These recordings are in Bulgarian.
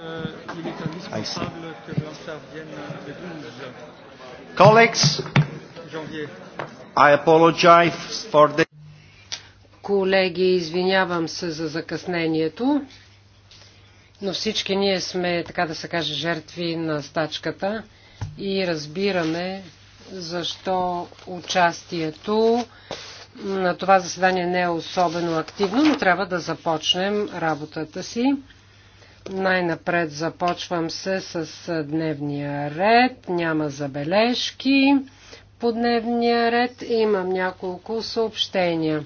Euh, Colleagues, I apologize for the... Колеги, извинявам се за закъснението, но всички ние сме, така да се каже, жертви на стачката и разбираме защо участието на това заседание не е особено активно, но трябва да започнем работата си. Най-напред започвам се с дневния ред. Няма забележки по дневния ред. Имам няколко съобщения.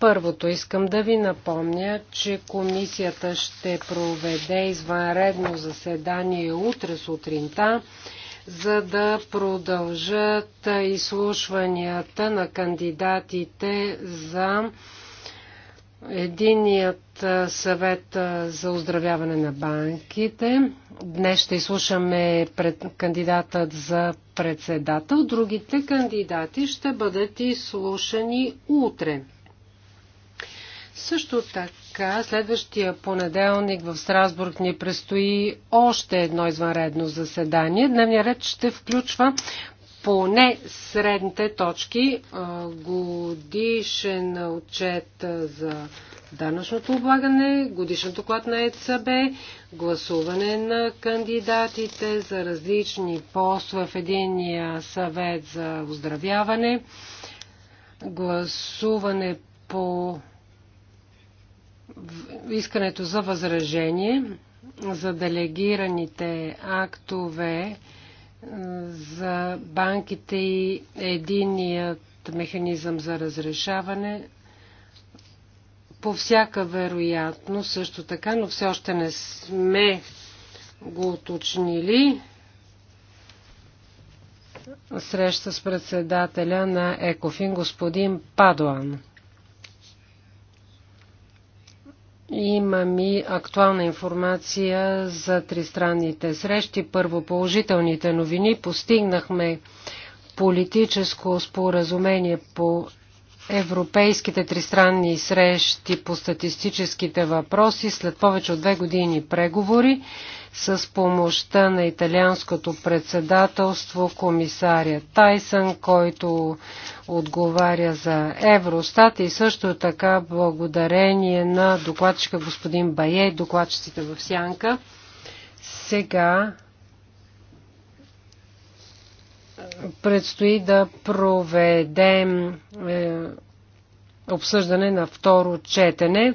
Първото искам да ви напомня, че комисията ще проведе извънредно заседание утре сутринта, за да продължат изслушванията на кандидатите за Единият съвет за оздравяване на банките. Днес ще изслушаме пред кандидатът за председател. Другите кандидати ще бъдат изслушани утре. Също така, следващия понеделник в Страсбург ни предстои още едно извънредно заседание. Дневният ред ще включва поне средните точки, годишен отчет за данъчното облагане, годишен доклад на ЕЦБ, гласуване на кандидатите за различни постове в единия съвет за оздравяване, гласуване по искането за възражение за делегираните актове за банките и единият механизъм за разрешаване. По всяка вероятно също така, но все още не сме го уточнили. Среща с председателя на Екофин господин Падуан. Имам и актуална информация за тристранните срещи. Първо положителните новини. Постигнахме политическо споразумение по европейските тристранни срещи по статистическите въпроси след повече от две години преговори с помощта на италианското председателство комисаря Тайсън, който отговаря за Евростат и също така благодарение на докладчика господин Бае, докладчиците в Сянка. Сега Предстои да проведем е, обсъждане на второ четене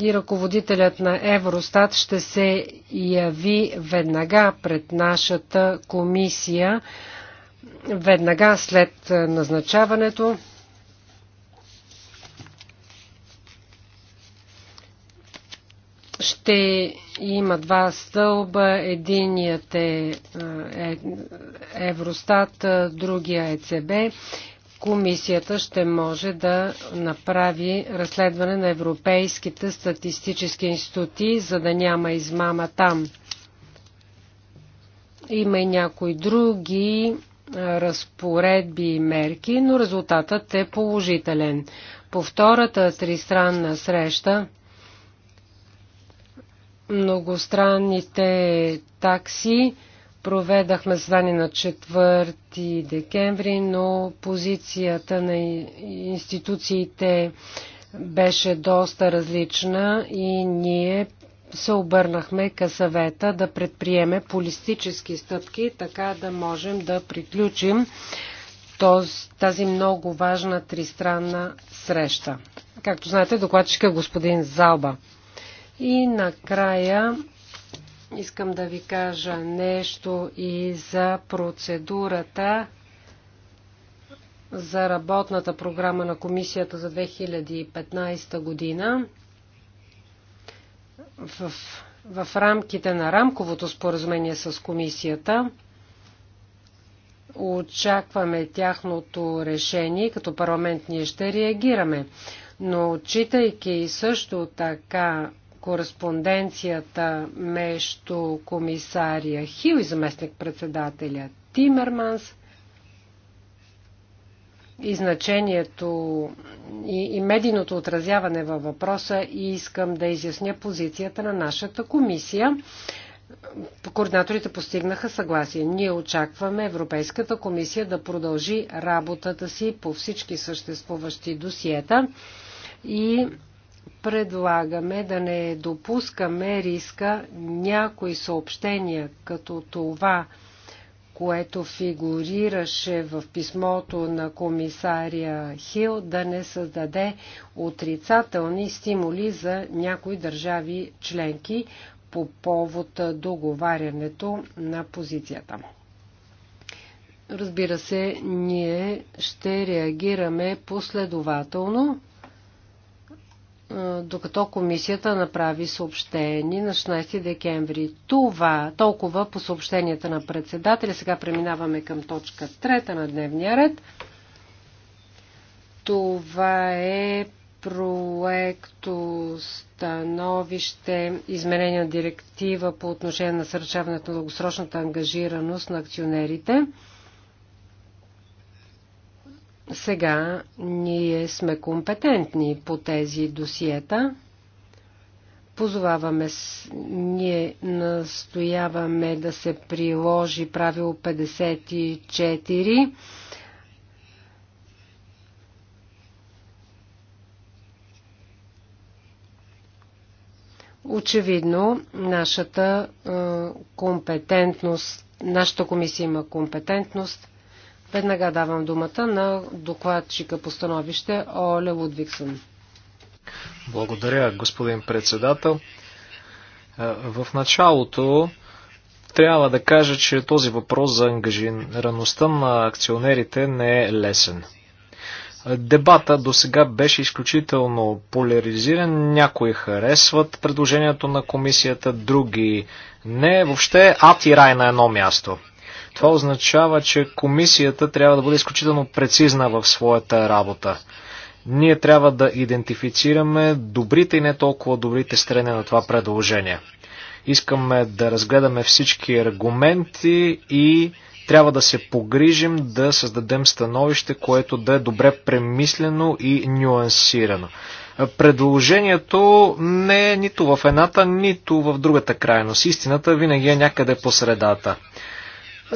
и ръководителят на Евростат ще се яви веднага пред нашата комисия, веднага след е, назначаването. ще има два стълба. Единият е, е Евростат, другия е ЕЦБ. Комисията ще може да направи разследване на европейските статистически институти, за да няма измама там. Има и някои други разпоредби и мерки, но резултатът е положителен. По втората тристранна среща многостранните такси. Проведахме звани на 4 декември, но позицията на институциите беше доста различна и ние се обърнахме към съвета да предприеме полистически стъпки, така да можем да приключим тази много важна тристранна среща. Както знаете, докладчика е господин Залба. И накрая искам да ви кажа нещо и за процедурата за работната програма на комисията за 2015 година. В, в рамките на рамковото споразумение с комисията очакваме тяхното решение, като парламент ние ще реагираме. Но отчитайки също така кореспонденцията между комисария Хил и заместник-председателя Тимерманс и значението и, и медийното отразяване във въпроса и искам да изясня позицията на нашата комисия. Координаторите постигнаха съгласие. Ние очакваме Европейската комисия да продължи работата си по всички съществуващи досиета и предлагаме да не допускаме риска някои съобщения, като това, което фигурираше в писмото на комисария Хил, да не създаде отрицателни стимули за някои държави членки по повод договарянето на позицията. Разбира се, ние ще реагираме последователно е, докато комисията направи съобщение на 16 декември. Това толкова по съобщенията на председателя. Сега преминаваме към точка 3 на дневния ред. Това е проекто становище изменение на директива по отношение на сърчаването на дългосрочната ангажираност на акционерите. Сега ние сме компетентни по тези досиета. Позоваваме, ние настояваме да се приложи правило 54 Очевидно, нашата компетентност, нашата комисия има компетентност Веднага давам думата на докладчика по становище Оле Лудвиксън. Благодаря, господин председател. Е, в началото трябва да кажа, че този въпрос за ангажираността на акционерите не е лесен. Дебата до сега беше изключително поляризиран. Някои харесват предложението на комисията, други не. Въобще ад и рай на едно място. Това означава, че комисията трябва да бъде изключително прецизна в своята работа. Ние трябва да идентифицираме добрите и не толкова добрите страни на това предложение. Искаме да разгледаме всички аргументи и трябва да се погрижим да създадем становище, което да е добре премислено и нюансирано. Предложението не е нито в едната, нито в другата крайност. Истината винаги е някъде по средата.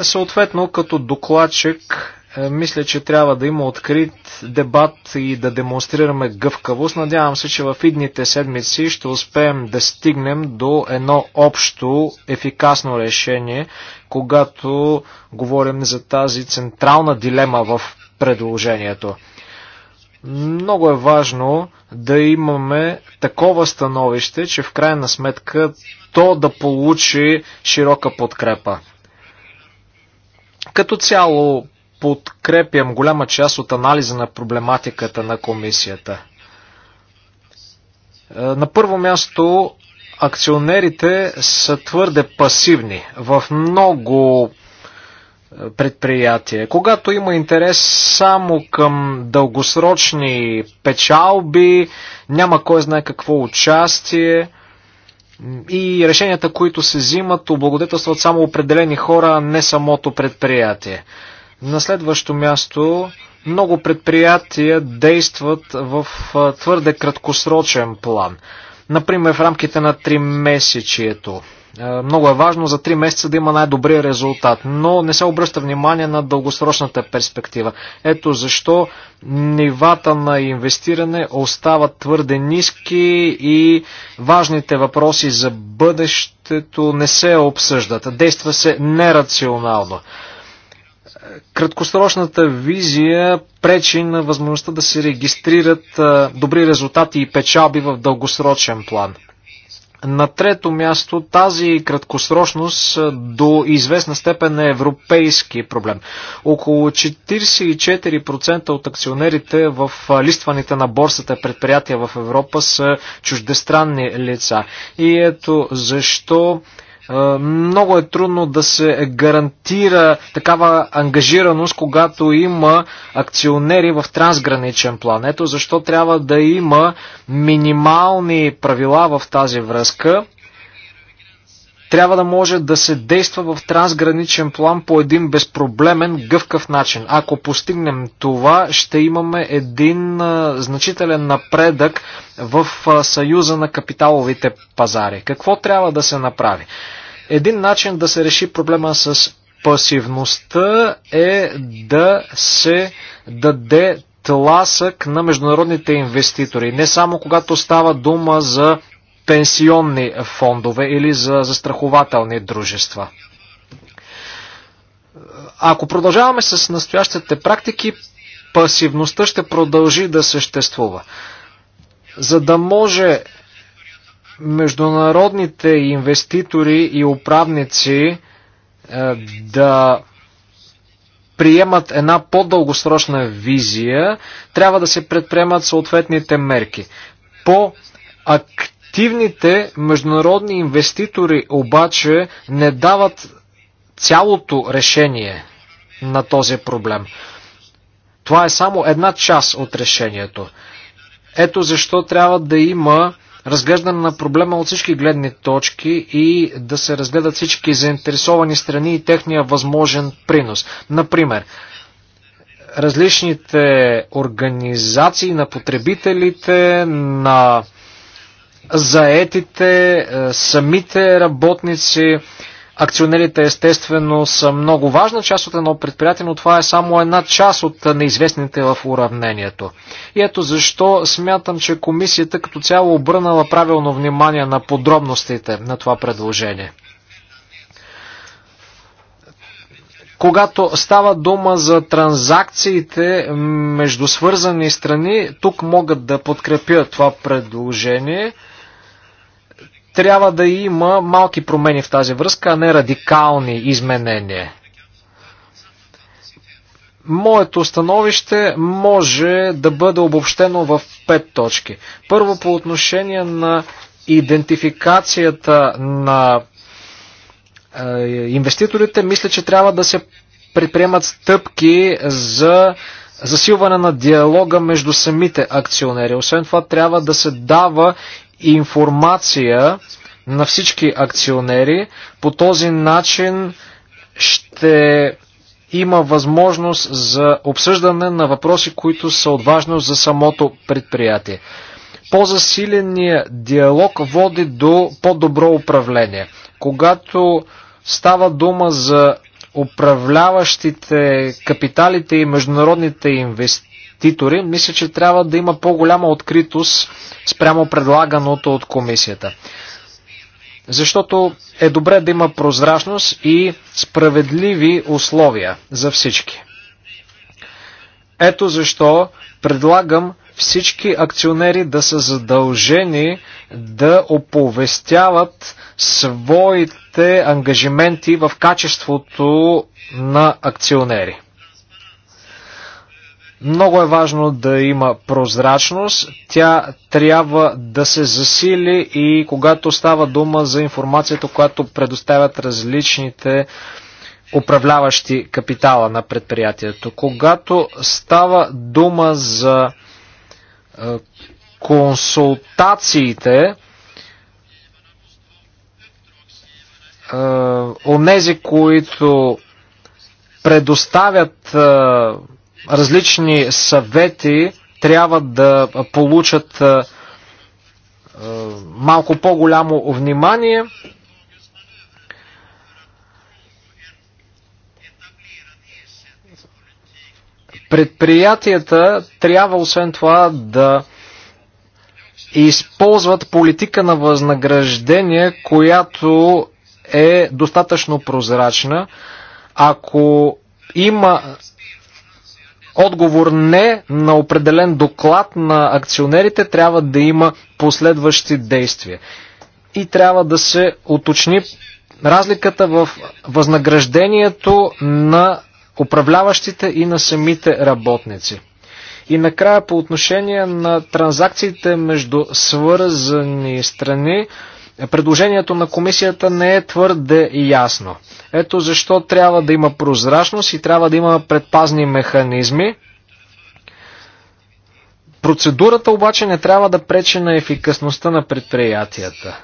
Съответно, като докладчик, е, мисля, че трябва да има открит дебат и да демонстрираме гъвкавост. Надявам се, че в идните седмици ще успеем да стигнем до едно общо ефикасно решение, когато говорим за тази централна дилема в предложението. Много е важно да имаме такова становище, че в крайна сметка то да получи широка подкрепа. Като цяло подкрепям голяма част от анализа на проблематиката на комисията. Е, на първо място, акционерите са твърде пасивни в много е, предприятия, Когато има интерес само към дългосрочни печалби, няма кой знае какво участие, и решенията, които се взимат, облагодетелстват само определени хора, а не самото предприятие. На следващо място, много предприятия действат в твърде краткосрочен план. Например, в рамките на 3 месечието. Е, много е важно за 3 месеца да има най-добрия резултат, но не се обръща внимание на дългосрочната перспектива. Ето защо нивата на инвестиране остават твърде ниски и важните въпроси за бъдещето не се обсъждат. Действа се нерационално краткосрочната визия пречи на възможността да се регистрират е, добри резултати и печалби в дългосрочен план. На трето място тази краткосрочност до известна степен е европейски проблем. Около 44% от акционерите в листваните на борсата предприятия в Европа са чуждестранни лица. И ето защо е, много е трудно да се гарантира такава ангажираност, когато има акционери в трансграничен план. Ето защо трябва да има минимални правила в тази връзка трябва да може да се действа в трансграничен план по един безпроблемен, гъвкав начин. Ако постигнем това, ще имаме един значителен напредък в съюза на капиталовите пазари. Какво трябва да се направи? Един начин да се реши проблема с пасивността е да се даде тласък на международните инвеститори. Не само когато става дума за пенсионни фондове или за застрахователни дружества. Ако продължаваме с настоящите практики, пасивността ще продължи да съществува. За да може международните инвеститори и управници е, да приемат една по-дългосрочна визия, трябва да се предприемат съответните мерки. По-активно Активните международни инвеститори обаче не дават цялото решение на този проблем. Това е само една част от решението. Ето защо трябва да има разглеждане на проблема от всички гледни точки и да се разгледат всички заинтересовани страни и техния възможен принос. Например, различните организации на потребителите, на заетите, е, самите работници, акционерите естествено са много важна част от едно предприятие, но това е само една част от неизвестните в уравнението. И ето защо смятам, че комисията като цяло обърнала правилно внимание на подробностите на това предложение. когато става дума за транзакциите между свързани страни, тук могат да подкрепят това предложение трябва да има малки промени в тази връзка, а не радикални изменения. Моето становище може да бъде обобщено в пет точки. Първо по отношение на идентификацията на е, инвеститорите, мисля, че трябва да се предприемат стъпки за засилване на диалога между самите акционери. Освен това трябва да се дава информация на всички акционери. По този начин ще има възможност за обсъждане на въпроси, които са от важност за самото предприятие. По-засиления диалог води до по-добро управление. Когато става дума за управляващите капиталите и международните инвестиции, инвеститори, мисля, че трябва да има по-голяма откритост спрямо предлаганото от комисията. Защото е добре да има прозрачност и справедливи условия за всички. Ето защо предлагам всички акционери да са задължени да оповестяват своите ангажименти в качеството на акционери. Много е важно да има прозрачност. Тя трябва да се засили и когато става дума за информацията, която предоставят различните управляващи капитала на предприятието. Когато става дума за е, консултациите, е, онези, които предоставят е, различни съвети трябва да получат малко по-голямо внимание. Предприятията трябва освен това да използват политика на възнаграждение, която е достатъчно прозрачна. Ако има отговор не на определен доклад на акционерите, трябва да има последващи действия. И трябва да се уточни разликата в възнаграждението на управляващите и на самите работници. И накрая по отношение на транзакциите между свързани страни, Предложението на комисията не е твърде ясно. Ето защо трябва да има прозрачност и трябва да има предпазни механизми. Процедурата обаче не трябва да пречи на ефикасността на предприятията.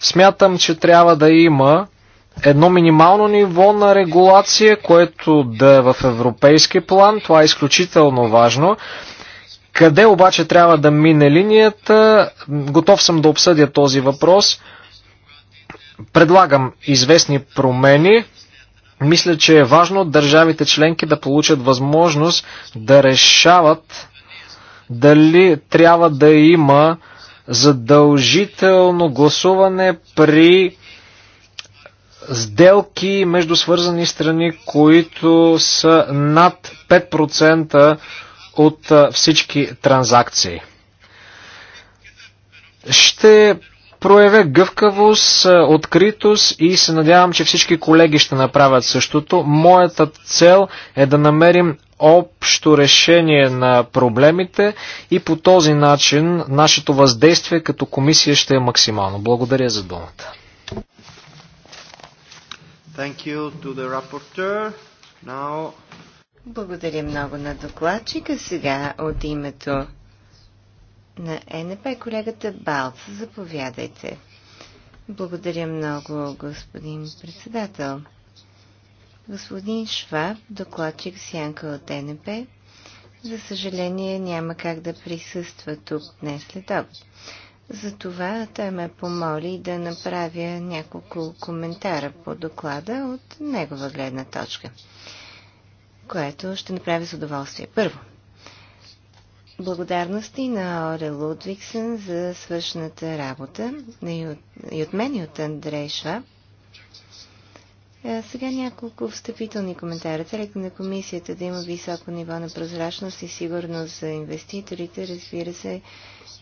Смятам, че трябва да има едно минимално ниво на регулация, което да е в европейски план. Това е изключително важно. Къде обаче трябва да мине линията? Готов съм да обсъдя този въпрос. Предлагам известни промени. Мисля, че е важно държавите членки да получат възможност да решават дали трябва да има задължително гласуване при сделки между свързани страни, които са над 5% от всички транзакции. Ще проявя гъвкавост, откритост и се надявам, че всички колеги ще направят същото. Моята цел е да намерим общо решение на проблемите и по този начин нашето въздействие като комисия ще е максимално. Благодаря за думата. Thank you to the rapporteur. Now благодаря много на докладчика. Сега от името на НП колегата Балц. Заповядайте. Благодаря много, господин председател. Господин Шваб, докладчик Сянка от НП, за съжаление няма как да присъства тук днес след обед. Затова той ме помоли да направя няколко коментара по доклада от негова гледна точка което ще направя с удоволствие. Първо, благодарности на Оре Лудвиксен за свършената работа и от, и от мен, и от Андрей Шваб. Е, сега няколко встъпителни коментара. Целите на комисията да има високо ниво на прозрачност и сигурност за инвеститорите, разбира се,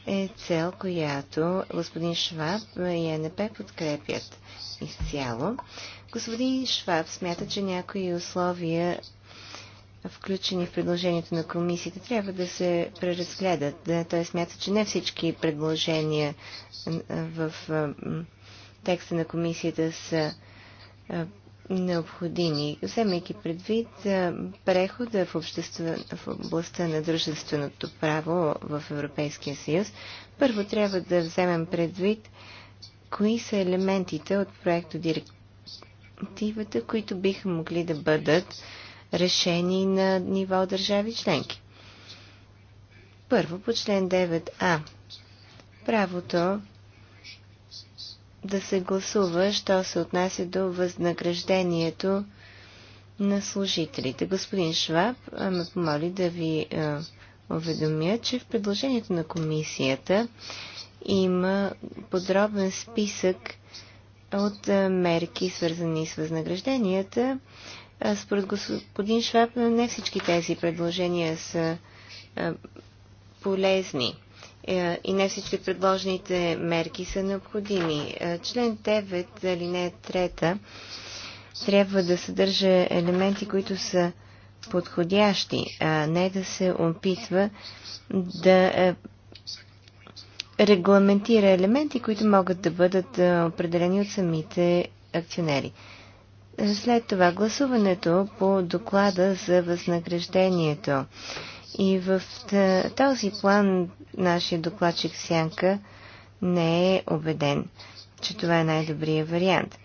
е цел, която господин Шваб и е НП подкрепят изцяло. Господин Шваб смята, че някои условия включени в предложението на комисията, трябва да се преразгледат. Да, той смята, че не всички предложения в текста на комисията са необходими, вземайки предвид прехода в, общество, в областта на дружественото право в Европейския съюз, първо трябва да вземем предвид кои са елементите от проекто директивата, които биха могли да бъдат решени на ниво държави членки. Първо по член 9а. Правото да се гласува, що се отнася до възнаграждението на служителите. Господин Шваб ме помоли да ви е, уведомя, че в предложението на комисията има подробен списък от мерки, свързани с възнагражденията, според господин Шваб, не всички тези предложения са полезни е, и не всички предложените мерки са необходими. Е, член 9, алинея 3, трябва да съдържа елементи, които са подходящи, а не да се опитва да е, регламентира елементи, които могат да бъдат определени от самите акционери. След това гласуването по доклада за възнаграждението. И в този план нашия докладчик Сянка не е убеден, че това е най-добрият вариант.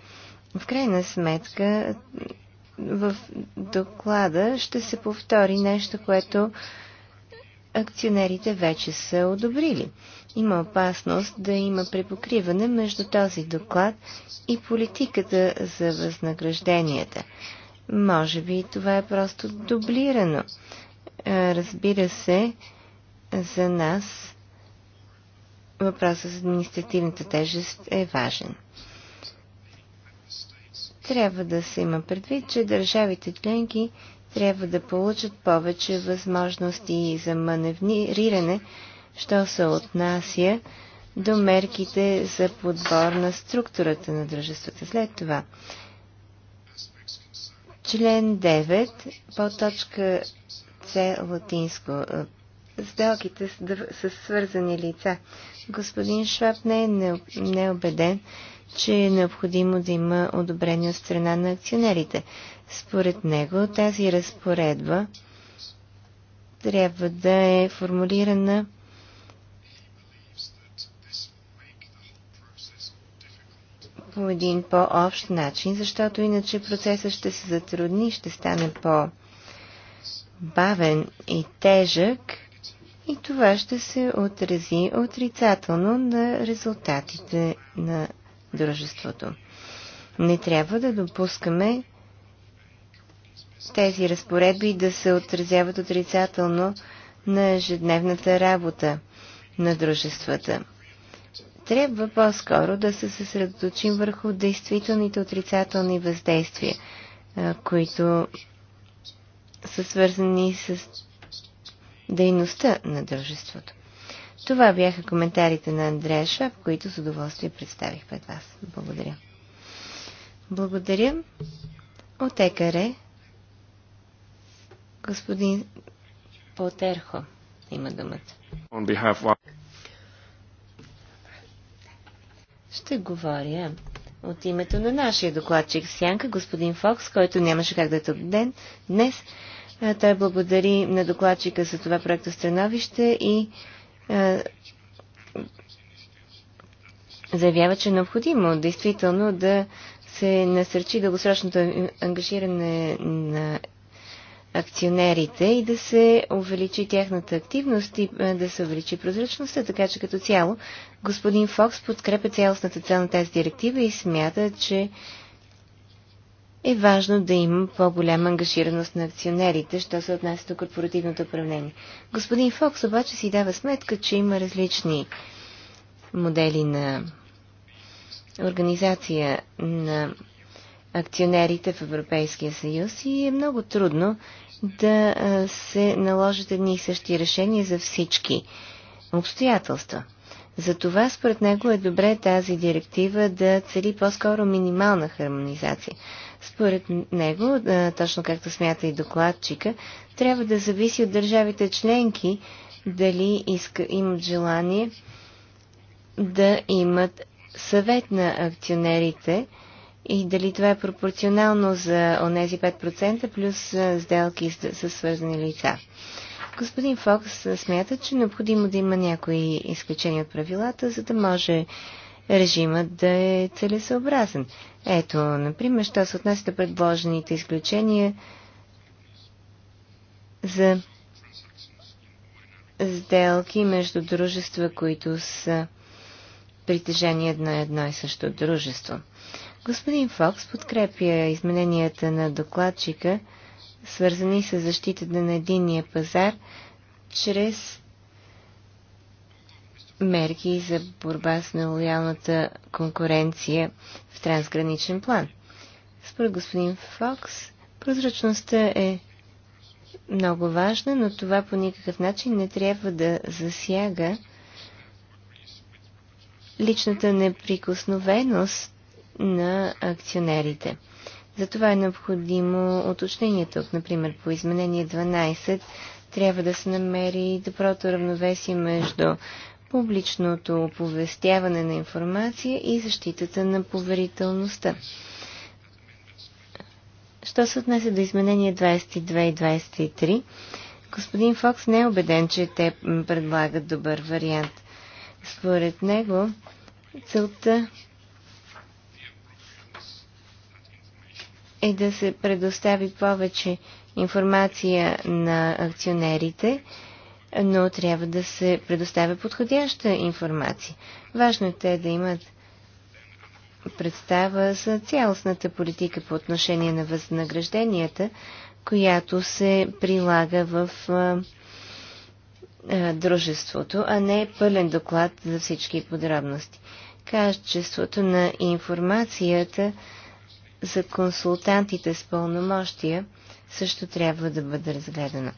В крайна сметка в доклада ще се повтори нещо, което акционерите вече са одобрили. Има опасност да има препокриване между този доклад и политиката за възнагражденията. Може би това е просто дублирано. Разбира се, за нас въпросът за административната тежест е важен. Трябва да се има предвид, че държавите членки трябва да получат повече възможности за маневриране, що се отнася до мерките за подбор на структурата на дружествата. След това, член 9, по точка С латинско, сделките с свързани лица. Господин Шваб не е, необеден, е че е необходимо да има одобрение от страна на акционерите. Според него тази разпоредба трябва да е формулирана по един по-общ начин, защото иначе процесът ще се затрудни, ще стане по-бавен и тежък и това ще се отрази отрицателно на резултатите на дружеството. Не трябва да допускаме тези разпоредби да се отразяват отрицателно на ежедневната работа на дружествата. Трябва по-скоро да се съсредоточим върху действителните отрицателни въздействия, които са свързани с дейността на дружеството. Това бяха коментарите на Андрея Шап, които с удоволствие представих пред вас. Благодаря. Благодаря. От ЕКАРЕ Господин Потерхо има думата. Ще говоря от името на нашия докладчик Сянка, господин Фокс, който нямаше как да е тук ден, днес. Той благодари на докладчика за това проекто становище и а, заявява, че е необходимо действително да се насърчи дългосрочното ангажиране на акционерите и да се увеличи тяхната активност и е, да се увеличи прозрачността. Така че като цяло господин Фокс подкрепя цялостната цел на тази директива и смята, че е важно да има по-голяма ангажираност на акционерите, що се отнася до корпоративното управление. Господин Фокс обаче си дава сметка, че има различни модели на организация на акционерите в Европейския съюз и е много трудно да се наложат едни и същи решения за всички обстоятелства. Затова според него е добре тази директива да цели по-скоро минимална хармонизация. Според него, точно както смята и докладчика, трябва да зависи от държавите членки дали имат желание да имат съвет на акционерите, и дали това е пропорционално за онези 5% плюс сделки с свързани лица. Господин Фокс смята, че е необходимо да има някои изключения от правилата, за да може режимът да е целесъобразен. Ето, например, що се отнася до предложените изключения за сделки между дружества, които са притежание на едно и също дружество. Господин Фокс подкрепя измененията на докладчика, свързани с защитата на единния пазар, чрез мерки за борба с нелоялната конкуренция в трансграничен план. Според господин Фокс, прозрачността е много важна, но това по никакъв начин не трябва да засяга личната неприкосновеност на акционерите. Затова е необходимо уточнение тук. Например, по изменение 12 трябва да се намери доброто равновесие между публичното оповестяване на информация и защитата на поверителността. Що се отнесе до изменения 22 и 23, господин Фокс не е убеден, че те предлагат добър вариант. Според него, целта е да се предостави повече информация на акционерите, но трябва да се предоставя подходяща информация. Важно е те да имат представа за цялостната политика по отношение на възнагражденията, която се прилага в а, а, дружеството, а не пълен доклад за всички подробности. Качеството на информацията за консултантите с пълномощия също трябва да бъде разгледана.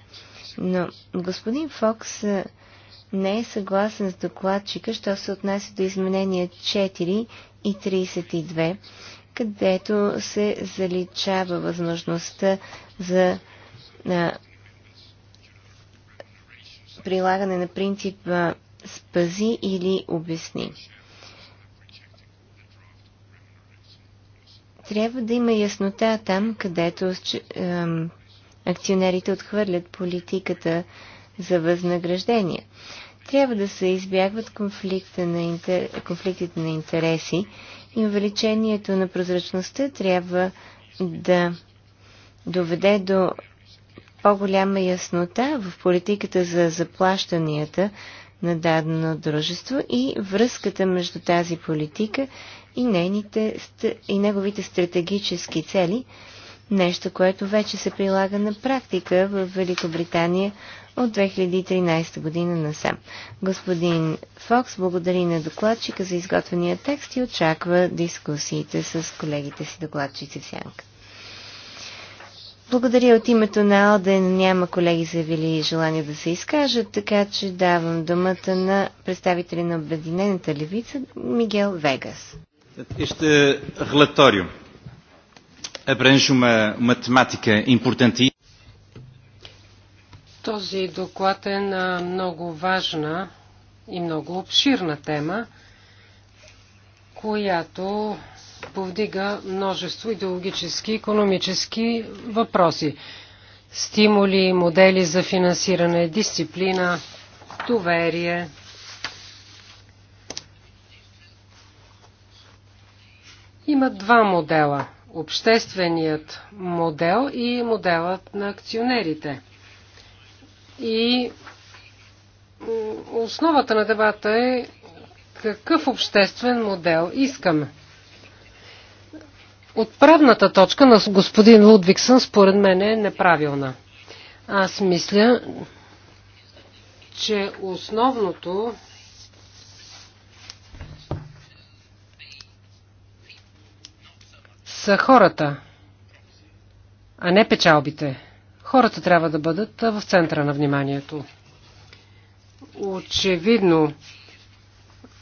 Но господин Фокс не е съгласен с докладчика, що се отнася до изменения 4 и 32, където се заличава възможността за а, прилагане на принципа спази или обясни. Трябва да има яснота там, където акционерите отхвърлят политиката за възнаграждения. Трябва да се избягват на интер... конфликтите на интереси и увеличението на прозрачността трябва да доведе до по-голяма яснота в политиката за заплащанията на дадено дружество и връзката между тази политика и, нейните, и неговите стратегически цели, нещо, което вече се прилага на практика в Великобритания от 2013 година насам. Господин Фокс благодари на докладчика за изготвения текст и очаква дискусиите с колегите си докладчици в Сянка. Благодаря от името на Алден. Няма колеги заявили желание да се изкажат, така че давам думата на представители на Обединената левица Мигел Вегас. Este relatório abrange uma, uma temática importante. Този доклад е на много важна и много обширна тема, която повдига множество идеологически и економически въпроси. Стимули, модели за финансиране, дисциплина, доверие, Има два модела. Общественият модел и моделът на акционерите. И основата на дебата е какъв обществен модел искаме. Отправната точка на господин Лудвиксън според мен е неправилна. Аз мисля, че основното са хората, а не печалбите. Хората трябва да бъдат в центъра на вниманието. Очевидно,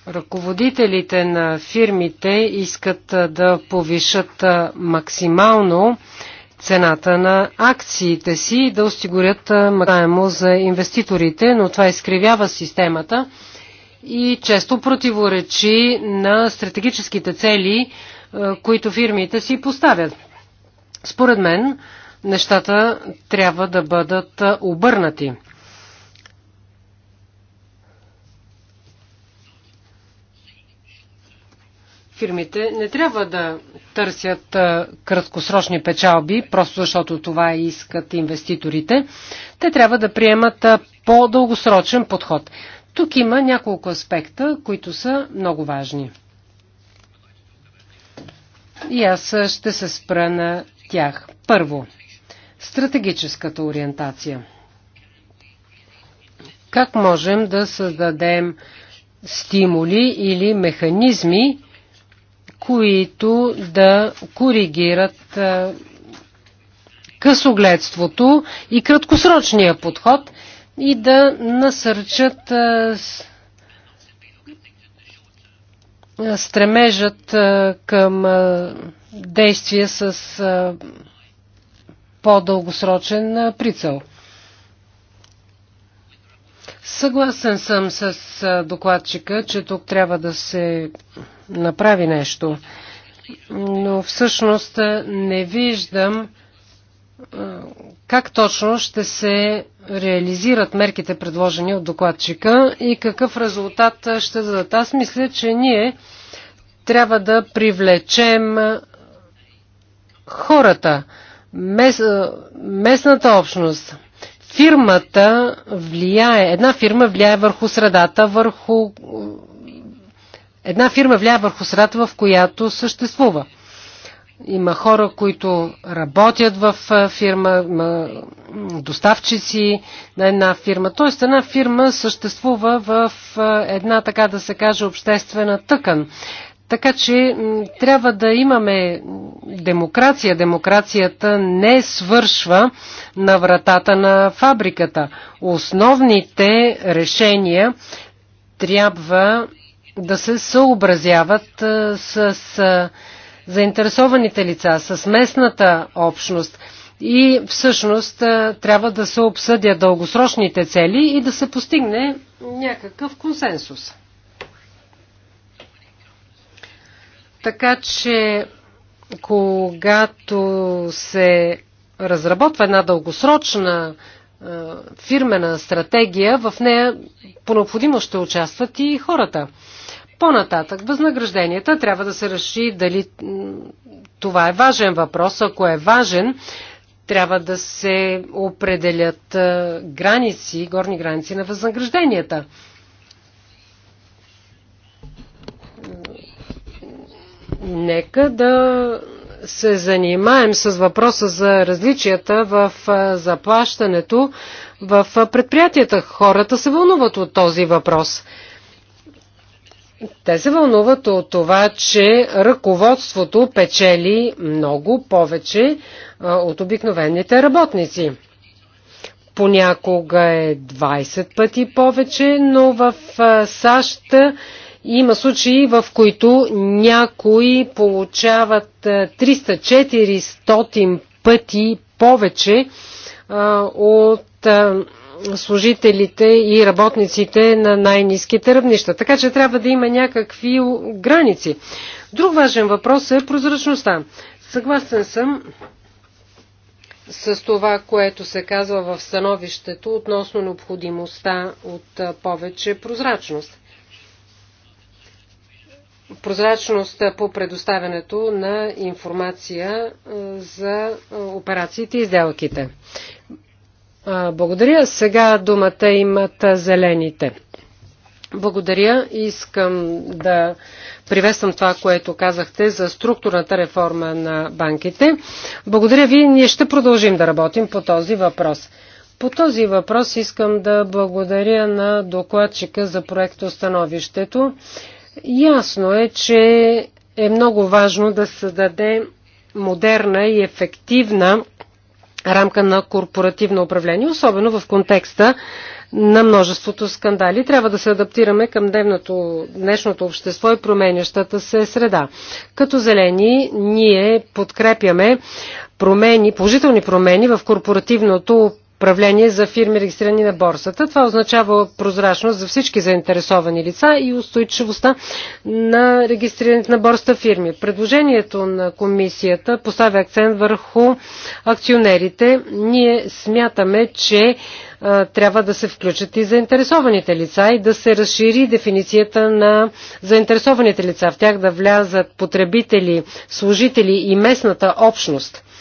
ръководителите на фирмите искат да повишат максимално цената на акциите си и да осигурят максимално за инвеститорите, но това изкривява системата и често противоречи на стратегическите цели е, които фирмите си поставят. Според мен, нещата трябва да бъдат е, обърнати. Фирмите не трябва да търсят е, краткосрочни печалби, просто защото това искат инвеститорите. Те трябва да приемат по-дългосрочен подход. Тук има няколко аспекта, които са много важни. И аз ще се спра на тях. Първо, стратегическата ориентация. Как можем да създадем стимули или механизми, които да коригират късогледството и краткосрочния подход и да насърчат стремежът към действия с по-дългосрочен прицел. Съгласен съм с докладчика, че тук трябва да се направи нещо, но всъщност не виждам как точно ще се реализират мерките предложени от докладчика и какъв резултат ще дадат. Аз мисля, че ние трябва да привлечем хората, мес, местната общност. Фирмата влияе, една фирма влияе върху средата, върху една фирма влияе върху средата, в която съществува. Има хора, които работят в фирма, доставчици на една фирма. Тоест една фирма съществува в една, така да се каже, обществена тъкан. Така че трябва да имаме демокрация. Демокрацията не свършва на вратата на фабриката. Основните решения трябва да се съобразяват с заинтересованите лица, с местната общност и всъщност трябва да се обсъдят дългосрочните цели и да се постигне някакъв консенсус. Така че, когато се разработва една дългосрочна фирмена стратегия, в нея по необходимо ще участват и хората. По-нататък, възнагражденията трябва да се реши дали това е важен въпрос. Ако е важен, трябва да се определят е, граници, горни граници на възнагражденията. Нека да се занимаем с въпроса за различията в е, заплащането в е, предприятията. Хората се вълнуват от този въпрос. Те се вълнуват от това, че ръководството печели много повече от обикновените работници. Понякога е 20 пъти повече, но в САЩ има случаи, в които някои получават 300-400 пъти повече от служителите и работниците на най-низките равнища. Така че трябва да има някакви граници. Друг важен въпрос е прозрачността. Съгласен съм с това, което се казва в становището относно необходимостта от повече прозрачност. Прозрачност по предоставянето на информация за операциите и сделките. Благодаря. Сега думата имат зелените. Благодаря. Искам да приветствам това, което казахте за структурната реформа на банките. Благодаря ви. Ние ще продължим да работим по този въпрос. По този въпрос искам да благодаря на докладчика за Становището. Ясно е, че е много важно да се даде модерна и ефективна рамка на корпоративно управление, особено в контекста на множеството скандали. Трябва да се адаптираме към дневното, днешното общество и променящата се среда. Като зелени ние подкрепяме промени, положителни промени в корпоративното управление за фирми регистрирани на борсата. Това означава прозрачност за всички заинтересовани лица и устойчивостта на регистрираните на борсата фирми. Предложението на комисията поставя акцент върху акционерите. Ние смятаме, че а, трябва да се включат и заинтересованите лица и да се разшири дефиницията на заинтересованите лица. В тях да влязат потребители, служители и местната общност –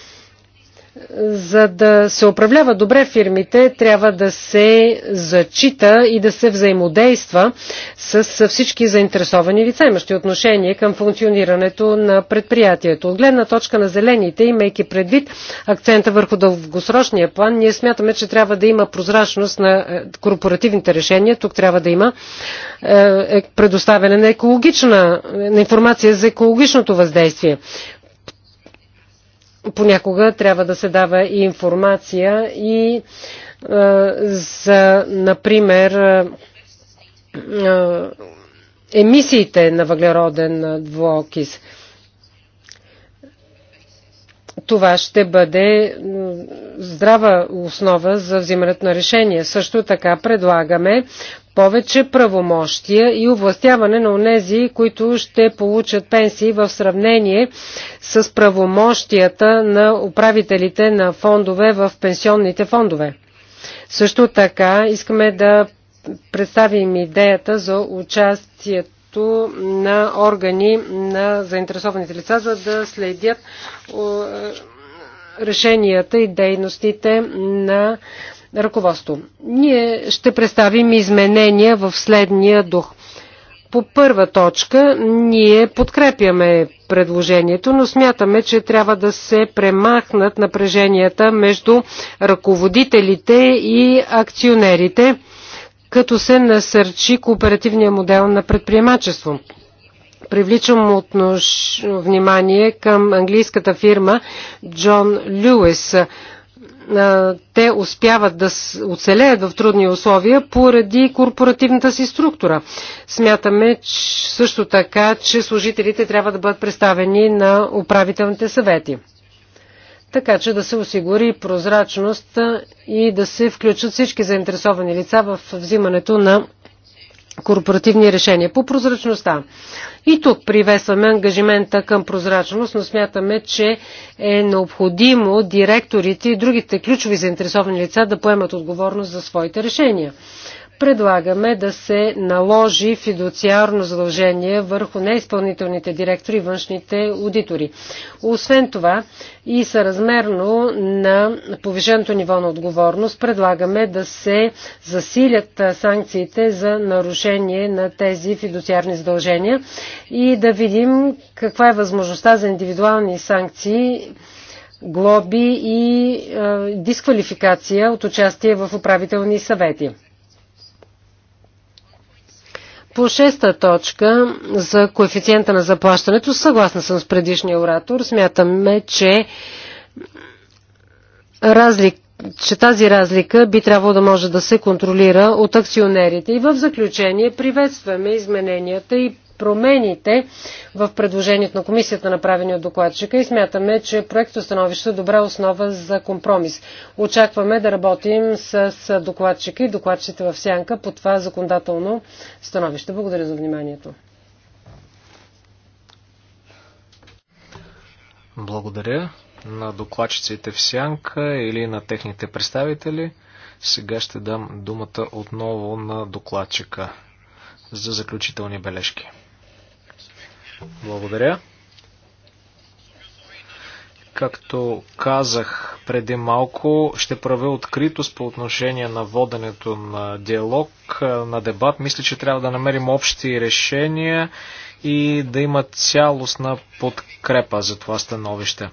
за да се управлява добре фирмите, трябва да се зачита и да се взаимодейства с всички заинтересовани лица, имащи отношение към функционирането на предприятието. От гледна точка на зелените, имайки предвид акцента върху дългосрочния план, ние смятаме, че трябва да има прозрачност на е, корпоративните решения. Тук трябва да има е, е, предоставяне на екологична на информация за екологичното въздействие понякога трябва да се дава и информация и е, за, например, е, е, емисиите на въглероден двуокис. Това ще бъде здрава основа за взимането на решение. Също така предлагаме повече правомощия и овластяване на онези, които ще получат пенсии в сравнение с правомощията на управителите на фондове в пенсионните фондове. Също така искаме да представим идеята за участието на органи на заинтересованите лица, за да следят е, решенията и дейностите на ръководство. Ние ще представим изменения в следния дух. По първа точка ние подкрепяме предложението, но смятаме, че трябва да се премахнат напреженията между ръководителите и акционерите, като се насърчи кооперативния модел на предприемачество. Привличам отнош... внимание към английската фирма Джон Льюис, те успяват да оцелеят в трудни условия поради корпоративната си структура. Смятаме че също така, че служителите трябва да бъдат представени на управителните съвети така че да се осигури прозрачност и да се включат всички заинтересовани лица в взимането на корпоративни решения по прозрачността. И тук приветстваме ангажимента към прозрачност, но смятаме, че е необходимо директорите и другите ключови заинтересовани лица да поемат отговорност за своите решения предлагаме да се наложи фидуциарно задължение върху неизпълнителните директори и външните аудитори. Освен това и съразмерно на повишеното ниво на отговорност предлагаме да се засилят санкциите за нарушение на тези фидуциарни задължения и да видим каква е възможността за индивидуални санкции глоби и е, дисквалификация от участие в управителни съвети. По шеста точка за коефициента на заплащането, съгласна съм с предишния оратор, смятаме, че, разлик, че тази разлика би трябвало да може да се контролира от акционерите. И в заключение приветстваме измененията и промените в предложението на комисията, направени от докладчика и смятаме, че проектът становище е добра основа за компромис. Очакваме да работим с докладчика и докладчите в сянка по това законодателно становище. Благодаря за вниманието. Благодаря на докладчиците в сянка или на техните представители. Сега ще дам думата отново на докладчика за заключителни бележки. Благодаря. Както казах преди малко, ще правя откритост по отношение на воденето на диалог, на дебат. Мисля, че трябва да намерим общи решения и да има цялостна подкрепа за това становище.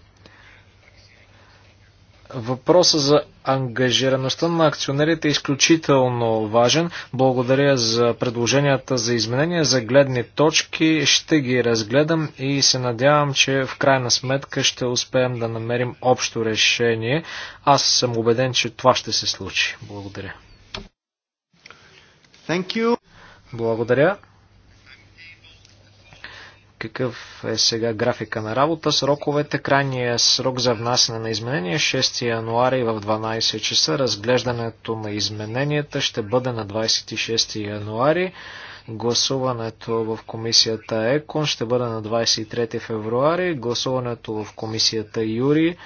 Въпроса за ангажираността на акционерите е изключително важен. Благодаря за предложенията за изменения, за гледни точки. Ще ги разгледам и се надявам, че в крайна сметка ще успеем да намерим общо решение. Аз съм убеден, че това ще се случи. Благодаря. Thank you. Благодаря какъв е сега графика на работа. Сроковете, крайния срок за внасяне на изменения 6 януари в 12 часа. Разглеждането на измененията ще бъде на 26 януари. Гласуването в комисията ЕКОН ще бъде на 23 февруари. Гласуването в комисията Юри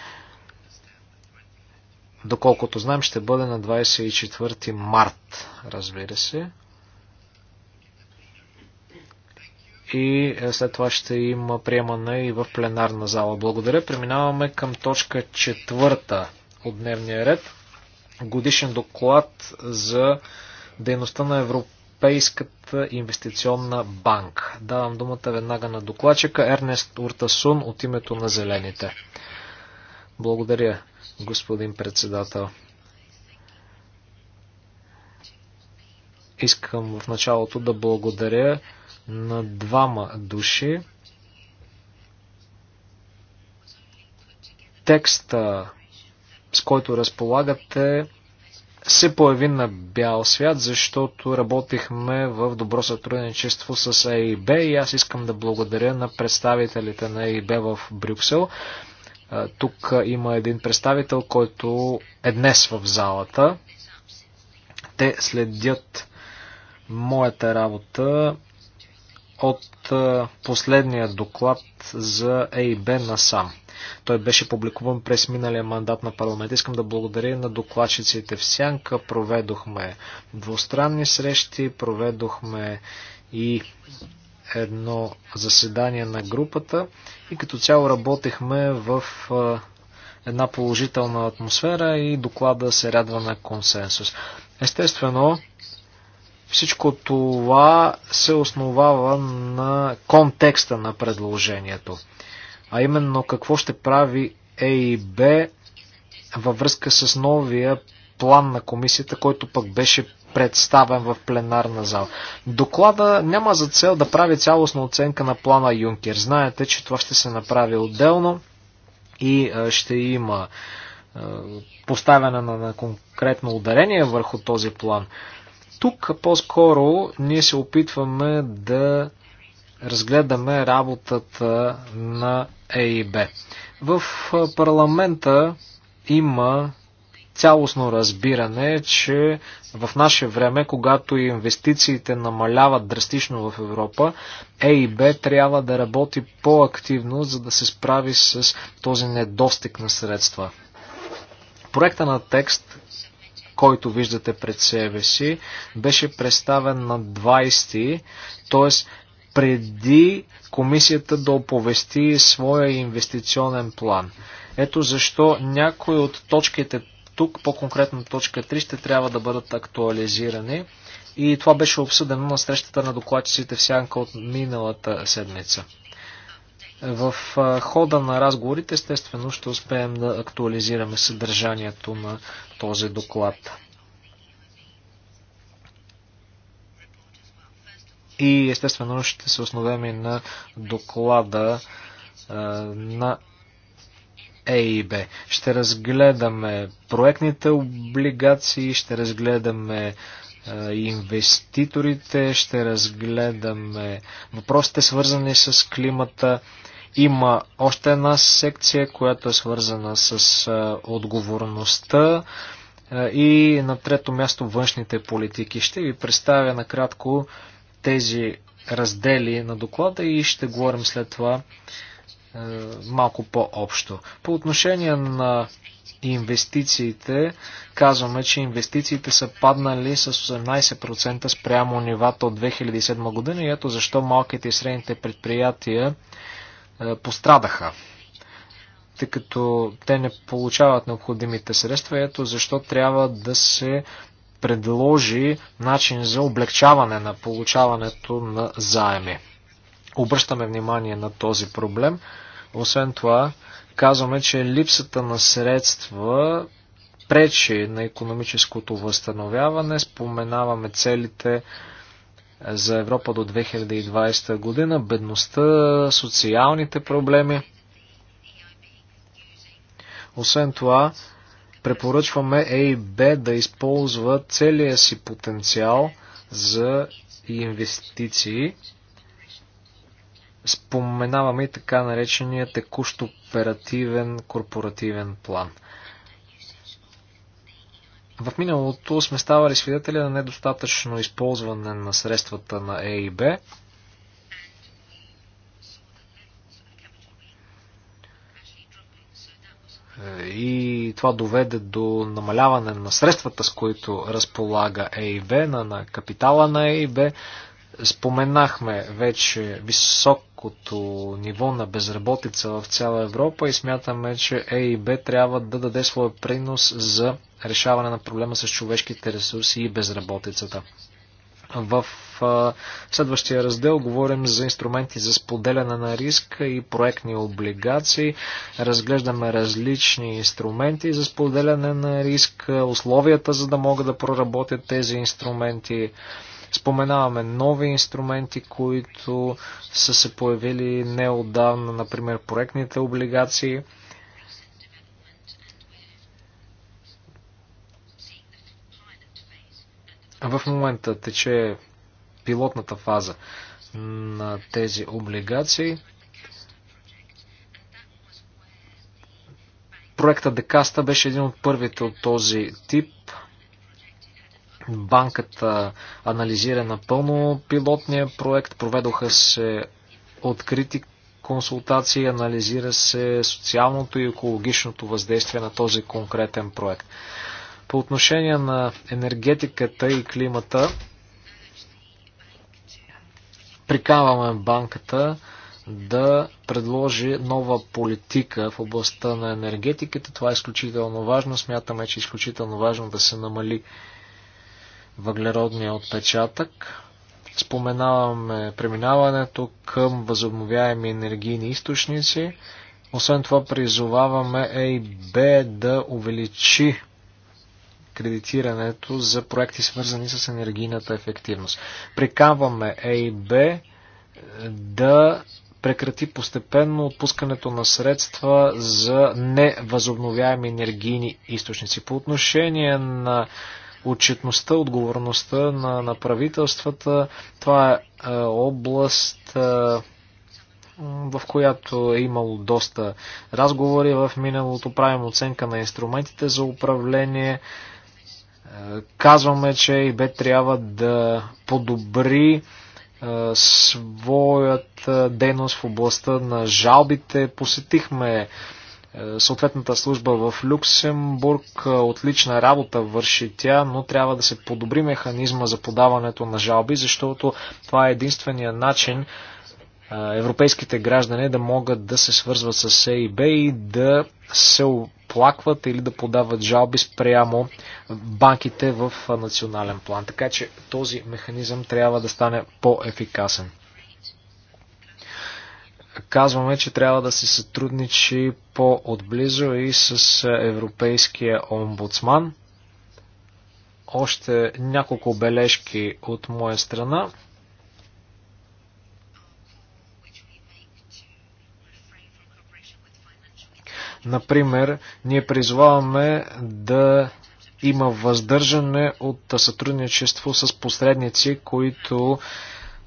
доколкото знам, ще бъде на 24 март, разбира се. и е, след това ще има приемане и в пленарна зала. Благодаря. Преминаваме към точка четвърта от дневния ред. Годишен доклад за дейността на Европейската инвестиционна банка. Давам думата веднага на докладчика Ернест Уртасун от името на Зелените. Благодаря, господин председател. Искам в началото да благодаря на двама души. Текста, с който разполагате, се появи на бял свят, защото работихме в добро сътрудничество с АИБ и аз искам да благодаря на представителите на АИБ в Брюксел. Тук има един представител, който е днес в залата. Те следят моята работа от последния доклад за ЕИБ САМ. Той беше публикуван през миналия мандат на парламент. Искам да благодаря на докладчиците в Сянка. Проведохме двустранни срещи, проведохме и едно заседание на групата и като цяло работехме в една положителна атмосфера и доклада се радва на консенсус. Естествено, всичко това се основава на контекста на предложението. А именно какво ще прави Е и Б във връзка с новия план на комисията, който пък беше представен в пленарна зала. Доклада няма за цел да прави цялостна оценка на плана Юнкер. Знаете, че това ще се направи отделно и ще има поставяне на конкретно ударение върху този план. Тук по-скоро ние се опитваме да разгледаме работата на ЕИБ. В парламента има цялостно разбиране, че в наше време, когато инвестициите намаляват драстично в Европа, ЕИБ трябва да работи по-активно, за да се справи с този недостиг на средства. Проекта на текст който виждате пред себе си, беше представен на 20, т.е. преди комисията да оповести своя инвестиционен план. Ето защо някои от точките тук, по-конкретно точка 3, ще трябва да бъдат актуализирани. И това беше обсъдено на срещата на докладчиците в Сянка от миналата седмица. В хода на разговорите, естествено, ще успеем да актуализираме съдържанието на този доклад. И естествено ще се основем и на доклада а, на ЕИБ. Ще разгледаме проектните облигации, ще разгледаме инвеститорите, ще разгледаме въпросите свързани с климата. Има още една секция, която е свързана с отговорността и на трето място външните политики. Ще ви представя накратко тези раздели на доклада и ще говорим след това е, малко по-общо. По отношение на инвестициите, казваме, че инвестициите са паднали с 18% спрямо нивата от 2007 година и ето защо малките и средните предприятия е, пострадаха, тъй като те не получават необходимите средства, ето защо трябва да се предложи начин за облегчаване на получаването на заеми. Обръщаме внимание на този проблем. Освен това, казваме, че липсата на средства пречи на економическото възстановяване. Споменаваме целите за Европа до 2020 година, бедността, социалните проблеми. Освен това, препоръчваме B да използва целия си потенциал за инвестиции Споменаваме и така наречения текущ оперативен корпоративен план. В миналото сме ставали свидетели на недостатъчно използване на средствата на ЕИБ. И това доведе до намаляване на средствата, с които разполага ЕИБ, на, на капитала на ЕИБ. Споменахме вече високото ниво на безработица в цяла Европа и смятаме, че е и Б трябва да даде своя принос за решаване на проблема с човешките ресурси и безработицата. В следващия раздел говорим за инструменти за споделяне на риск и проектни облигации. Разглеждаме различни инструменти за споделяне на риск, условията за да могат да проработят тези инструменти. Споменаваме нови инструменти, които са се появили неодавна, например проектните облигации. В момента тече пилотната фаза на тези облигации. Проекта Декаста беше един от първите от този тип – Банката анализира напълно пилотния проект, проведоха се открити консултации, анализира се социалното и екологичното въздействие на този конкретен проект. По отношение на енергетиката и климата, прикаваме банката да предложи нова политика в областта на енергетиката. Това е изключително важно. Смятаме, че е изключително важно да се намали въглеродния отпечатък. Споменаваме преминаването към възобновяеми енергийни източници. Освен това призоваваме ЕИБ да увеличи кредитирането за проекти свързани с енергийната ефективност. Приканваме ЕИБ да прекрати постепенно отпускането на средства за невъзобновяеми енергийни източници. По отношение на отчетността, отговорността на, на правителствата. Това е, е област, е, в която е имало доста разговори в миналото. Правим оценка на инструментите за управление. Е, казваме, че ИБ трябва да подобри е, своята дейност в областта на жалбите. Посетихме е, съответната служба в Люксембург. Е, отлична работа върши тя, но трябва да се подобри механизма за подаването на жалби, защото това е единствения начин е, европейските граждани да могат да се свързват с ЕИБ и да се оплакват или да подават жалби спрямо банките в национален план. Така че този механизъм трябва да стане по-ефикасен казваме, че трябва да се сътрудничи по-отблизо и с Европейския омбудсман. Още няколко бележки от моя страна. Например, ние призваваме да има въздържане от сътрудничество с посредници, които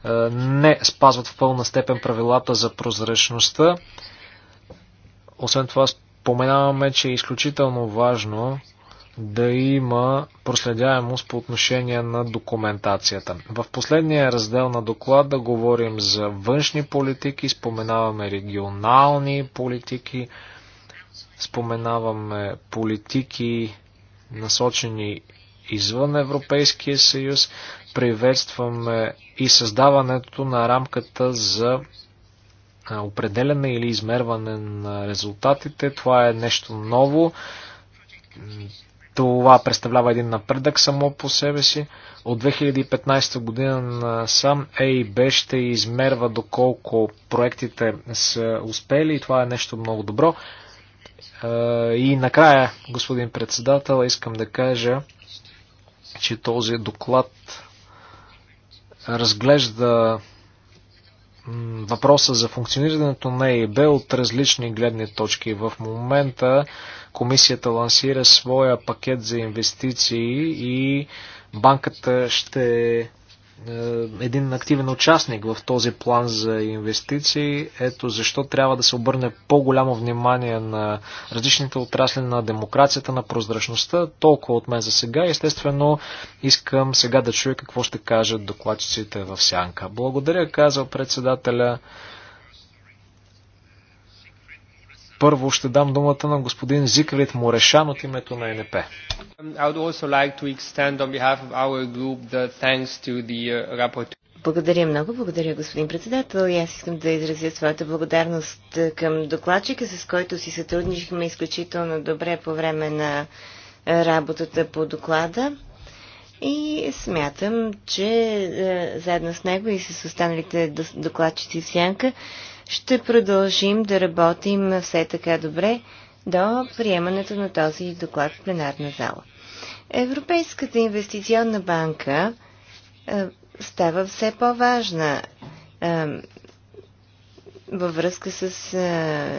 е, не спазват в пълна степен правилата за прозрачността. Освен това, споменаваме, че е изключително важно да има проследяемост по отношение на документацията. В последния раздел на доклада говорим за външни политики, споменаваме регионални политики, споменаваме политики насочени извън Европейския съюз. Приветстваме и създаването на рамката за определяне или измерване на резултатите. Това е нещо ново. Това представлява един напредък само по себе си. От 2015 година сам ЕИБ ще измерва доколко проектите са успели и това е нещо много добро. И накрая, господин председател, искам да кажа, че този доклад разглежда въпроса за функционирането на ЕИБ от различни гледни точки. В момента комисията лансира своя пакет за инвестиции и банката ще е, един активен участник в този план за инвестиции. Ето защо трябва да се обърне по-голямо внимание на различните отрасли на демокрацията, на прозрачността. Толкова от мен за сега. Естествено, искам сега да чуя какво ще кажат докладчиците в Сянка. Благодаря, казал председателя. Първо ще дам думата на господин Зикрит Морешан от името на НП. Um, uh, благодаря много, благодаря господин председател и аз искам да изразя своята благодарност е, към докладчика, с който си сътрудничихме изключително добре по време на е, работата по доклада. И смятам, че е, заедно с него и с останалите докладчици в Сянка ще продължим да работим все така добре до приемането на този доклад в пленарна зала. Европейската инвестиционна банка е, става все по-важна е, във връзка с а,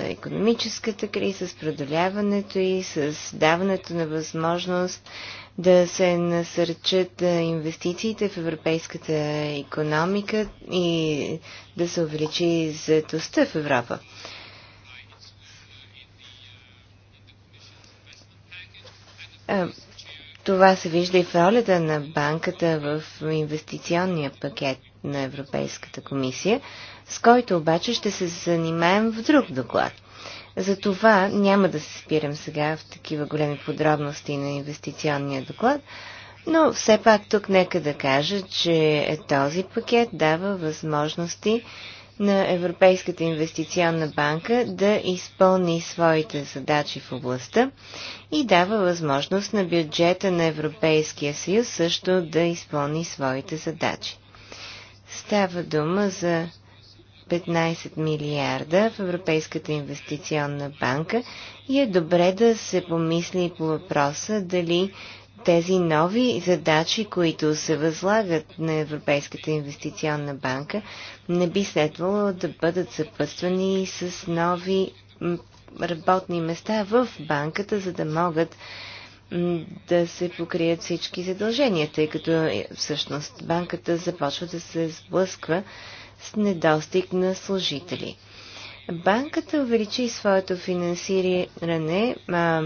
економическата криза, с продоляването и с даването на възможност да се насърчат инвестициите в европейската економика и да се увеличи заедостта в Европа. Това се вижда и в ролята на банката в инвестиционния пакет на Европейската комисия с който обаче ще се занимаем в друг доклад. За това няма да се спирам сега в такива големи подробности на инвестиционния доклад, но все пак тук нека да кажа, че този пакет дава възможности на Европейската инвестиционна банка да изпълни своите задачи в областта и дава възможност на бюджета на Европейския съюз също да изпълни своите задачи. Става дума за 15 милиарда в Европейската инвестиционна банка и е добре да се помисли по въпроса дали тези нови задачи, които се възлагат на Европейската инвестиционна банка, не би следвало да бъдат съпътствани с нови работни места в банката, за да могат да се покрият всички задължения, тъй като е, всъщност банката започва да се сблъсква с недостиг на служители. Банката увеличи своето финансиране а,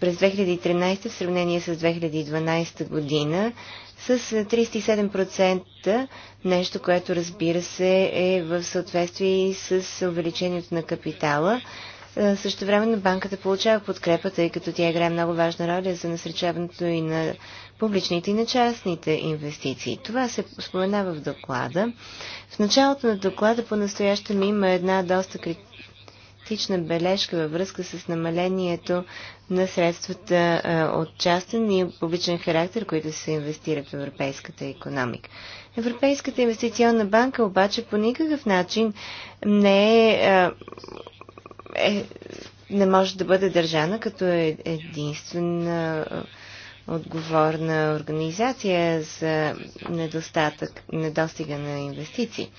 през 2013 в сравнение с 2012 година с 37%, нещо, което разбира се е в съответствие и с увеличението на капитала. Също времено банката получава подкрепа, тъй като тя играе много важна роля за насречаването и на публичните и на частните инвестиции. Това се споменава в доклада. В началото на доклада по-настоящем има една доста критична бележка във връзка с намалението на средствата от частен и публичен характер, които се инвестират в европейската економика. Европейската инвестиционна банка обаче по никакъв начин не е, е не може да бъде държана като е, единствена отговорна организация за недостатък, недостига на инвестиции.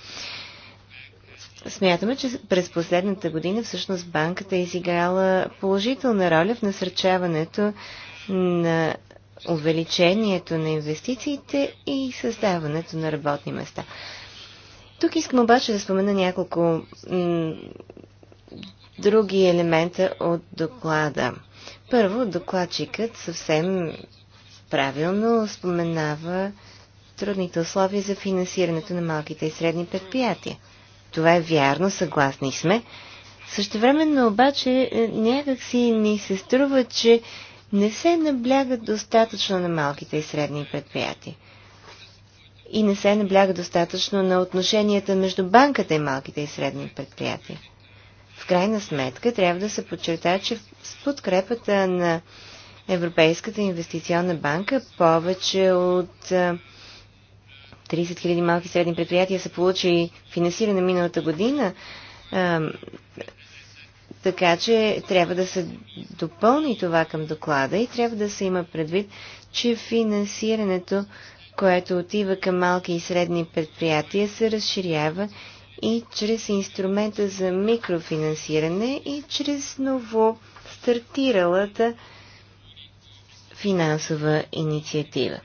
Смятаме, че през последната година всъщност банката е изиграла положителна роля в насърчаването на увеличението на инвестициите и създаването на работни места. Тук искам обаче да спомена няколко други елемента от доклада. Първо, докладчикът съвсем правилно споменава трудните условия за финансирането на малките и средни предприятия. Това е вярно, съгласни сме. Същевременно обаче е, някакси ни се струва, че не се набляга достатъчно на малките и средни предприятия. И не се набляга достатъчно на отношенията между банката и малките и средни предприятия. В крайна сметка трябва да се подчерта, че с подкрепата на Европейската инвестиционна банка. Повече от 30 000 малки и средни предприятия са получили финансиране миналата година. Така че трябва да се допълни това към доклада и трябва да се има предвид, че финансирането, което отива към малки и средни предприятия, се разширява и чрез инструмента за микрофинансиране и чрез ново стартиралата финансова инициатива.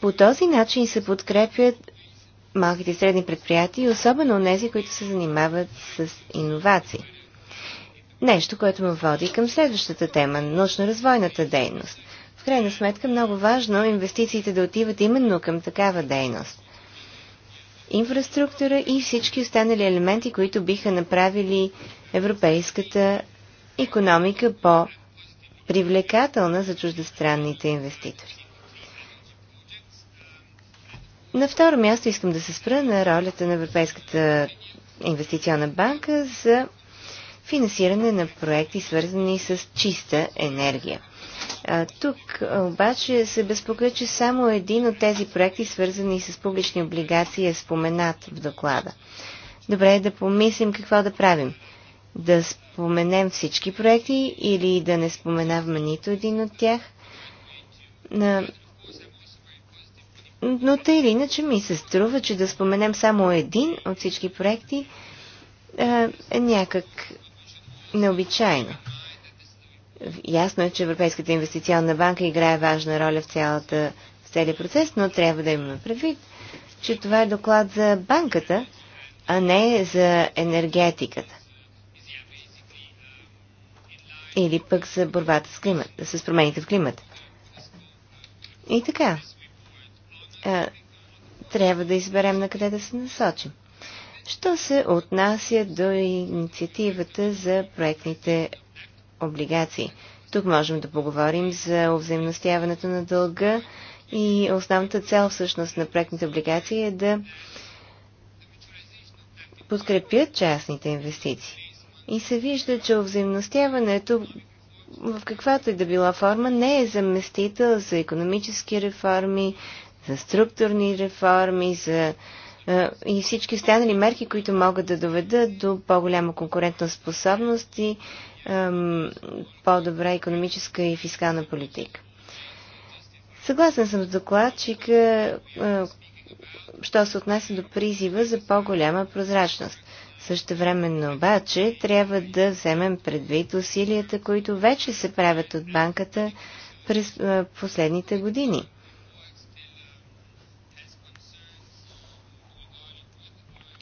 По този начин се подкрепят малките и средни предприятия, особено тези, които се занимават с иновации. Нещо, което ме води към следващата тема – научно-развойната дейност. В крайна сметка много важно инвестициите да отиват именно към такава дейност. Инфраструктура и всички останали елементи, които биха направили европейската економика по-привлекателна за чуждестранните инвеститори. На второ място искам да се спра на ролята на Европейската инвестиционна банка за финансиране на проекти, свързани с чиста енергия. А, тук обаче се безпокоя, че само един от тези проекти, свързани с публични облигации, е споменат в доклада. Добре е да помислим какво да правим да споменем всички проекти или да не споменаваме нито един от тях. Но тъй или иначе ми се струва, че да споменем само един от всички проекти е някак необичайно. Ясно е, че Европейската инвестиционна банка играе важна роля в цялата в целият процес, но трябва да имаме предвид, че това е доклад за банката, а не за енергетиката или пък за борбата с, климат, с промените в климата. И така, а, трябва да изберем на къде да се насочим. Що се отнася до инициативата за проектните облигации? Тук можем да поговорим за взаимностяването на дълга и основната цел всъщност на проектните облигации е да подкрепят частните инвестиции. И се вижда, че взаимностяването в каквато и да била форма не е заместител за економически реформи, за структурни реформи, за е, и всички останали мерки, които могат да доведат до по-голяма конкурентна способност и е, по-добра економическа и фискална политика. Съгласен съм с докладчика, е, що се отнася до призива за по-голяма прозрачност. Също времено обаче трябва да вземем предвид усилията, които вече се правят от банката през последните години.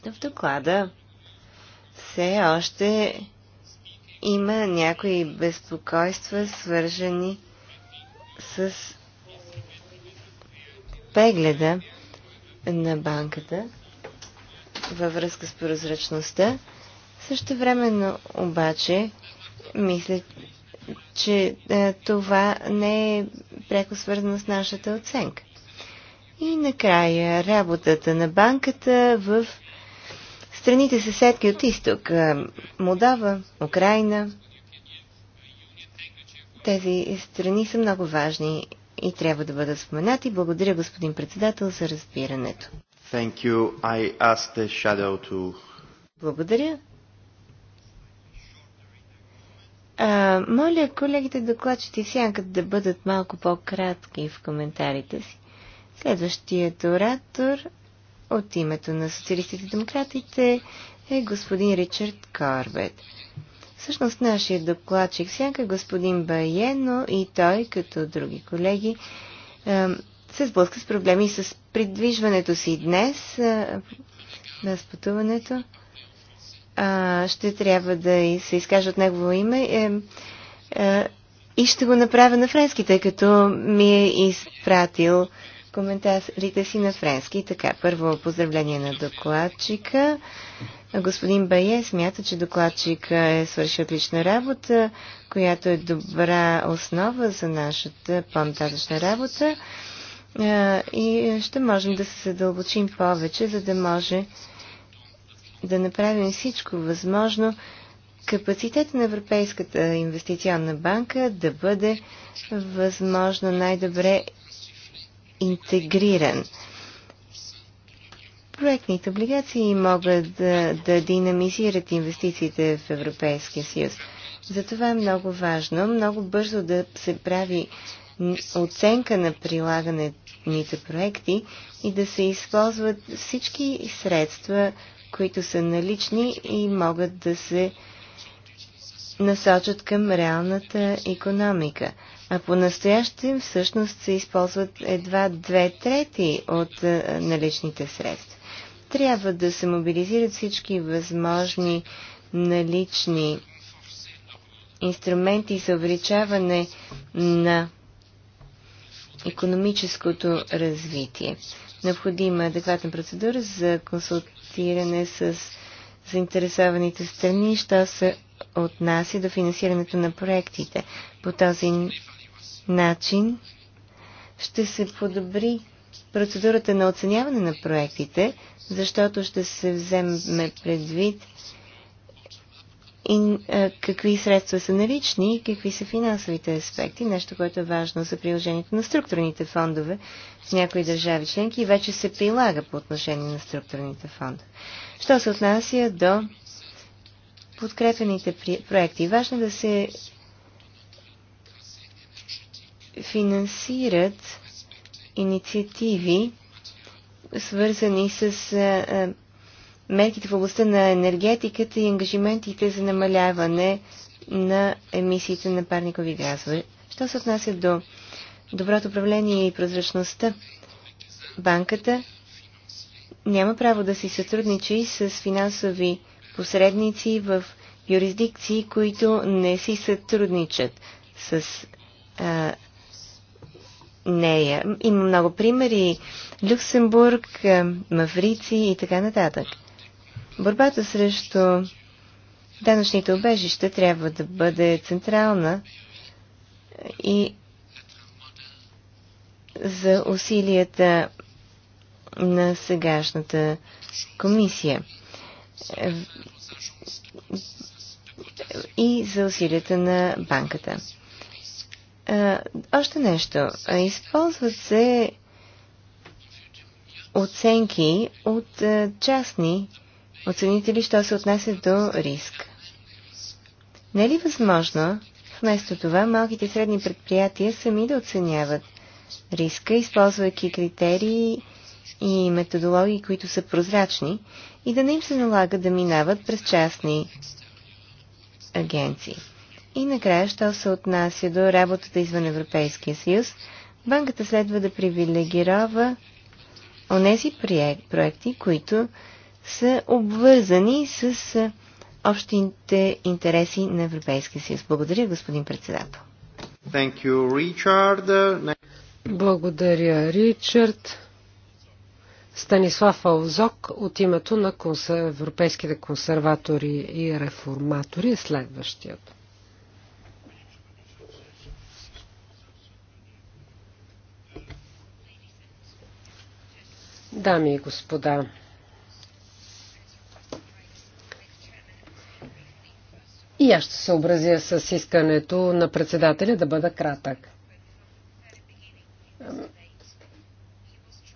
В доклада все още има някои безпокойства, свържени с прегледа на банката във връзка с прозрачността. Също времено обаче мисля, че е, това не е преко свързано с нашата оценка. И накрая работата на банката в страните съседки от изток. Е, Молдава, Украина. Тези страни са много важни и трябва да бъдат споменати. Благодаря, господин председател, за разбирането. Thank you. I ask the shadow to... Благодаря. А, моля колегите докладчици сянка да бъдат малко по-кратки в коментарите си. Следващият оратор от името на социалистите демократите е господин Ричард Корбет. Всъщност нашия докладчик сянка е господин Баено и той, като други колеги, се сблъска с проблеми с придвижването си днес, а, с пътуването. А, ще трябва да се изкажа от негово име. Е, е, и ще го направя на френски, тъй като ми е изпратил коментарите си на френски. Така, първо поздравление на докладчика. Господин Бае смята, че докладчик е свършил отлична работа, която е добра основа за нашата по-нататъчна работа и ще можем да се задълбочим повече, за да може да направим всичко възможно капацитет на Европейската инвестиционна банка да бъде възможно най-добре интегриран. Проектните облигации могат да, да динамизират инвестициите в Европейския съюз. Затова е много важно, много бързо да се прави оценка на прилагането пилотните проекти и да се използват всички средства, които са налични и могат да се насочат към реалната економика. А по-настоящем всъщност се използват едва две трети от наличните средства. Трябва да се мобилизират всички възможни налични инструменти за увеличаване на економическото развитие. Необходима е адекватна процедура за консултиране с заинтересованите страни, що се отнася до финансирането на проектите. По този начин ще се подобри процедурата на оценяване на проектите, защото ще се вземе предвид и а, е, какви средства са налични и какви са финансовите аспекти, нещо, което е важно за приложението на структурните фондове в някои държави членки и вече се прилага по отношение на структурните фондове. Що се отнася до подкрепените проекти? Важно е да се финансират инициативи, свързани с а, е, а, мерките в областта на енергетиката и ангажиментите за намаляване на емисиите на парникови газове. Що се отнася до доброто управление и прозрачността, банката няма право да си сътрудничи с финансови посредници в юрисдикции, които не си сътрудничат с а, нея. Има много примери. Люксембург, Маврици и така нататък. Борбата срещу данъчните обежища трябва да бъде централна и за усилията на сегашната комисия и за усилията на банката. Още нещо. Използват се оценки от частни Оцените ли, що се отнася до риск. Не е ли възможно, вместо това, малките и средни предприятия сами да оценяват риска, използвайки критерии и методологии, които са прозрачни, и да не им се налага да минават през частни агенции. И накрая, що се отнася до работата извън Европейския съюз, банката следва да привилегирова онези проекти, които са обвързани с общите интереси на Европейския съюз. Благодаря, господин председател. Thank you, Richard. Благодаря, Ричард. Станислав Алзок от името на европейските консерватори и реформатори е следващият. Дами и господа, И аз ще съобразя с искането на председателя да бъда кратък.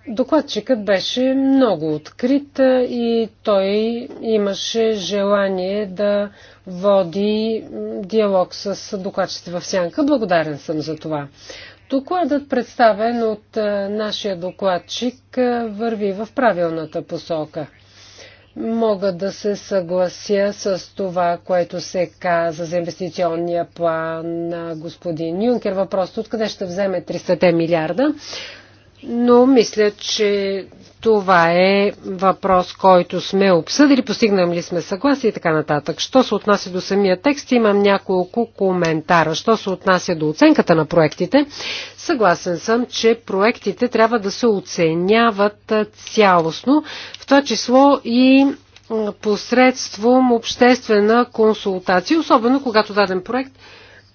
Докладчикът беше много открит и той имаше желание да води диалог с докладчите в сянка. Благодарен съм за това. Докладът, представен от нашия докладчик, върви в правилната посока – Мога да се съглася с това, което се каза за инвестиционния план на господин Юнкер. Въпросът откъде ще вземе 300 милиарда? но мисля, че това е въпрос, който сме обсъдили, постигнали ли сме съгласие и така нататък. Що се отнася до самия текст, имам няколко коментара. Що се отнася до оценката на проектите, съгласен съм, че проектите трябва да се оценяват цялостно, в това число и посредством обществена консултация, особено когато даден проект –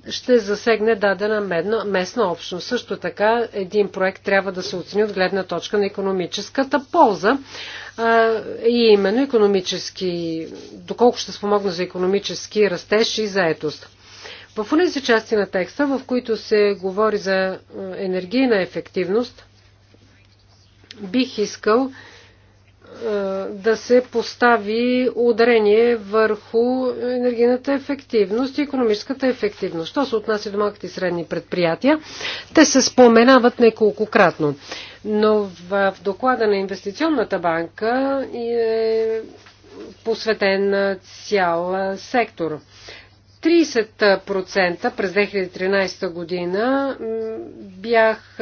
ще засегне дадена медна, местна общност. Също така един проект трябва да се оцени от гледна точка на економическата полза а, и именно економически, доколко ще спомогна за економически растеж и заетост. В тези части на текста, в които се говори за енергийна ефективност, бих искал е, да се постави ударение върху енергийната ефективност и економическата ефективност. Що се отнася до малките и средни предприятия, те се споменават неколкократно. Но в доклада на Инвестиционната банка е посветен цял е, сектор. 30% през 2013 година бях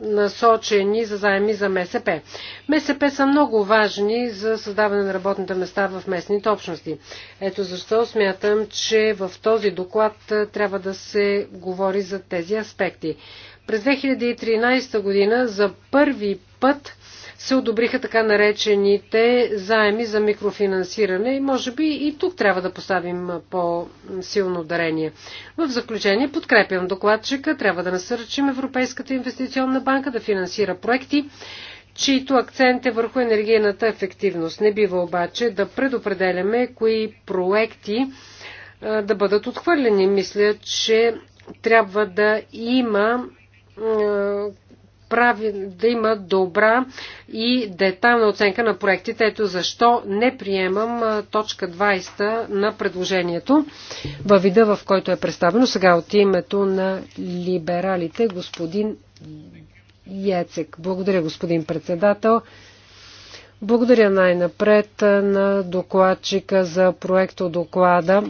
насочени за заеми за МСП. МСП са много важни за създаване на работните места в местните общности. Ето защо смятам, че в този доклад трябва да се говори за тези аспекти. През 2013 година за първи път се одобриха така наречените заеми за микрофинансиране и може би и тук трябва да поставим по-силно дарение. В заключение подкрепям докладчика, трябва да насърчим Европейската инвестиционна банка да финансира проекти, чието акцент е върху енергийната ефективност. Не бива обаче да предопределяме кои проекти да бъдат отхвърлени. Мисля, че трябва да има прави, да има добра и детална оценка на проектите. Ето защо не приемам точка 20 на предложението във вида, в който е представено. Сега от името на либералите господин Яцек. Благодаря, господин председател. Благодаря най-напред на докладчика за проекто доклада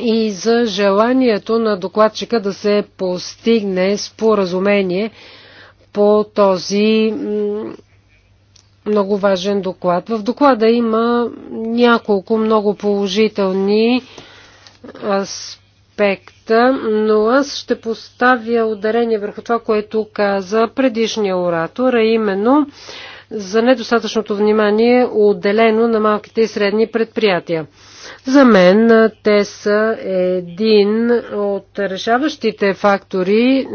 и за желанието на докладчика да се постигне споразумение по този много важен доклад. В доклада има няколко много положителни аспекта, но аз ще поставя ударение върху това, което каза предишния оратор, а именно за недостатъчното внимание отделено на малките и средни предприятия. За мен те са един от решаващите фактори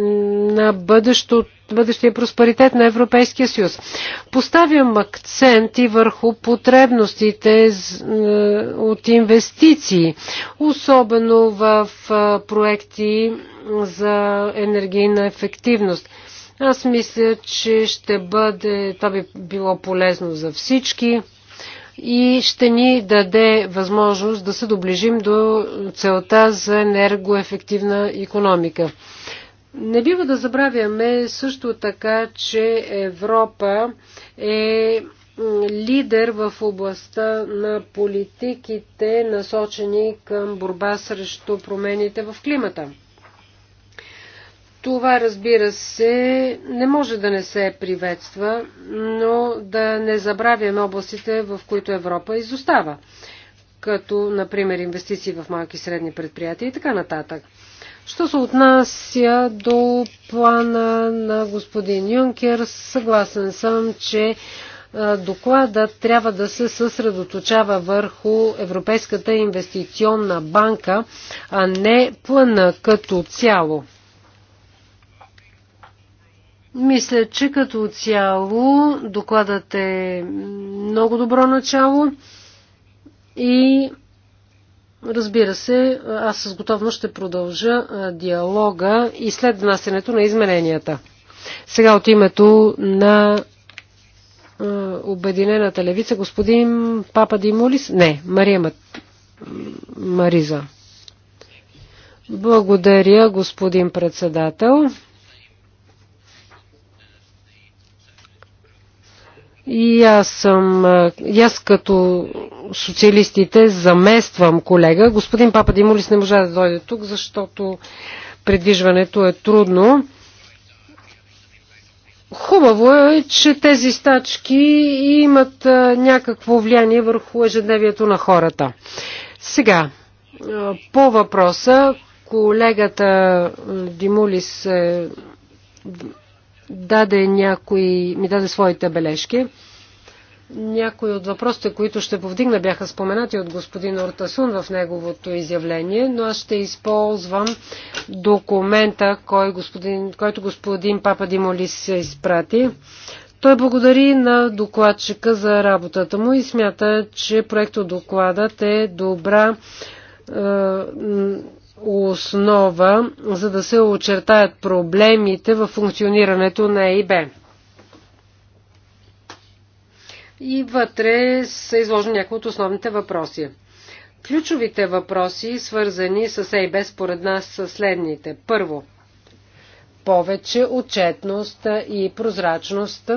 на бъдещо, бъдещия просперитет на Европейския съюз. Поставям акцент и върху потребностите от инвестиции, особено в проекти за енергийна ефективност – аз мисля, че ще бъде, това би било полезно за всички и ще ни даде възможност да се доближим до целта за енергоефективна економика. Не бива да забравяме също така, че Европа е лидер в областта на политиките, насочени към борба срещу промените в климата. Това, разбира се, не може да не се приветства, но да не забравяме областите, в които Европа изостава, като, например, инвестиции в малки и средни предприятия и така нататък. Що се отнася до плана на господин Юнкер, съгласен съм, че докладът трябва да се съсредоточава върху Европейската инвестиционна банка, а не плана като цяло. Мисля, че като цяло докладът е много добро начало и разбира се, аз с готовност ще продължа диалога и след внасянето на измененията. Сега от името на Обединената левица, господин Папа Димулис, не, Мария Мат... Мариза. Благодаря, господин председател. И аз съм, и аз като социалистите замествам колега. Господин Папа Димулис не можа да дойде тук, защото предвижването е трудно. Хубаво е, че тези стачки имат някакво влияние върху ежедневието на хората. Сега, по въпроса, колегата Димулис е даде някои, ми даде своите бележки. Някои от въпросите, които ще повдигна, бяха споменати от господин Ортасун в неговото изявление, но аз ще използвам документа, кой господин, който господин Папа Димолис се изпрати. Той благодари на докладчика за работата му и смята, че проектодокладът е добра е, основа, за да се очертаят проблемите в функционирането на ЕИБ. И вътре са изложени някои от основните въпроси. Ключовите въпроси, свързани с ЕИБ, според нас са следните. Първо, повече отчетност и прозрачност.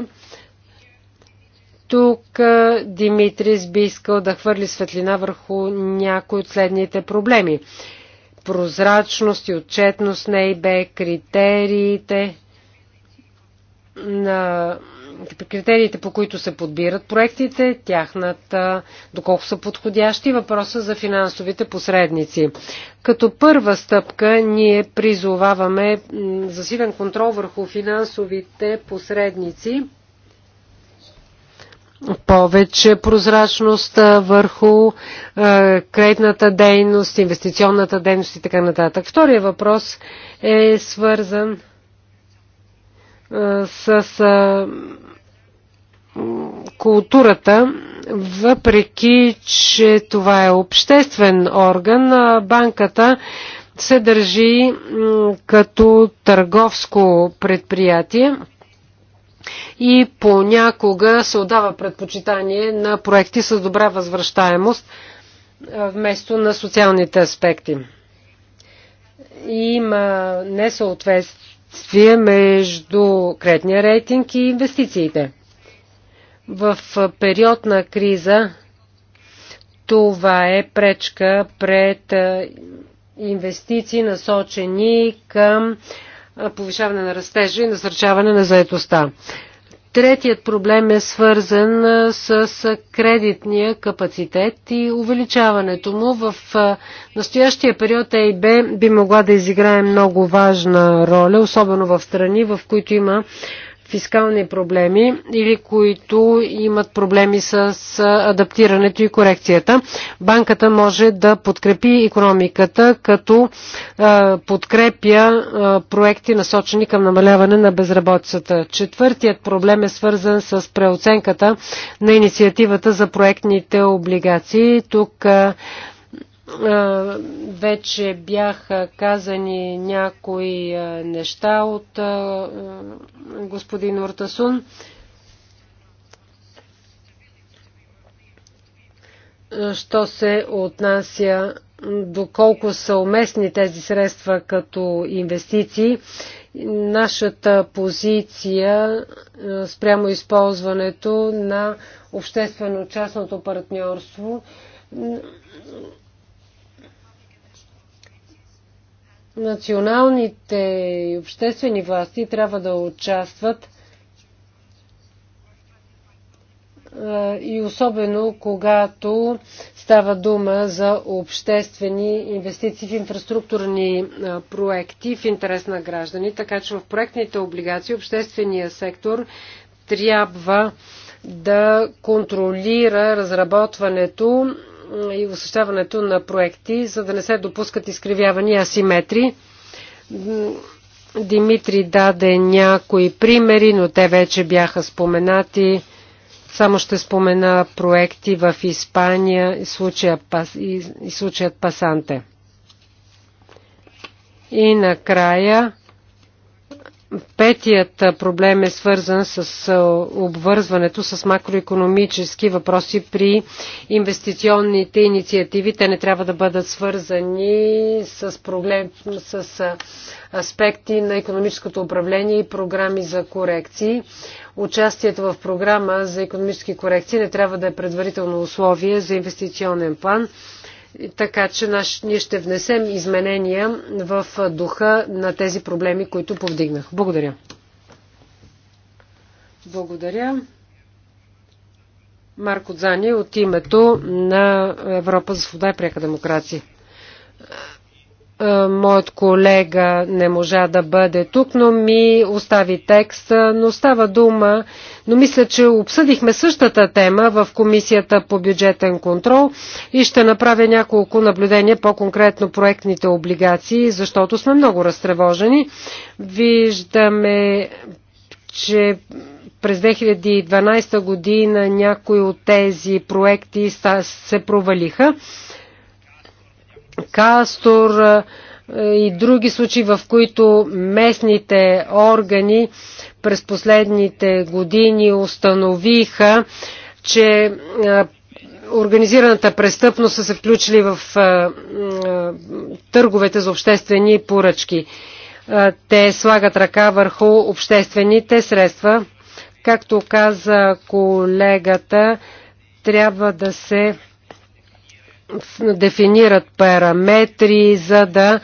Тук Димитрис би искал да хвърли светлина върху някои от следните проблеми прозрачност и отчетност на ИБ, критериите на критериите, по които се подбират проектите, тяхната, доколко са подходящи, въпроса за финансовите посредници. Като първа стъпка ние призоваваме засилен контрол върху финансовите посредници повече прозрачност върху кредитната дейност, инвестиционната дейност и така нататък. Втория въпрос е свързан с културата, въпреки че това е обществен орган, банката се държи като търговско предприятие и понякога се отдава предпочитание на проекти с добра възвръщаемост вместо на социалните аспекти. Има несъответствие между кредитния рейтинг и инвестициите. В период на криза това е пречка пред инвестиции, насочени към повишаване на растежа и насърчаване на заетостта. Третият проблем е свързан с кредитния капацитет и увеличаването му. В настоящия период ЕИБ би могла да изиграе много важна роля, особено в страни, в които има фискални проблеми или които имат проблеми с адаптирането и корекцията. Банката може да подкрепи економиката, като подкрепя проекти насочени към намаляване на безработицата. Четвъртият проблем е свързан с преоценката на инициативата за проектните облигации. Тук вече бяха казани някои неща от господин Ортасун. Що се отнася доколко са уместни тези средства като инвестиции, нашата позиция спрямо използването на обществено-частното партньорство националните и обществени власти трябва да участват и особено когато става дума за обществени инвестиции в инфраструктурни проекти в интерес на граждани. Така че в проектните облигации обществения сектор трябва да контролира разработването и осъщаването на проекти, за да не се допускат изкривявани асиметри. Димитри даде някои примери, но те вече бяха споменати. Само ще спомена проекти в Испания и случая, и случаят Пасанте. И накрая Петият проблем е свързан с обвързването с макроекономически въпроси при инвестиционните инициативи. Те не трябва да бъдат свързани с, проблем, с аспекти на економическото управление и програми за корекции. Участието в програма за економически корекции не трябва да е предварително условие за инвестиционен план. Така че наш, ние ще внесем изменения в духа на тези проблеми, които повдигнах. Благодаря. Благодаря. Марко Дзани от името на Европа за свобода и пряка демокрация. Е, моят колега не можа да бъде тук, но ми остави текст, но става дума, но мисля, че обсъдихме същата тема в Комисията по бюджетен контрол и ще направя няколко наблюдения по-конкретно проектните облигации, защото сме много разтревожени. Виждаме, че през 2012 година някои от тези проекти се провалиха Кастор и други случаи, в които местните органи през последните години установиха, че организираната престъпност са се включили в търговете за обществени поръчки. Те слагат ръка върху обществените средства. Както каза колегата, трябва да се дефинират параметри, за да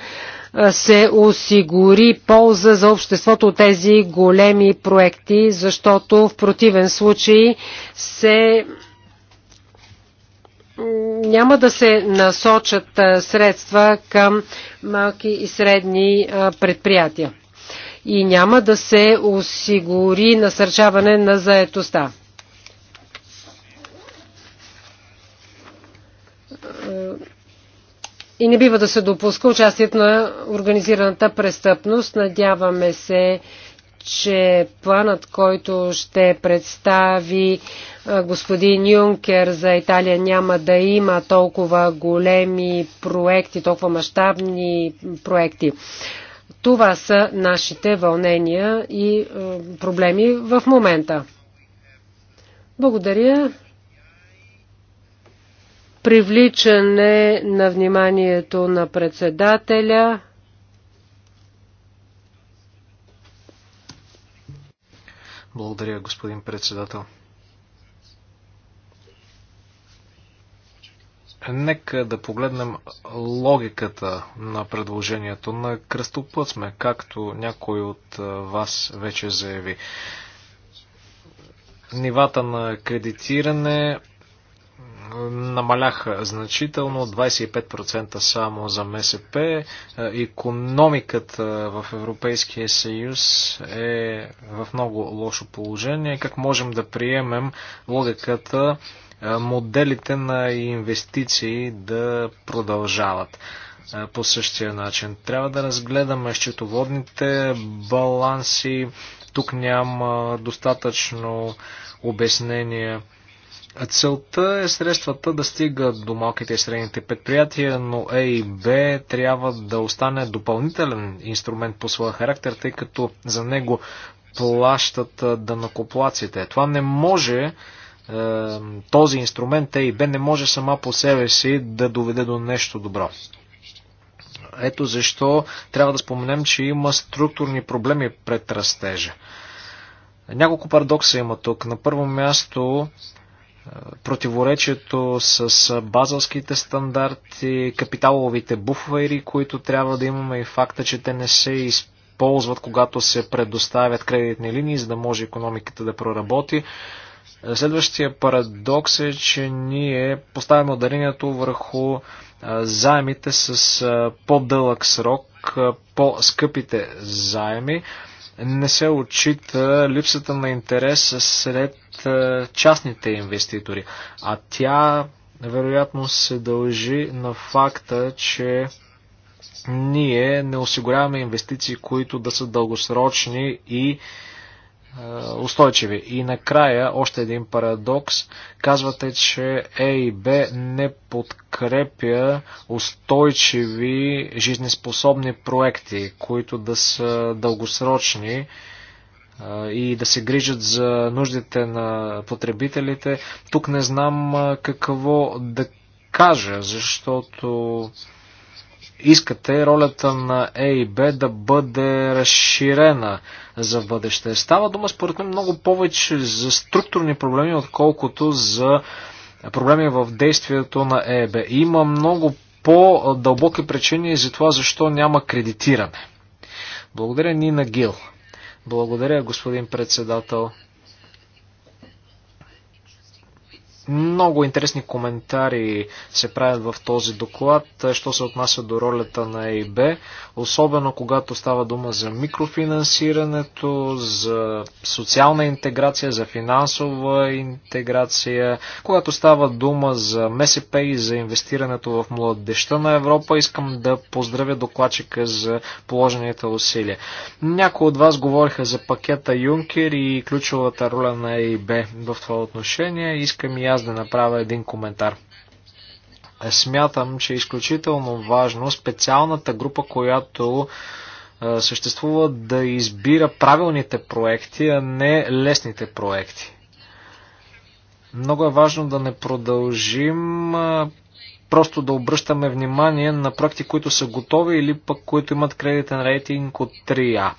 се осигури полза за обществото от тези големи проекти, защото в противен случай се няма да се насочат средства към малки и средни предприятия и няма да се осигури насърчаване на заетостта. и не бива да се допуска участието на организираната престъпност. Надяваме се, че планът, който ще представи господин Юнкер за Италия няма да има толкова големи проекти, толкова мащабни проекти. Това са нашите вълнения и проблеми в момента. Благодаря привличане на вниманието на председателя. Благодаря, господин председател. Нека да погледнем логиката на предложението на кръстопът сме, както някой от вас вече заяви. Нивата на кредитиране намаляха значително, 25% само за МСП. Економиката в Европейския съюз е в много лошо положение. Как можем да приемем логиката е, моделите на инвестиции да продължават? Е, по същия начин. Трябва да разгледаме счетоводните баланси. Тук няма достатъчно обяснение. Целта е средствата да стигат до малките и средните предприятия, но A е и Б трябва да остане допълнителен инструмент по своя характер, тъй като за него плащат данакоплаците. Това не може, е, този инструмент А е и Б не може сама по себе си да доведе до нещо добро. Ето защо трябва да споменем, че има структурни проблеми пред растежа. Няколко парадокса има тук. На първо място противоречието с базалските стандарти, капиталовите буфери, които трябва да имаме и факта, че те не се използват, когато се предоставят кредитни линии, за да може економиката да проработи. Следващия парадокс е, че ние поставяме ударението върху заемите с по-дълъг срок, по-скъпите заеми не се отчита липсата на интерес сред частните инвеститори, а тя вероятно се дължи на факта, че ние не осигуряваме инвестиции, които да са дългосрочни и е, устойчиви. И накрая, още един парадокс. Казвате, че Е и Б не подкрепя устойчиви жизнеспособни проекти, които да са дългосрочни е, и да се грижат за нуждите на потребителите. Тук не знам е, какво да кажа, защото искате ролята на Е и Б да бъде разширена за бъдеще. Става дума според мен много повече за структурни проблеми, отколкото за проблеми в действието на Б. Има много по-дълбоки причини за това, защо няма кредитиране. Благодаря Нина Гил. Благодаря, господин председател. Много интересни коментари се правят в този доклад, е, що се отнася до ролята на ЕИБ, особено когато става дума за микрофинансирането, за социална интеграция, за финансова интеграция, когато става дума за МСП и за инвестирането в младеща на Европа, искам да поздравя докладчика за положените усилия. Някои от вас говориха за пакета Юнкер и ключовата роля на ЕИБ в това отношение. Искам и аз да направя един коментар. Е, смятам, че е изключително важно специалната група, която е, съществува да избира правилните проекти, а не лесните проекти. Много е важно да не продължим е, просто да обръщаме внимание на проекти, които са готови или пък които имат кредитен рейтинг от 3А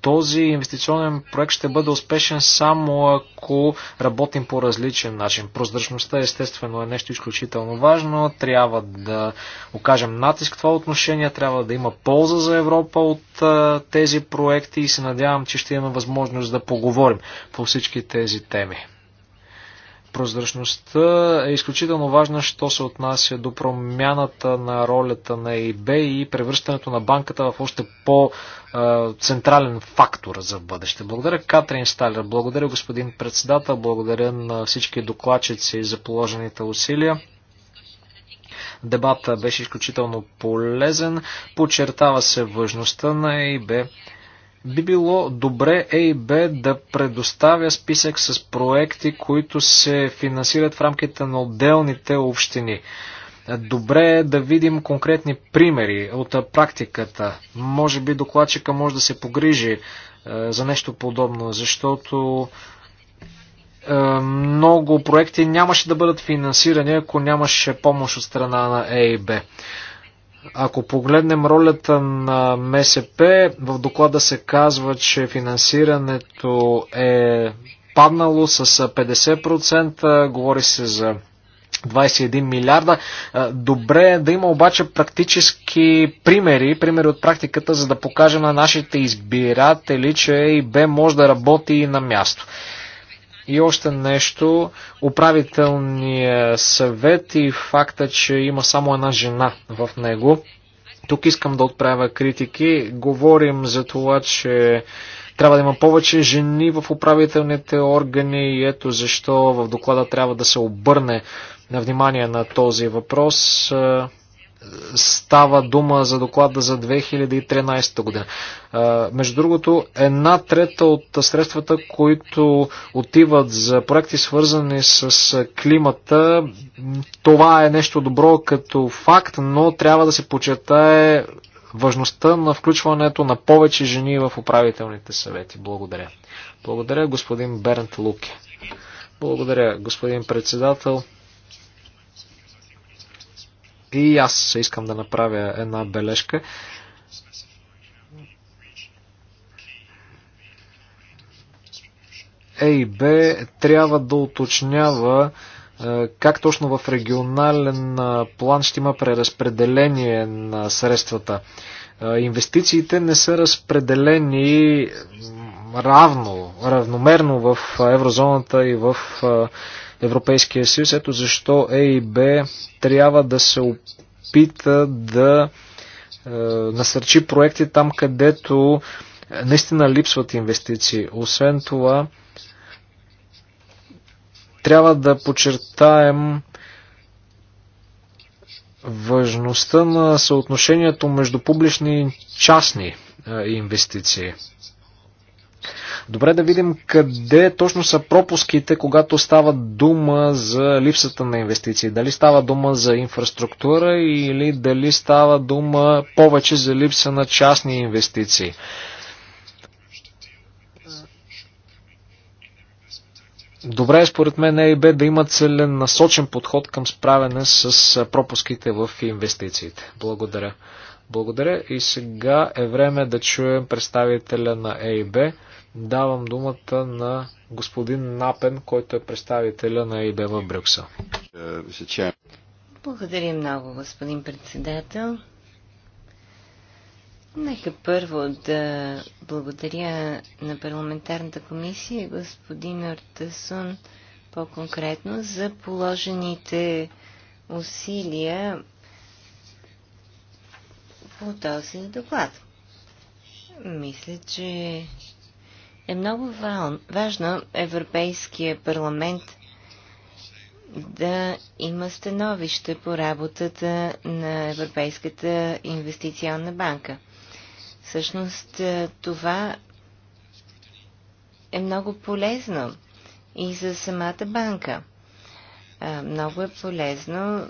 този инвестиционен проект ще бъде успешен само ако работим по различен начин. Прозрачността естествено е нещо изключително важно. Трябва да окажем натиск в това отношение, трябва да има полза за Европа от а, тези проекти и се надявам, че ще имаме възможност да поговорим по всички тези теми. Прозрачността е изключително важна, що се отнася до промяната на ролята на ЕБ и превръщането на банката в още по-централен е, фактор за бъдеще. Благодаря Катрин Сталер, благодаря господин председател, благодаря на всички докладчици за положените усилия. Дебата беше изключително полезен, подчертава се важността на ЕБ би било добре B да предоставя списък с проекти, които се финансират в рамките на отделните общини. Добре е да видим конкретни примери от практиката. Може би докладчика може да се погрижи е, за нещо подобно, защото е, много проекти нямаше да бъдат финансирани, ако нямаше помощ от страна на B. Ако погледнем ролята на МСП, в доклада се казва, че финансирането е паднало с 50%, говори се за 21 милиарда. Добре е да има обаче практически примери, примери от практиката, за да покажем на нашите избиратели, че ИБ може да работи и на място. И още нещо, управителният съвет и факта, че има само една жена в него. Тук искам да отправя критики. Говорим за това, че трябва да има повече жени в управителните органи и ето защо в доклада трябва да се обърне на внимание на този въпрос става дума за доклада за 2013 година. Между другото, една трета от средствата, които отиват за проекти свързани с климата, това е нещо добро като факт, но трябва да се почетае важността на включването на повече жени в управителните съвети. Благодаря. Благодаря, господин Бернт Луке. Благодаря, господин председател. И аз искам да направя една бележка. A е и B трябва да уточнява е, как точно в регионален е, план ще има преразпределение на средствата. Инвестициите не са разпределени равно, равномерно в еврозоната и в Европейския съюз. Ето защо е Б трябва да се опита да е, насърчи проекти там, където наистина липсват инвестиции. Освен това, трябва да подчертаем важността на съотношението между публични и частни е, инвестиции. Добре да видим къде точно са пропуските, когато става дума за липсата на инвестиции. Дали става дума за инфраструктура или дали става дума повече за липса на частни инвестиции. Добре е според мен ЕИБ да има целенасочен подход към справяне с пропуските в инвестициите. Благодаря. Благодаря и сега е време да чуем представителя на ЕИБ. Давам думата на господин Напен, който е представителя на ИД в Брюксел. Благодаря много, господин председател. Нека първо да благодаря на парламентарната комисия господин Артасун по-конкретно за положените усилия по този доклад. Мисля, че е много важно Европейския парламент да има становище по работата на Европейската инвестиционна банка. Всъщност е, това е много полезно и за самата банка. Е, много е полезно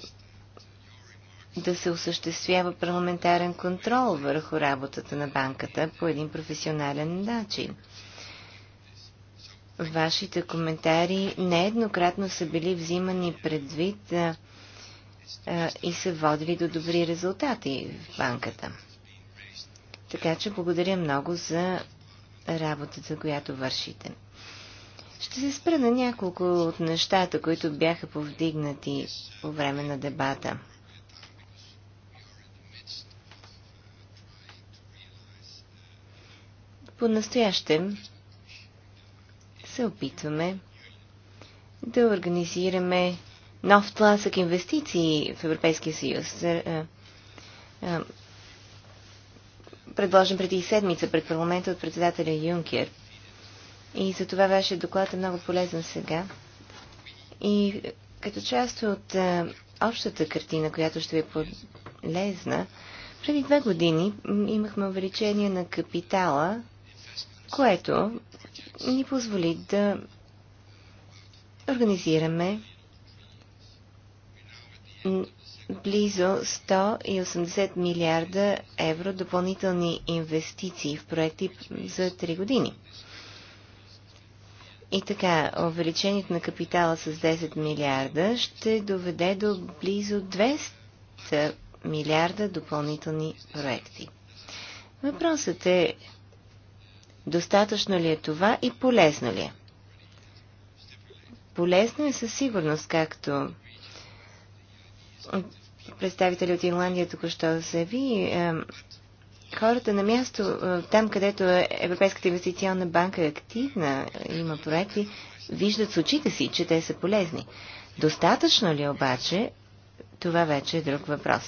да се осъществява парламентарен контрол върху работата на банката по един професионален начин. Вашите коментари нееднократно са били взимани предвид а, а, и са водили до добри резултати в банката. Така че благодаря много за работата, която вършите. Ще се спра на няколко от нещата, които бяха повдигнати по време на дебата. По-настоящем се опитваме да организираме нов тласък инвестиции в Европейския съюз. Е, е, е, предложен преди седмица пред парламента от председателя Юнкер. И за това вашия доклад е много полезен сега. И като част от общата картина, която ще ви е полезна, преди две години имахме увеличение на капитала, което ни позволи да организираме близо 180 милиарда евро допълнителни инвестиции в проекти за 3 години. И така, увеличението на капитала с 10 милиарда ще доведе до близо 200 милиарда допълнителни проекти. Въпросът е Достатъчно ли е това и полезно ли е? Полезно е със сигурност, както представители от Ирландия току-що заяви. Е, хората на място, е, там където Европейската инвестиционна банка е активна, има проекти, виждат с очите си, че те са полезни. Достатъчно ли обаче, това вече е друг въпрос.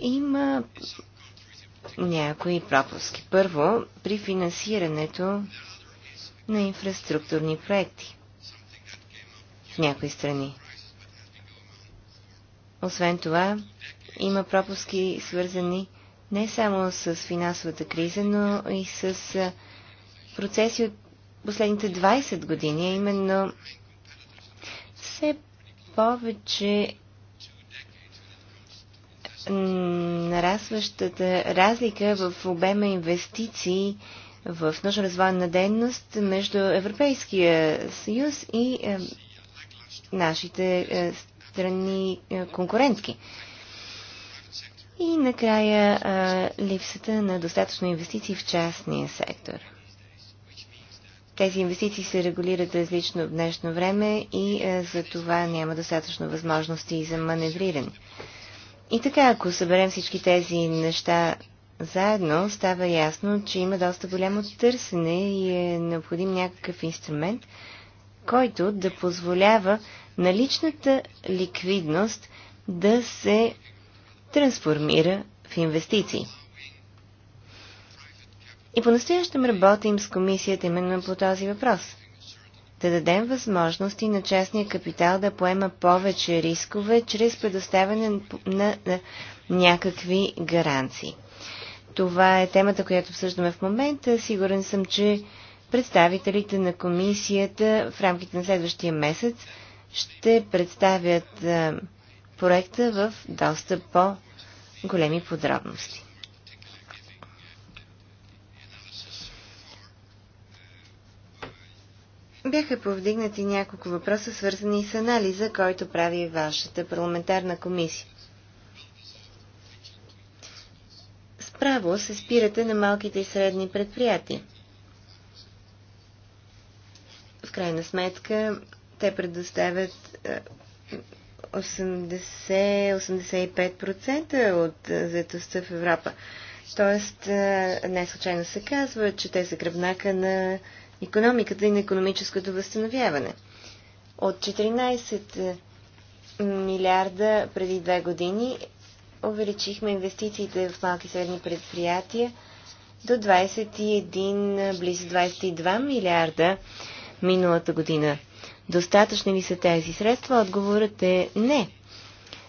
Има някои пропуски. Първо, при финансирането на инфраструктурни проекти в някои страни. Освен това, има пропуски свързани не само с финансовата криза, но и с процеси от последните 20 години, а именно все повече нарастващата разлика в обема инвестиции в научно-развойна дейност между Европейския съюз и е, нашите е, страни е, конкурентки. И накрая е, липсата на достатъчно инвестиции в частния сектор. Тези инвестиции се регулират различно в днешно време и е, за това няма достатъчно възможности за маневриране. И така, ако съберем всички тези неща заедно, става ясно, че има доста голямо търсене и е необходим някакъв инструмент, който да позволява наличната ликвидност да се трансформира в инвестиции. И по-настоящем работим с комисията именно по този въпрос да дадем възможности на частния капитал да поема повече рискове чрез предоставяне на, на, на някакви гаранции. Това е темата, която обсъждаме в момента. Сигурен съм, че представителите на комисията в рамките на следващия месец ще представят проекта в доста по-големи подробности. Бяха повдигнати няколко въпроса, свързани с анализа, който прави вашата парламентарна комисия. Справо се спирате на малките и средни предприятия. В крайна сметка, те предоставят 80-85% е, от е, заетостта в Европа. Тоест, е, не случайно се казва, че те са гръбнака на економиката и на економическото възстановяване. От 14 е, милиарда преди две години увеличихме инвестициите в малки и средни предприятия до 21, е, близо 22 милиарда миналата година. Достатъчни ли са тези средства? Отговорът е не.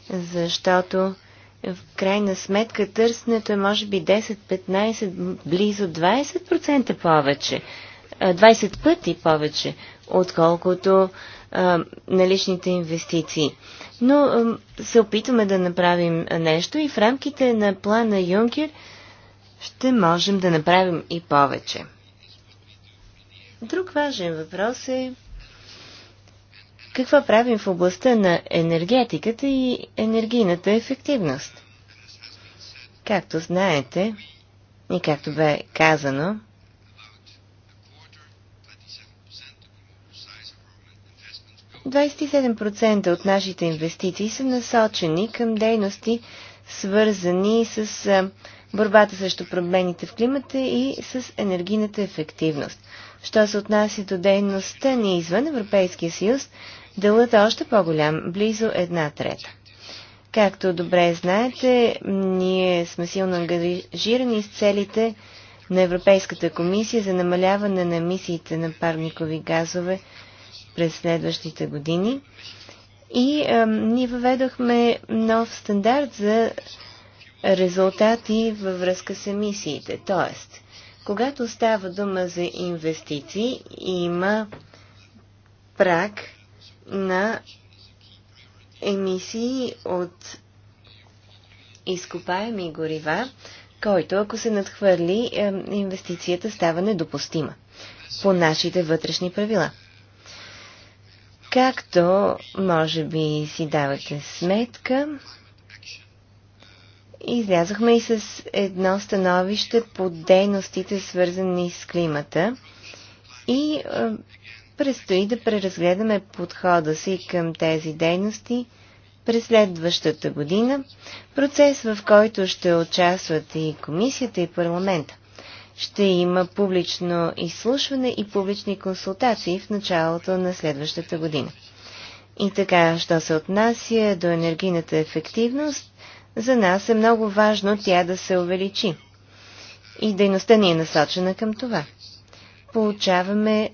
Защото в крайна сметка търсенето е може би 10-15, близо 20% повече 20 пъти повече, отколкото наличните инвестиции. Но се опитваме да направим нещо и в рамките на плана Юнкер ще можем да направим и повече. Друг важен въпрос е какво правим в областта на енергетиката и енергийната ефективност. Както знаете и както бе казано, 27% от нашите инвестиции са насочени към дейности, свързани с борбата срещу проблемите в климата и с енергийната ефективност. Що се отнася до дейността ни извън Европейския съюз, делът е още по-голям, близо една трета. Както добре знаете, ние сме силно ангажирани с целите на Европейската комисия за намаляване на емисиите на парникови газове през следващите години. И а, ние въведохме нов стандарт за резултати във връзка с емисиите. Тоест, когато става дума за инвестиции, има прак на емисии от изкопаеми горива, който ако се надхвърли, инвестицията става недопустима по нашите вътрешни правила. Както може би си давате сметка, излязохме и с едно становище по дейностите, свързани с климата. И е, предстои да преразгледаме подхода си към тези дейности през следващата година, процес в който ще участват и комисията и парламента ще има публично изслушване и публични консултации в началото на следващата година. И така, що се отнася до енергийната ефективност, за нас е много важно тя да се увеличи. И дейността ни е насочена към това. Получаваме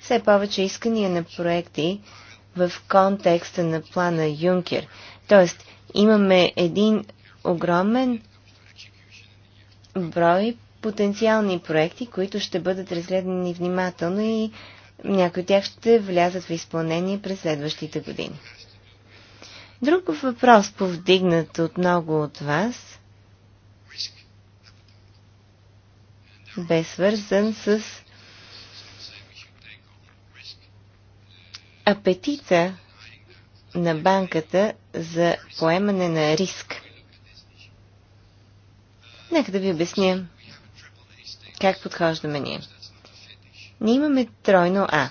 все повече искания на проекти в контекста на плана Юнкер. Тоест, имаме един огромен брой потенциални проекти, които ще бъдат разгледани внимателно и някои от тях ще влязат в изпълнение през следващите години. Друг въпрос, повдигнат от много от вас, бе свързан с апетита на банката за поемане на риск. Нека да ви обясня как подхождаме ние? Ние имаме тройно А.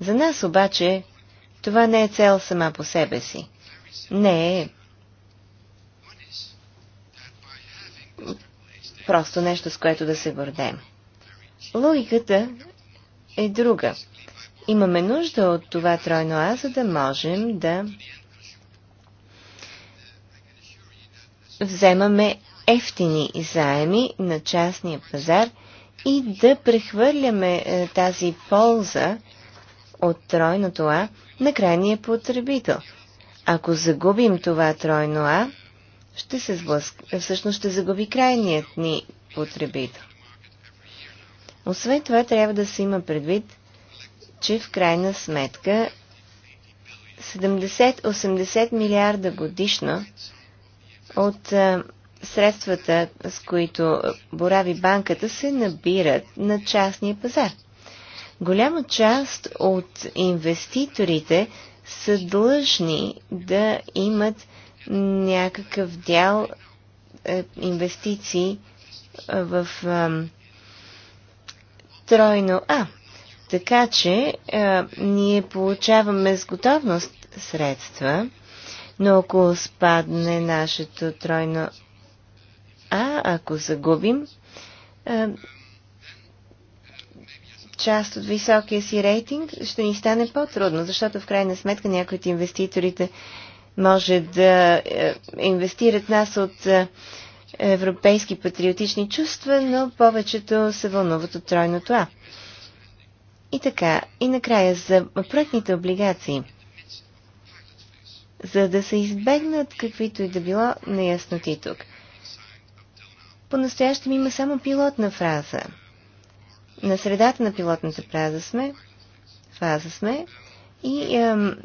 За нас обаче това не е цел сама по себе си. Не е просто нещо, с което да се гордем. Логиката е друга. Имаме нужда от това тройно А, за да можем да вземаме ефтини заеми на частния пазар и да прехвърляме е, тази полза от тройното А на крайния потребител. Ако загубим това тройно А, ще се сблъск... всъщност ще загуби крайният ни потребител. Освен това, трябва да се има предвид, че в крайна сметка 70-80 милиарда годишно от а, е, средствата, с които борави банката, се набират на частния пазар. Голяма част от инвеститорите са длъжни да имат някакъв дял е, инвестиции в е, тройно А. Така че е, ние получаваме с готовност средства, но ако спадне нашето тройно а ако загубим част от високия си рейтинг, ще ни стане по-трудно, защото в крайна сметка някои от инвеститорите може да е, инвестират нас от е, европейски патриотични чувства, но повечето се вълнуват от тройното А. И така, и накрая за проектните облигации. За да се избегнат каквито и да било неясноти тук – по-настоящем има само пилотна фраза. На средата на пилотната фраза сме, фаза сме и ем,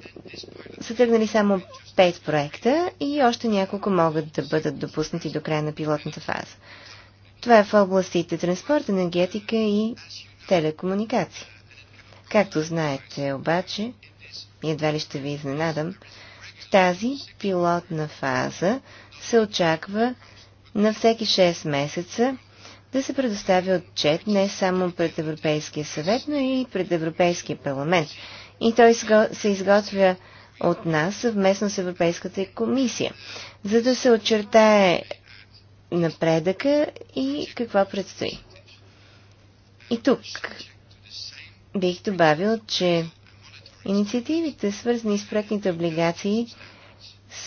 са тръгнали само 5 проекта и още няколко могат да бъдат допуснати до края на пилотната фаза. Това е в областите транспорт, енергетика и телекомуникации. Както знаете обаче, и едва ли ще ви изненадам, в тази пилотна фаза се очаква на всеки 6 месеца да се предостави отчет не само пред Европейския съвет, но и пред Европейския парламент. И той се изготвя от нас съвместно с Европейската комисия, за да се очертае напредъка и какво предстои. И тук бих добавил, че инициативите, свързани с проектните облигации,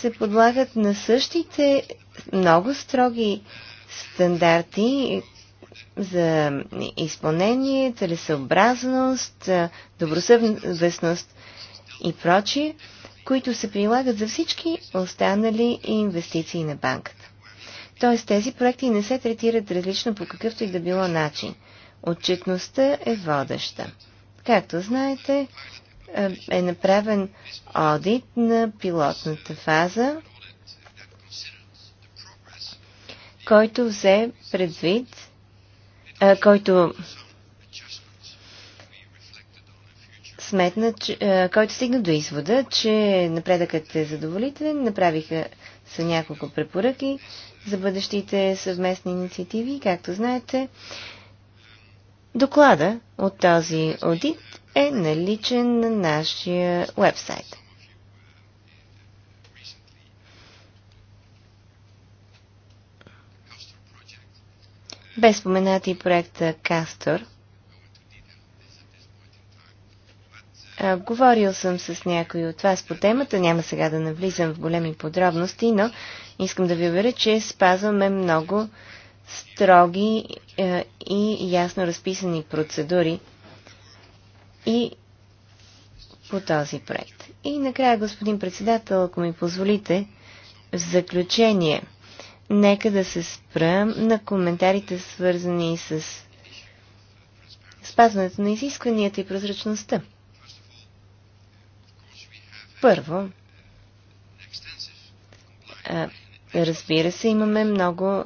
се подлагат на същите много строги стандарти за изпълнение, целесъобразност, добросъвестност и прочие, които се прилагат за всички останали инвестиции на банката. Тоест тези проекти не се третират различно по какъвто и да било начин. Отчетността е водеща. Както знаете, е, е направен одит на пилотната фаза, който взе предвид, а, който сметна, че, а, който стигна до извода, че напредъкът е задоволителен, направиха са няколко препоръки за бъдещите съвместни инициативи. Както знаете, доклада от този аудит е наличен на нашия вебсайт. Без споменати и проекта Кастор. Говорил съм с някой от вас по темата, няма сега да навлизам в големи подробности, но искам да ви уверя, че спазваме много строги и ясно разписани процедури и по този проект. И накрая, господин председател, ако ми позволите, в заключение, нека да се спрем на коментарите, свързани с спазването на изискванията и прозрачността. Първо, разбира се, имаме много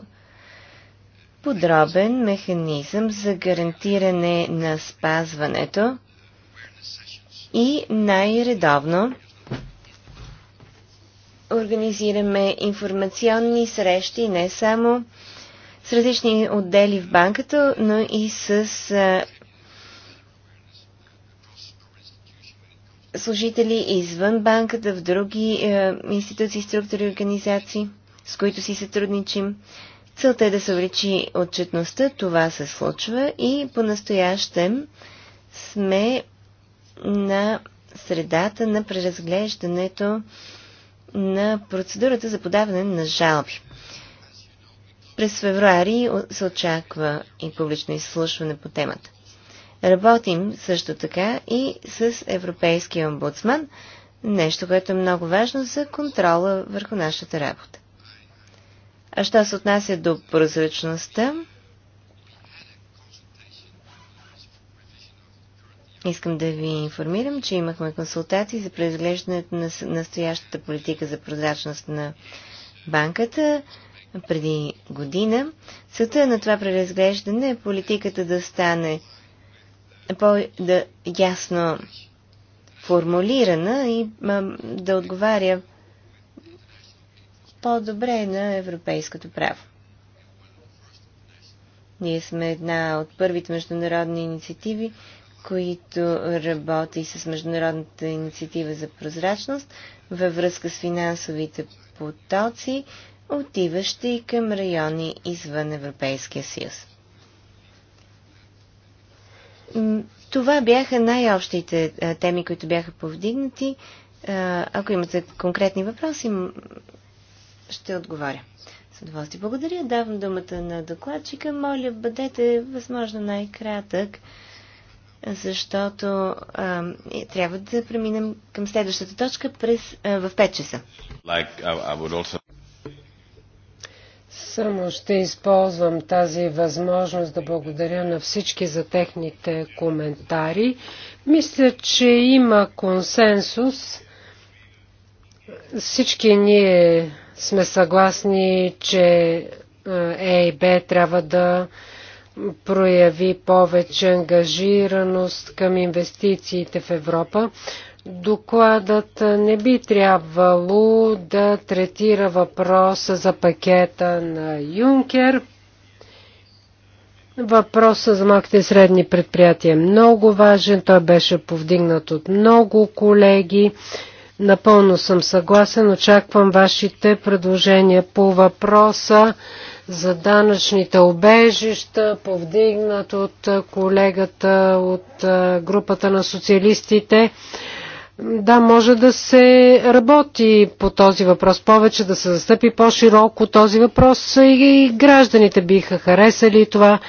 подробен механизъм за гарантиране на спазването и най-редовно организираме информационни срещи не само с различни отдели в банката, но и с служители извън банката, в други е, институции, структури и организации, с които си сътрудничим. Целта е да се увеличи отчетността, това се случва и по-настоящем сме на средата на преразглеждането на процедурата за подаване на жалби. През февруари се очаква и публично изслушване по темата. Работим също така и с Европейския омбудсман, нещо, което е много важно за контрола върху нашата работа. А що се отнася до прозрачността, Искам да ви информирам, че имахме консултации за преизглеждането на настоящата политика за прозрачност на банката преди година. Целта на това преразглеждане е политиката да стане по-ясно да, формулирана и а, да отговаря по-добре на европейското право. Ние сме една от първите международни инициативи, които работи с Международната инициатива за прозрачност във връзка с финансовите потоци, отиващи към райони извън Европейския съюз. Това бяха най-общите теми, които бяха повдигнати. Ако имате конкретни въпроси, ще отговоря. С удоволствие благодаря. Давам думата на докладчика. Моля, бъдете възможно най-кратък защото а, трябва да преминем към следващата точка през, а, в 5 часа. Like, I, I also... Само ще използвам тази възможност да благодаря на всички за техните коментари. Мисля, че има консенсус. Всички ние сме съгласни, че ЕИБ трябва да прояви повече ангажираност към инвестициите в Европа. Докладът не би трябвало да третира въпроса за пакета на Юнкер. Въпросът за малките и средни предприятия е много важен. Той беше повдигнат от много колеги. Напълно съм съгласен. Очаквам вашите предложения по въпроса за данъчните обежища, повдигнат от колегата от групата на социалистите. Да, може да се работи по този въпрос повече, да се застъпи по-широко този въпрос и гражданите биха харесали това.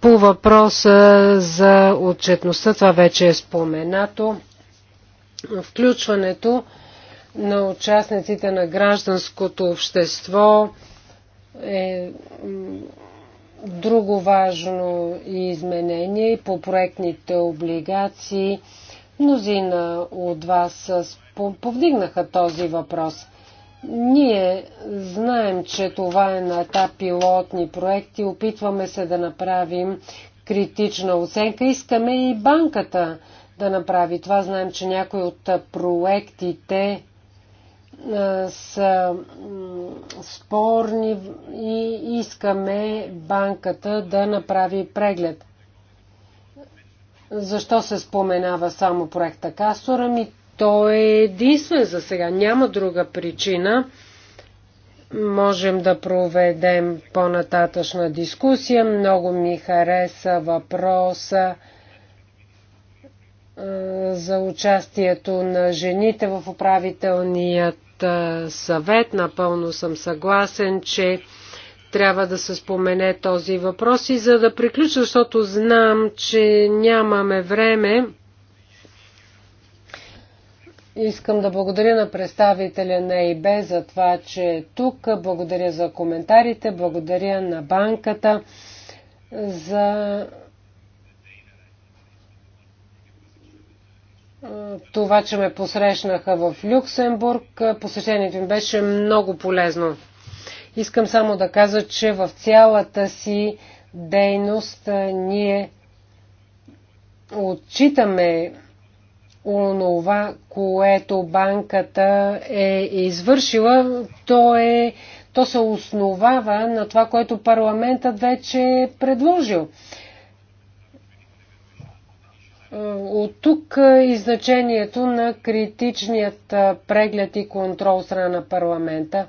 По въпроса за отчетността, това вече е споменато. Включването на участниците на гражданското общество е друго важно изменение по проектните облигации. Мнозина от вас повдигнаха този въпрос. Ние знаем, че това е на етап пилотни проекти. Опитваме се да направим критична оценка. Искаме и банката да направи това. Знаем, че някои от проектите е, са спорни и искаме банката да направи преглед. Защо се споменава само проекта Кастора? Ми той е единствен за сега. Няма друга причина. Можем да проведем по-нататъчна дискусия. Много ми хареса въпроса е, за участието на жените в управителният съвет. Напълно съм съгласен, че трябва да се спомене този въпрос и за да приключа, защото знам, че нямаме време. Искам да благодаря на представителя на ИБ за това, че е тук. Благодаря за коментарите, благодаря на банката за това, че ме посрещнаха в Люксембург. Посещението им беше много полезно. Искам само да кажа, че в цялата си дейност ние отчитаме онова, което банката е извършила. То, е, то се основава на това, което парламентът вече е предложил. От тук и значението на критичният преглед и контрол страна на парламента.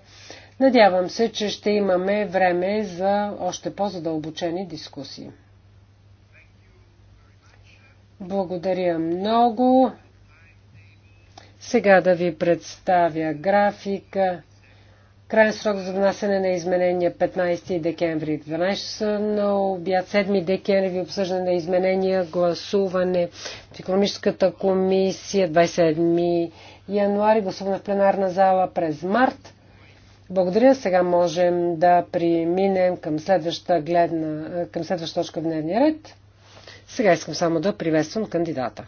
Надявам се, че ще имаме време за още по-задълбочени дискусии. Благодаря много. Сега да ви представя графика. Крайен срок за внасяне на изменения 15 е декември 12 часа на обяд 7 декември обсъждане на изменения, гласуване в економическата комисия 27 януари, гласуване в пленарна зала през март. Благодаря. Сега можем да преминем към следващата, гледна, към следваща точка в дневния ред. Сега искам само да приветствам кандидата.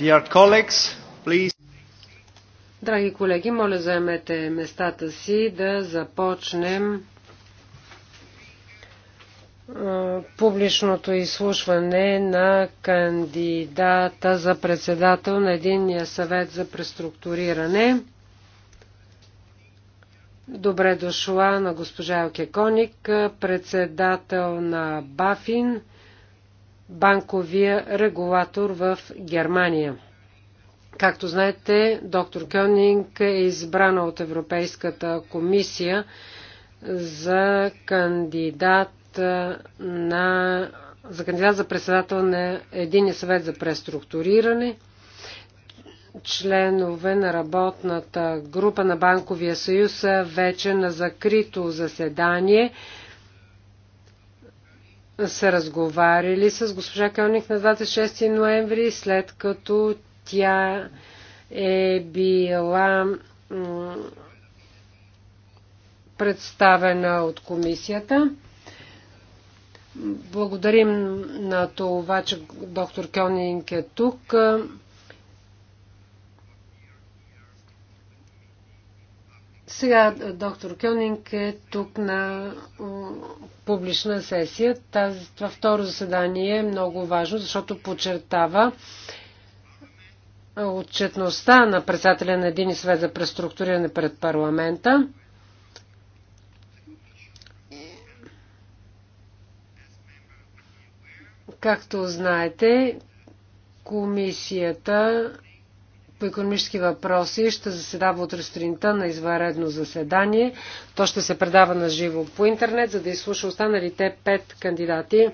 Dear colleagues, please. Драги колеги, моля заемете местата си да започнем публичното изслушване на кандидата за председател на Единния съвет за преструктуриране. Добре дошла на госпожа Елке Коник, председател на БАФИН банковия регулатор в Германия. Както знаете, доктор Кьонинг е избрана от Европейската комисия за кандидат на за кандидат за председател на Единия съвет за преструктуриране, членове на работната група на Банковия съюз вече на закрито заседание са разговаряли с госпожа Келник на 26 ноември, след като тя е била представена от комисията. Благодарим на това, че доктор Кьонинг е тук. Сега доктор Кьонинг е тук на публична сесия. Тази, това второ заседание е много важно, защото подчертава отчетността на председателя на един съвет за преструктуриране пред парламента. Както знаете, комисията по економически въпроси ще заседава утре сутринта на извънредно заседание. То ще се предава на живо по интернет, за да изслуша останалите пет кандидати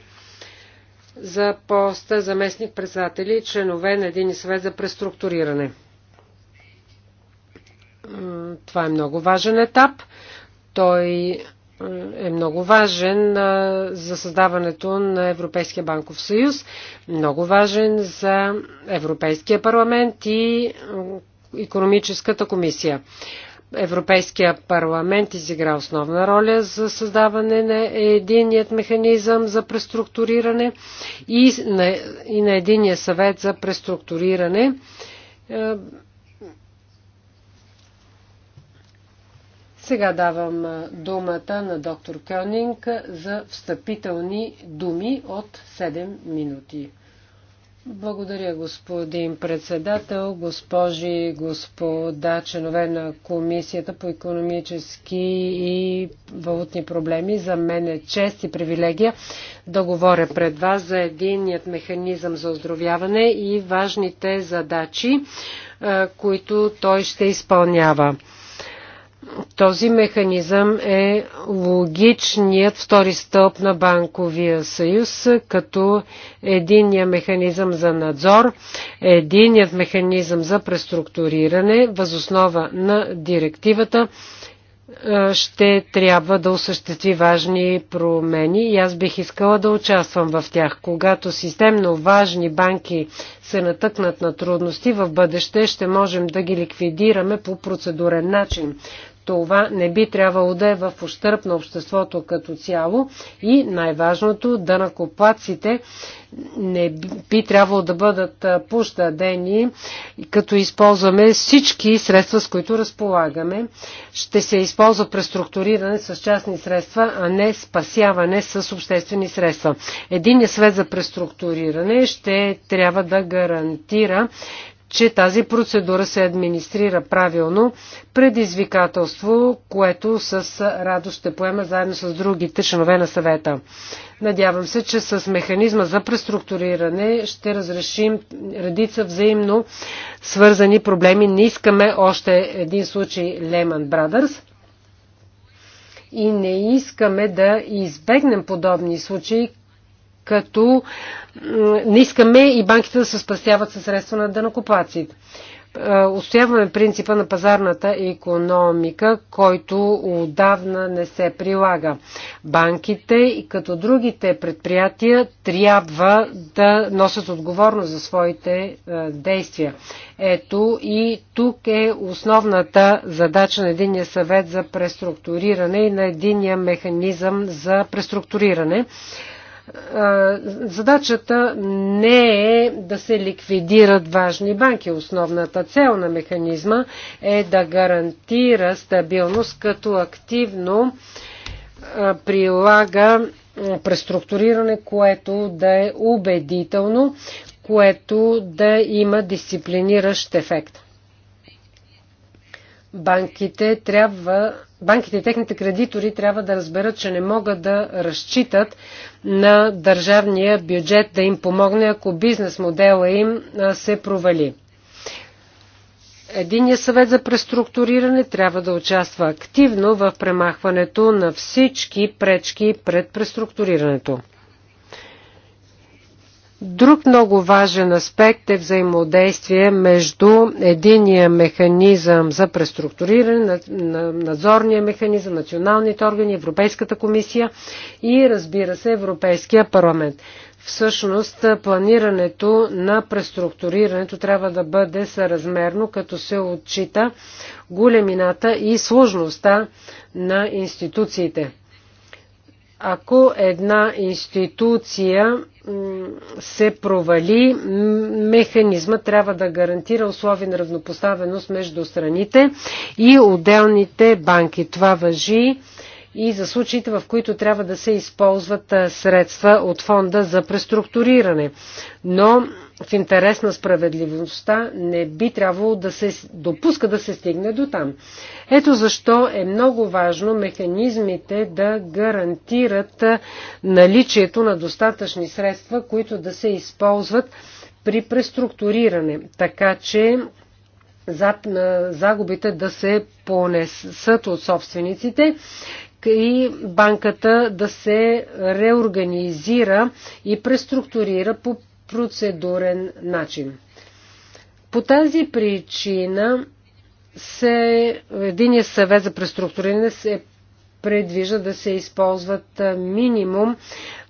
за поста заместник председатели и членове на един съвет за преструктуриране. Това е много важен етап. Той е много важен за създаването на Европейския банков съюз, много важен за Европейския парламент и економическата комисия. Европейския парламент изигра основна роля за създаване на единият механизъм за преструктуриране и на, и на единия съвет за преструктуриране е, Сега давам думата на доктор Кьонинг за встъпителни думи от 7 минути. Благодаря, господин председател, госпожи и господа, членове на Комисията по економически и валутни проблеми. За мен е чест и привилегия да говоря пред вас за единният механизъм за оздравяване и важните задачи, които той ще изпълнява. Този механизъм е логичният втори стълб на Банковия съюз, като единия механизъм за надзор, единият механизъм за преструктуриране, възоснова на директивата, ще трябва да осъществи важни промени и аз бих искала да участвам в тях. Когато системно важни банки се натъкнат на трудности в бъдеще, ще можем да ги ликвидираме по процедурен начин това не би трябвало да е в ущърп на обществото като цяло и най-важното, да накоплаците не би трябвало да бъдат пощадени, като използваме всички средства, с които разполагаме. Ще се използва преструктуриране с частни средства, а не спасяване с обществени средства. Единият свет за преструктуриране ще трябва да гарантира че тази процедура се администрира правилно, предизвикателство, което с радост ще поема заедно с другите членове на съвета. Надявам се, че с механизма за преструктуриране ще разрешим редица взаимно свързани проблеми. Не искаме още един случай Lehman Brothers и не искаме да избегнем подобни случаи, като не искаме и банките да се спасяват със средства на денокупациите. Устояваме е, принципа на пазарната економика, който отдавна не се прилага. Банките и като другите предприятия трябва да носят отговорност за своите е, действия. Ето и тук е основната задача на единия съвет за преструктуриране и на единия механизъм за преструктуриране задачата не е да се ликвидират важни банки. Основната цел на механизма е да гарантира стабилност, като активно прилага преструктуриране, което да е убедително, което да има дисциплиниращ ефект. Банките трябва банките и техните кредитори трябва да разберат, че не могат да разчитат на държавния бюджет да им помогне, ако бизнес модела им се провали. Единият съвет за преструктуриране трябва да участва активно в премахването на всички пречки пред преструктурирането. Друг много важен аспект е взаимодействие между единия механизъм за преструктуриране, надзорния механизъм, националните органи, Европейската комисия и разбира се Европейския парламент. Всъщност планирането на преструктурирането трябва да бъде съразмерно, като се отчита големината и сложността на институциите. Ако една институция се провали, механизма трябва да гарантира условия на равнопоставеност между страните и отделните банки. Това въжи и за случаите, в които трябва да се използват средства от фонда за преструктуриране. Но в интерес на справедливостта не би трябвало да се допуска да се стигне до там. Ето защо е много важно механизмите да гарантират наличието на достатъчни средства, които да се използват при преструктуриране, така че загубите да се понесат от собствениците и банката да се реорганизира и преструктурира по процедурен начин. По тази причина се, Единият съвет за преструктуриране се предвижда да се използват минимум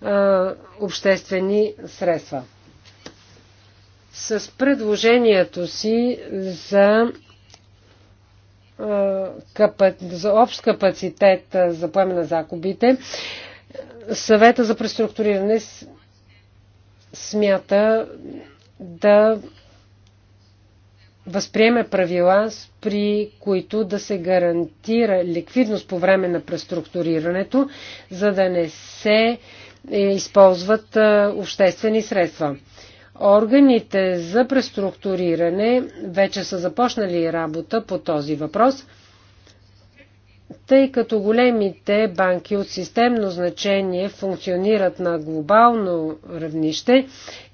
а, обществени средства. С предложението си за, за общ капацитет за поеме на закупите, съвета за преструктуриране смята да възприеме правила, при които да се гарантира ликвидност по време на преструктурирането, за да не се е, използват е, обществени средства. Органите за преструктуриране вече са започнали работа по този въпрос. Тъй като големите банки от системно значение функционират на глобално равнище,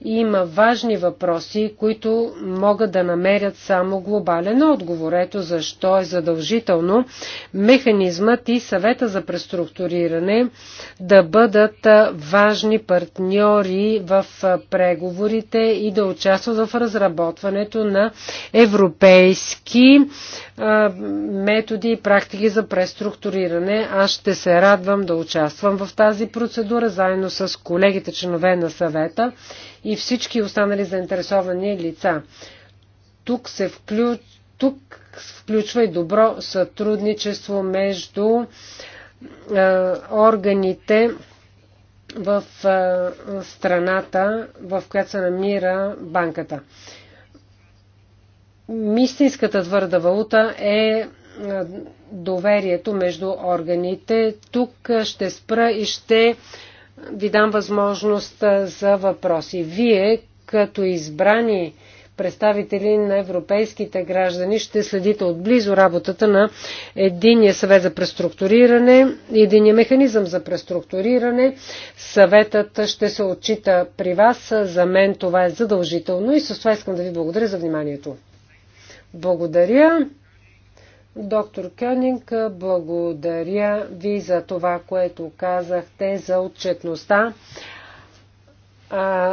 има важни въпроси, които могат да намерят само глобален отговор. Ето защо е задължително механизмът и съвета за преструктуриране да бъдат важни партньори в преговорите и да участват в разработването на европейски методи и практики за преструктуриране преструктуриране. Аз ще се радвам да участвам в тази процедура, заедно с колегите членове на съвета и всички останали заинтересовани лица. Тук се включ... Тук включва и добро сътрудничество между е, органите в е, страната, в която се намира банката. Мистинската твърда валута е е, доверието между органите. Тук е, ще спра и ще ви дам възможност е, за въпроси. Вие, като избрани представители на европейските граждани, ще следите отблизо работата на Единия съвет за преструктуриране, Единия механизъм за преструктуриране. Съветът ще се отчита при вас. За мен това е задължително и с това искам да ви благодаря за вниманието. Благодаря. Доктор Кюнинг, благодаря ви за това, което казахте за отчетността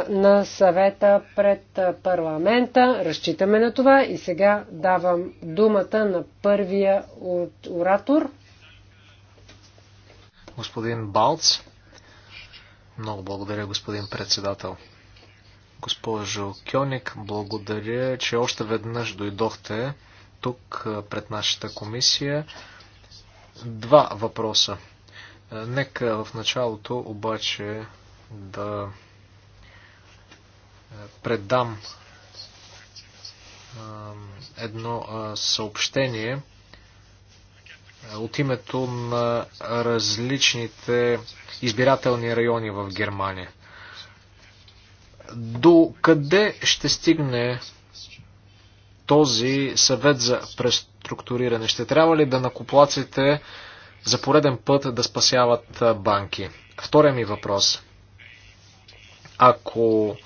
на съвета пред парламента. Разчитаме на това и сега давам думата на първия оратор. Господин Балц. Много благодаря, господин председател. Госпожо Кьоник, благодаря, че още веднъж дойдохте тук пред нашата комисия. Два въпроса. Нека в началото обаче да предам едно съобщение от името на различните избирателни райони в Германия. До къде ще стигне този съвет за преструктуриране? Ще трябва ли да накоплаците за пореден път да спасяват банки? Втория ми въпрос. Ако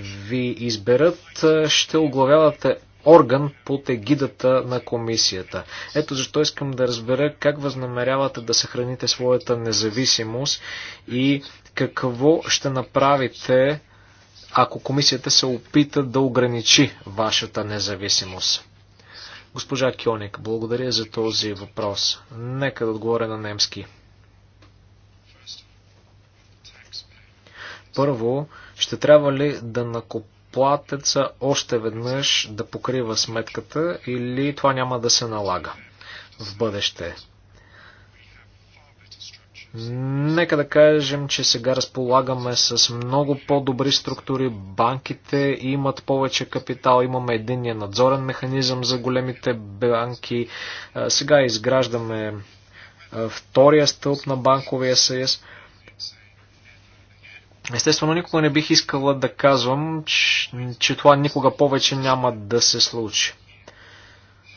ви изберат, ще оглавявате орган под егидата на комисията. Ето защо искам да разбера как възнамерявате да съхраните своята независимост и какво ще направите ако комисията се опита да ограничи вашата независимост. Госпожа Кьоник, благодаря за този въпрос. Нека да отговоря на немски. Първо, ще трябва ли да накоплатеца още веднъж да покрива сметката или това няма да се налага в бъдеще? Нека да кажем, че сега разполагаме с много по-добри структури, банките имат повече капитал, имаме единния надзорен механизъм за големите банки, сега изграждаме втория стълб на банковия съюз. Естествено, никога не бих искала да казвам, че, това никога повече няма да се случи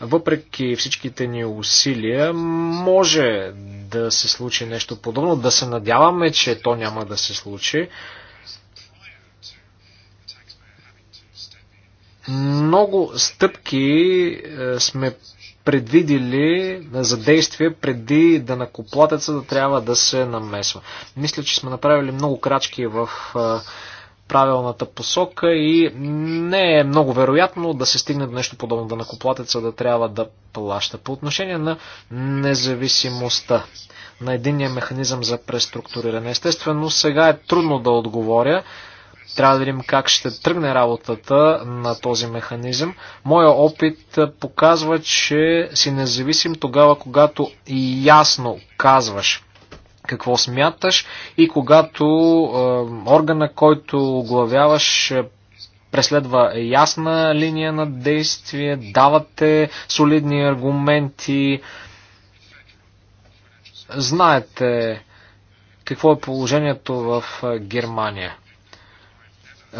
въпреки всичките ни усилия, може да се случи нещо подобно, да се надяваме, че то няма да се случи. Много стъпки е, сме предвидили за действие преди да накоплатеца да трябва да се намесва. Мисля, че сме направили много крачки в е, правилната посока и не е много вероятно да се стигне до нещо подобно, да накоплатеца да трябва да плаща. По отношение на независимостта на единния механизъм за преструктуриране. Естествено, сега е трудно да отговоря. Трябва да видим как ще тръгне работата на този механизъм. Моя опит показва, че си независим тогава, когато и ясно казваш какво смяташ и когато е, органа, който оглавяваш, е, преследва ясна линия на действие, давате солидни аргументи, знаете какво е положението в Германия.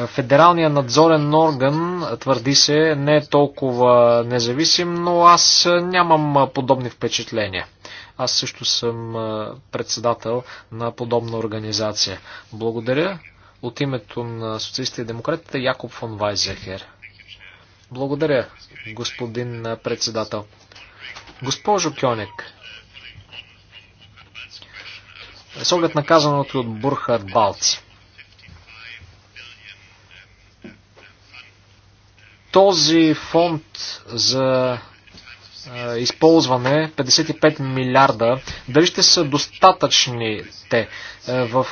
Федералният надзорен орган, твърди се, не е толкова независим, но аз нямам подобни впечатления. Аз също съм председател на подобна организация. Благодаря от името на социалистите и демократите Якоб фон Вайзехер. Благодаря, господин председател. Госпожо Кьоник, с оглед на казаното от Бурхард Балци, този фонд за използваме 55 милиарда, дали ще са достатъчни те в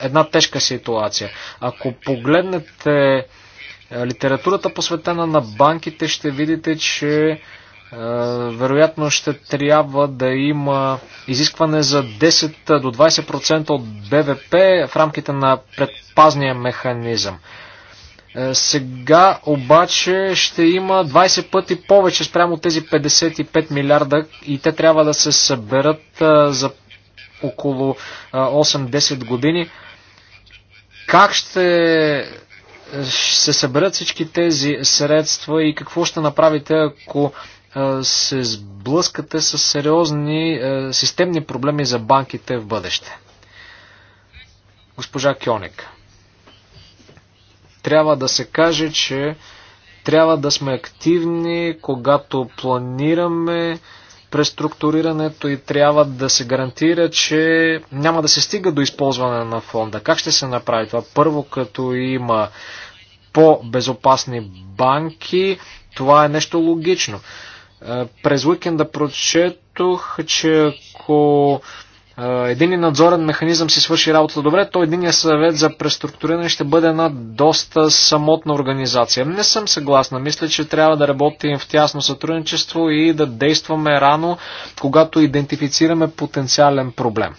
една тежка ситуация. Ако погледнете литературата посветена на банките, ще видите, че вероятно ще трябва да има изискване за 10 до 20% от БВП в рамките на предпазния механизъм. Е, сега обаче ще има 20 пъти повече спрямо тези 55 милиарда и те трябва да се съберат е, за около 8-10 е, години. Как ще се съберат всички тези средства и какво ще направите, ако се сблъскате с сериозни системни проблеми за банките в бъдеще? Госпожа Кьоника трябва да се каже, че трябва да сме активни, когато планираме преструктурирането и трябва да се гарантира, че няма да се стига до използване на фонда. Как ще се направи това? Първо, като има по-безопасни банки, това е нещо логично. Е, през уикенда прочетох, че ако един надзорен механизъм си свърши работа добре, то единия съвет за преструктуриране ще бъде една доста самотна организация. Не съм съгласна. Мисля, че трябва да работим в тясно сътрудничество и да действаме рано, когато идентифицираме потенциален проблем.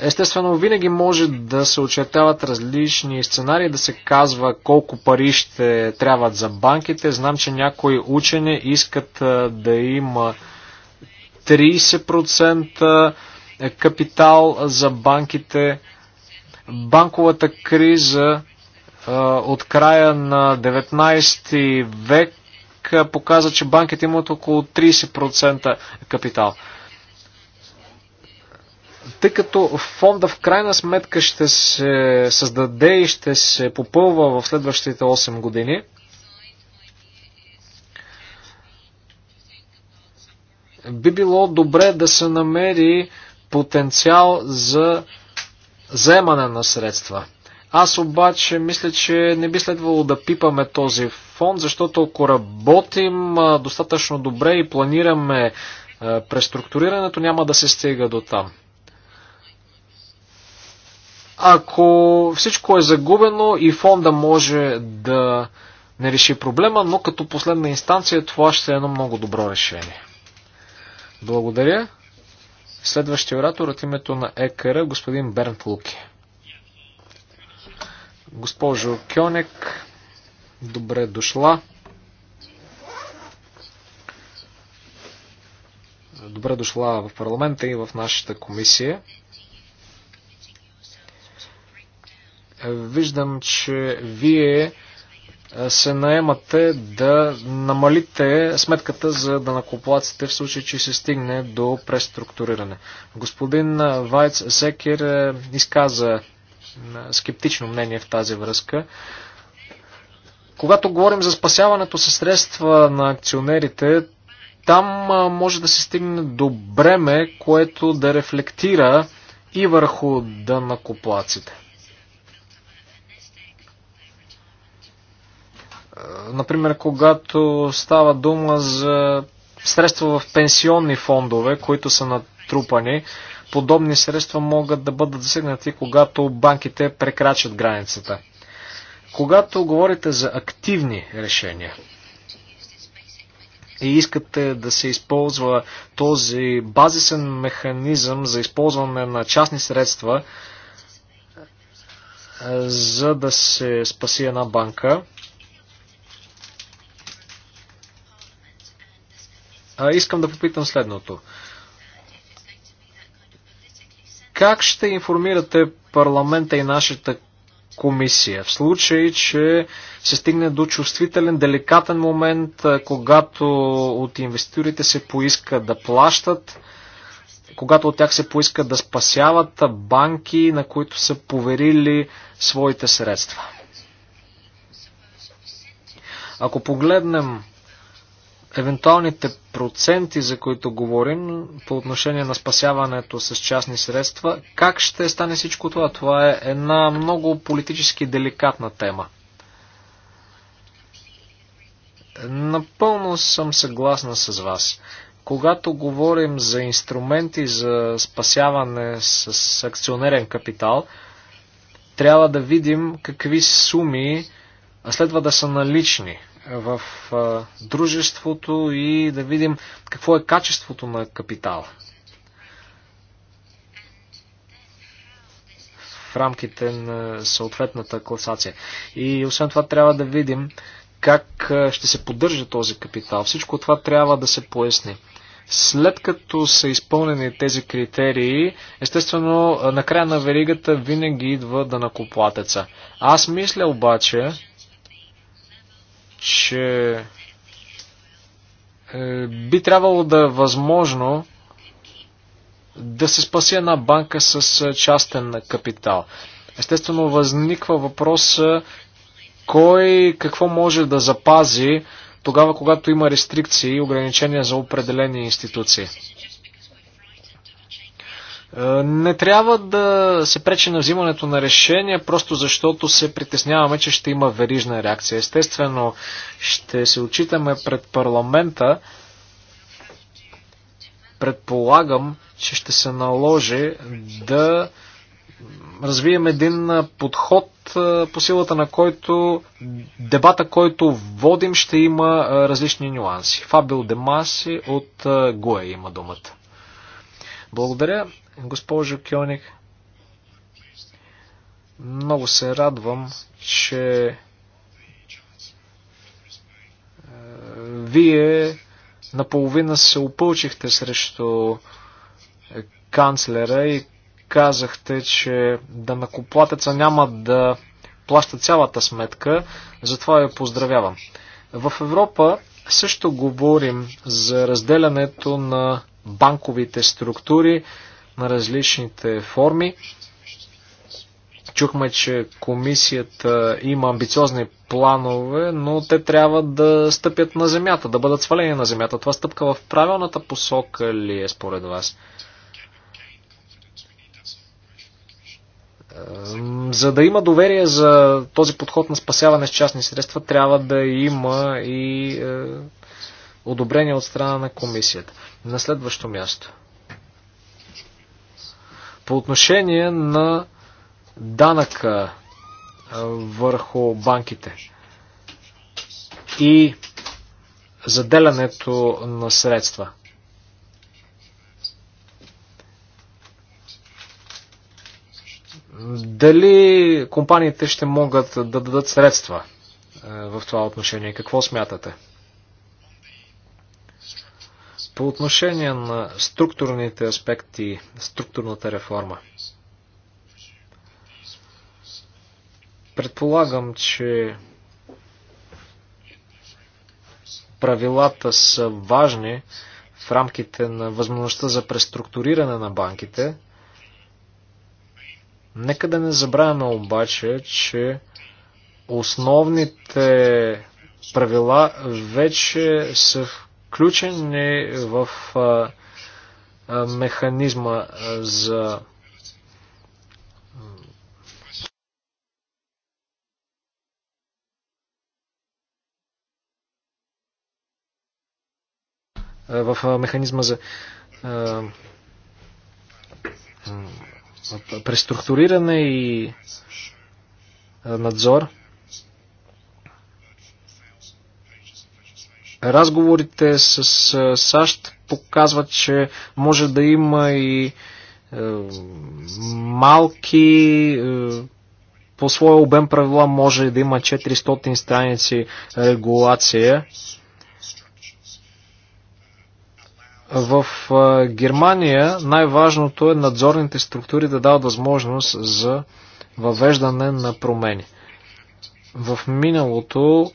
Естествено, винаги може да се очертават различни сценарии, да се казва колко пари ще трябват за банките. Знам, че някои учени искат да има 30% капитал за банките. Банковата криза от края на 19 век показа, че банките имат около 30% капитал. Тъй като фонда в крайна сметка ще се създаде и ще се попълва в следващите 8 години, би било добре да се намери потенциал за заемане на средства. Аз обаче мисля, че не би следвало да пипаме този фонд, защото ако работим достатъчно добре и планираме преструктурирането, няма да се стига до там. Ако всичко е загубено и фонда може да не реши проблема, но като последна инстанция това ще е едно много добро решение. Благодаря. Следващия оратор от името на ЕКР, господин Бернт Луки. Госпожо Кьонек, добре дошла. Добре дошла в парламента и в нашата комисия. Виждам, че вие е, се наемате да намалите сметката за данакоплаците в случай, че се стигне до преструктуриране. Господин Вайц Секер е, изказа е, скептично мнение в тази връзка. Когато говорим за спасяването със средства на акционерите, там може да се стигне до бреме, което да рефлектира и върху данакоплаците. Например, когато става дума за средства в пенсионни фондове, които са натрупани, подобни средства могат да бъдат засегнати, когато банките прекрачат границата. Когато говорите за активни решения и искате да се използва този базисен механизъм за използване на частни средства, за да се спаси една банка, а, искам да попитам следното. Как ще информирате парламента и нашата комисия в случай, че се стигне до чувствителен, деликатен момент, когато от инвеститорите се поиска да плащат? когато от тях се поиска да спасяват банки, на които са поверили своите средства. Ако погледнем евентуалните проценти, за които говорим по отношение на спасяването с частни средства, как ще стане всичко това? Това е една много политически деликатна тема. Напълно съм съгласна с вас. Когато говорим за инструменти за спасяване с акционерен капитал, трябва да видим какви суми следва да са налични – в дружеството и да видим какво е качеството на капитала. в рамките на съответната класация. И освен това трябва да видим как ще се поддържа този капитал. Всичко това трябва да се поясни. След като са изпълнени тези критерии, естествено, накрая на веригата винаги идва да накоплатеца. Аз мисля обаче, че е, би трябвало да е възможно да се спаси една банка с е, частен капитал. Естествено, възниква въпрос е, кой какво може да запази тогава, когато има рестрикции и ограничения за определени институции. Е, не трябва да се пречи на взимането на решения, просто защото се притесняваме, че ще има верижна реакция. Естествено, ще се очитаме пред парламента. Предполагам, че ще се наложи да развием един подход, е, по силата на който дебата, който водим, ще има е, различни нюанси. Фабил Демаси от ГУЕ има думата. Благодаря. Госпожо Кьоник, много се радвам, че е, вие наполовина се опълчихте срещу канцлера и казахте, че данакоплатеца няма да плаща цялата сметка, затова я поздравявам. В Европа също говорим за разделянето на банковите структури, на различните форми. Чухме, че комисията има амбициозни планове, но те трябва да стъпят на земята, да бъдат свалени на земята. Това стъпка в правилната посока ли е според вас? За да има доверие за този подход на спасяване с частни средства, трябва да има и е, одобрение от страна на комисията. На следващо място. По отношение на данъка върху банките и заделянето на средства. Дали компаниите ще могат да дадат средства в това отношение? Какво смятате? По отношение на структурните аспекти, структурната реформа. Предполагам, че правилата са важни в рамките на възможността за преструктуриране на банките. Нека да не забравяме обаче, че основните правила вече са включени е в механизма за в механизма за преструктуриране и надзор. Разговорите с САЩ показват, че може да има и малки по своя обем правила може да има 400 страници регулация. В Германия най-важното е надзорните структури да дават възможност за въвеждане на промени. В миналото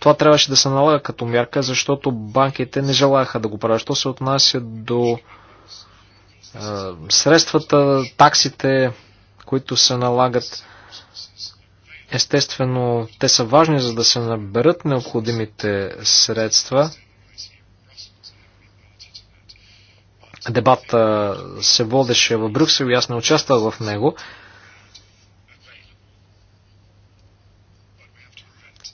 това трябваше да се налага като мярка, защото банките не желаяха да го правят. Що се отнася до е, средствата, таксите, които се налагат, естествено, те са важни, за да се наберат необходимите средства. Дебата се водеше в Брюксел и аз не участвах в него. Е,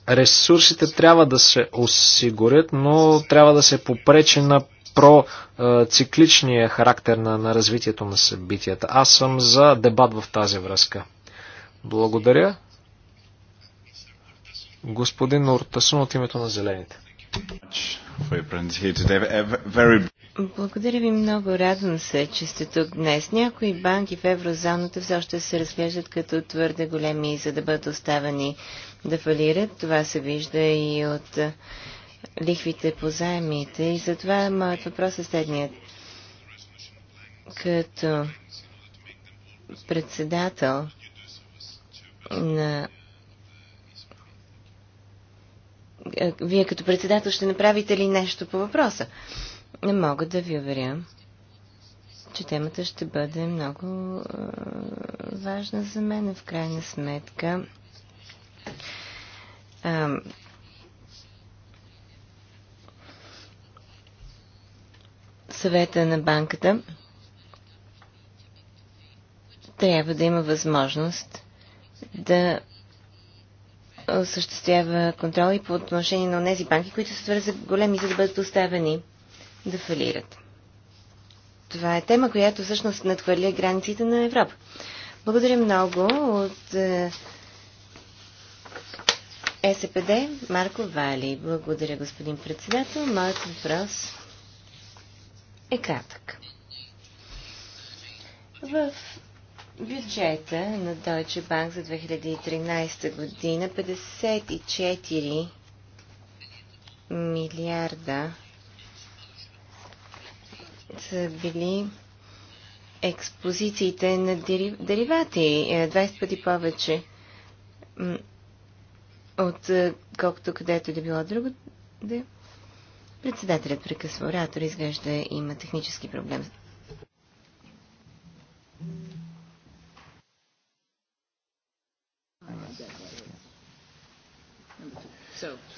Ресурсите трябва да се осигурят, но трябва да се попречи на процикличния характер на, на развитието на събитията. Аз съм за дебат в тази връзка. Благодаря. Господин Ортасун от името на Зелените. Благодаря ви много. Радвам се, че сте тук днес. Някои банки в еврозоната все още се разглеждат като твърде големи, за да бъдат оставани да фалират. Това се вижда и от лихвите по заемите. И затова моят въпрос е следният. Като председател на вие като председател ще направите ли нещо по въпроса? Не мога да ви уверя, че темата ще бъде много важна за мен. В крайна сметка съвета на банката трябва да има възможност да осъществява контрол и по отношение на тези банки, които са твърде големи, за да бъдат оставени да фалират. Това е тема, която всъщност надхвърля границите на Европа. Благодаря много от е, СПД Марко Вали. Благодаря, господин председател. Моят въпрос е кратък. В бюджета на Deutsche Bank за 2013 година 54 милиарда са били експозициите на деривати, 20 е, пъти повече от е, колкото където да било друго. Да. Председателят прекъсва оратор, изглежда има технически проблем.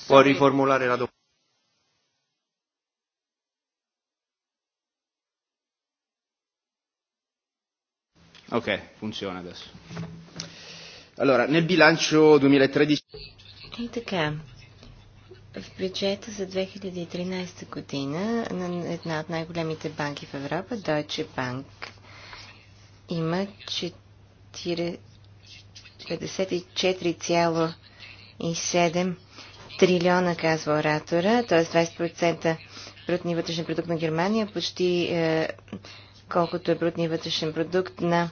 Può riformulare la domanda. Ok, funziona adesso. Allora, nel bilancio 2013 и така, в бюджета за 2013 година на една от най-големите банки в Европа, Deutsche Bank, има 54,7 трилиона, казва оратора, т.е. 20% брутния вътрешен продукт на Германия, почти е, колкото е брутния вътрешен продукт на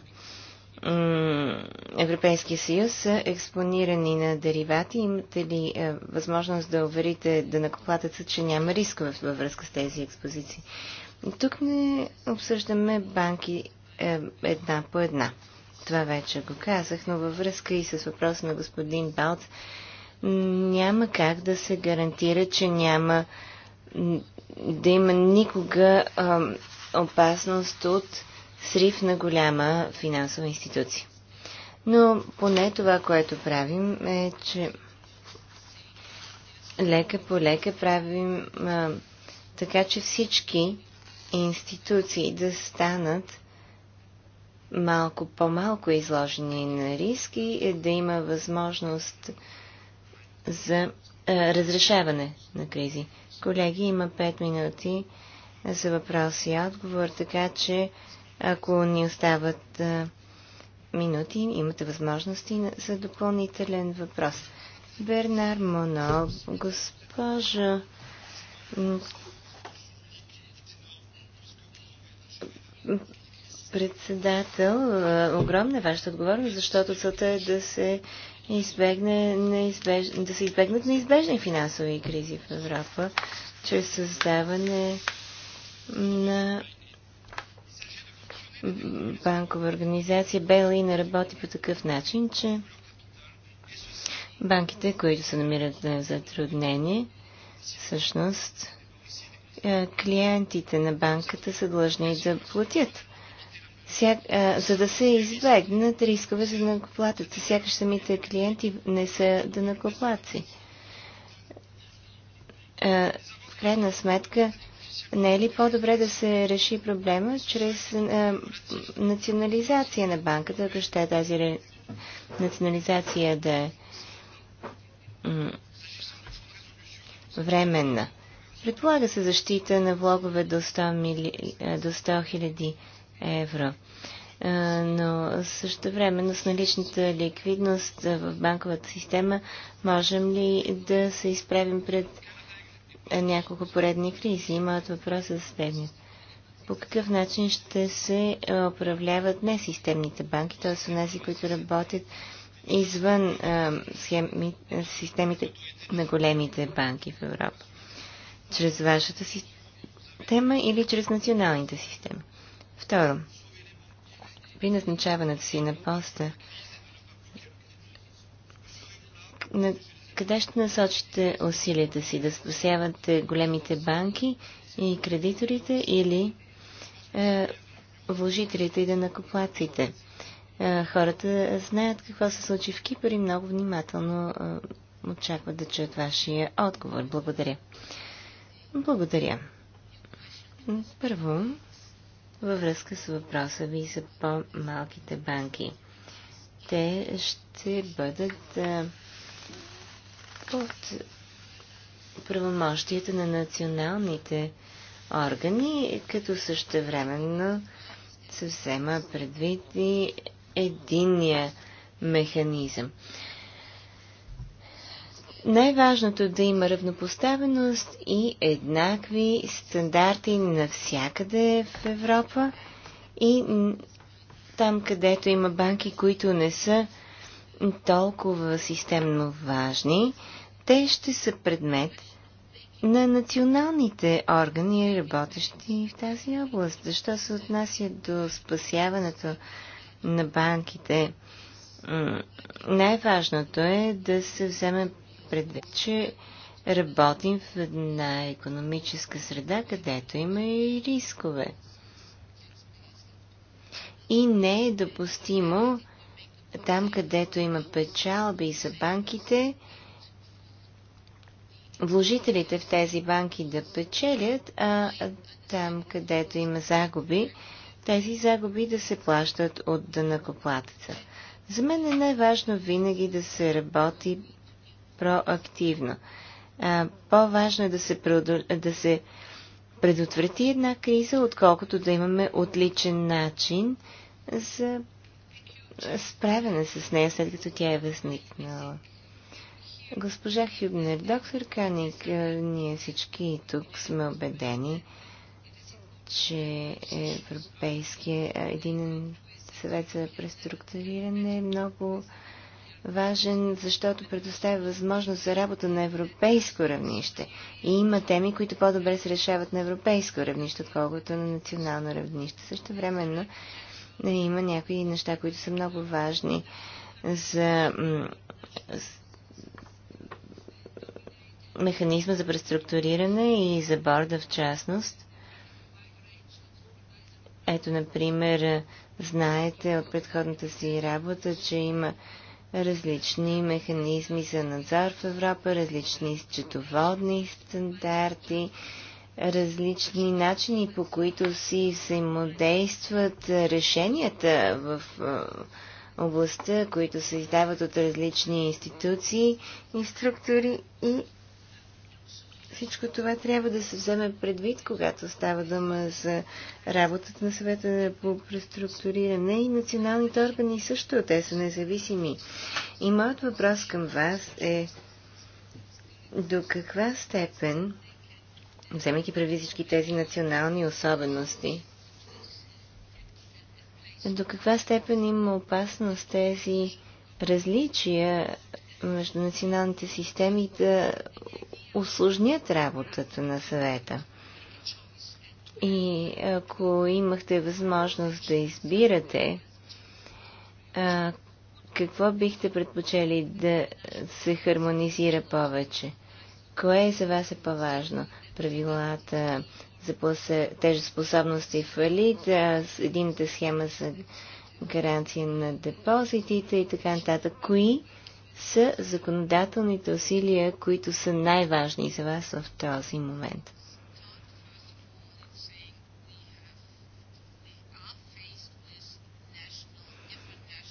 Европейския съюз са експонирани на деривати. Имате ли е, възможност да уверите да накоплатеца, че няма рискове във връзка с тези експозиции? Тук не обсъждаме банки е, една по една. Това вече го казах, но във връзка и с въпроса на господин Балт, няма как да се гарантира, че няма да има никога опасност от срив на голяма финансова институция. Но поне това, което правим е, че лека по лека правим а, така, че всички институции да станат малко по-малко изложени на риски, е, да има възможност за а, разрешаване на кризи. Колеги, има 5 минути за въпроси и отговор, така че ако ни остават минути, имате възможности за допълнителен въпрос. Бернар Моно, госпожа председател, огромна вашата отговорност, защото целта е да се избегне неизбеж... да се избегнат неизбежни финансови кризи в Европа чрез създаване на банкова организация не работи по такъв начин, че банките, които се намират е, в затруднение, всъщност е, клиентите на банката са длъжни да платят. а, е, за да се избегнат рискове за накоплатеца. Сякаш самите клиенти не са да накоплаци. В крайна сметка не е ли по-добре да се реши проблема чрез е, национализация на банката, ако ще е тази ре... национализация да е временна? Предполага се защита на влогове до 100, мили... Е, до 100 000 евро. Е, но също времено с наличната ликвидност в банковата система можем ли да се изправим пред е, няколко поредни кризи. Имат въпроса за следния. По какъв начин ще се е, управляват не системните банки, т.е. тези, които работят извън а, е, схеми, системите на големите банки в Европа? Чрез вашата система или чрез националните системи? Второ, при назначаването си на поста, на къде ще насочите усилията си? Да спасявате големите банки и кредиторите или е, вложителите и да Е, хората знаят какво се случи в Кипър и много внимателно е, очакват да чуят вашия отговор. Благодаря. Благодаря. Първо, във връзка с въпроса ви за по-малките банки. Те ще бъдат. Е, под правомощията на националните органи, като същевременно се взема предвид и единния механизъм. Най-важното е да има равнопоставеност и еднакви стандарти навсякъде в Европа и там, където има банки, които не са толкова системно важни, те ще са предмет на националните органи, работещи в тази област. Защо се отнася до спасяването на банките? Най-важното е да се вземе предвид, че работим в една економическа среда, където има и рискове. И не е допустимо там, където има печалби за банките, вложителите в тези банки да печелят, а там, където има загуби, тези загуби да се плащат от дънакоплатеца. За мен е най-важно винаги да се работи проактивно. по-важно е да се, преодол... да се предотврати една криза, отколкото да имаме отличен начин за справяне с нея, след като тя е възникнала. Госпожа Хюбнер, доктор Каник, е, ние всички тук сме убедени, че Европейския е, един съвет за преструктуриране е много важен, защото предоставя възможност за работа на европейско равнище. И има теми, които по-добре се решават на европейско равнище, отколкото на национално равнище. Също времено има някои неща, които са много важни за механизма за преструктуриране и за борда в частност. Ето, например, знаете от предходната си работа, че има различни механизми за надзор в Европа, различни счетоводни стандарти, различни начини, по които си взаимодействат решенията в областта, които се издават от различни институции и структури и всичко това трябва да се вземе предвид, когато става дума за работата на съвета по преструктуриране и националните органи също, те са независими. И моят въпрос към вас е до каква степен вземайки преди всички тези национални особености, до каква степен има опасност тези различия между националните системи да усложнят работата на съвета? И ако имахте възможност да избирате, какво бихте предпочели да се хармонизира повече? Кое за вас е по-важно? Правилата за тежеспособности в валид, едината схема за гаранция на депозитите и така нататък. Кои са законодателните усилия, които са най-важни за вас в този момент?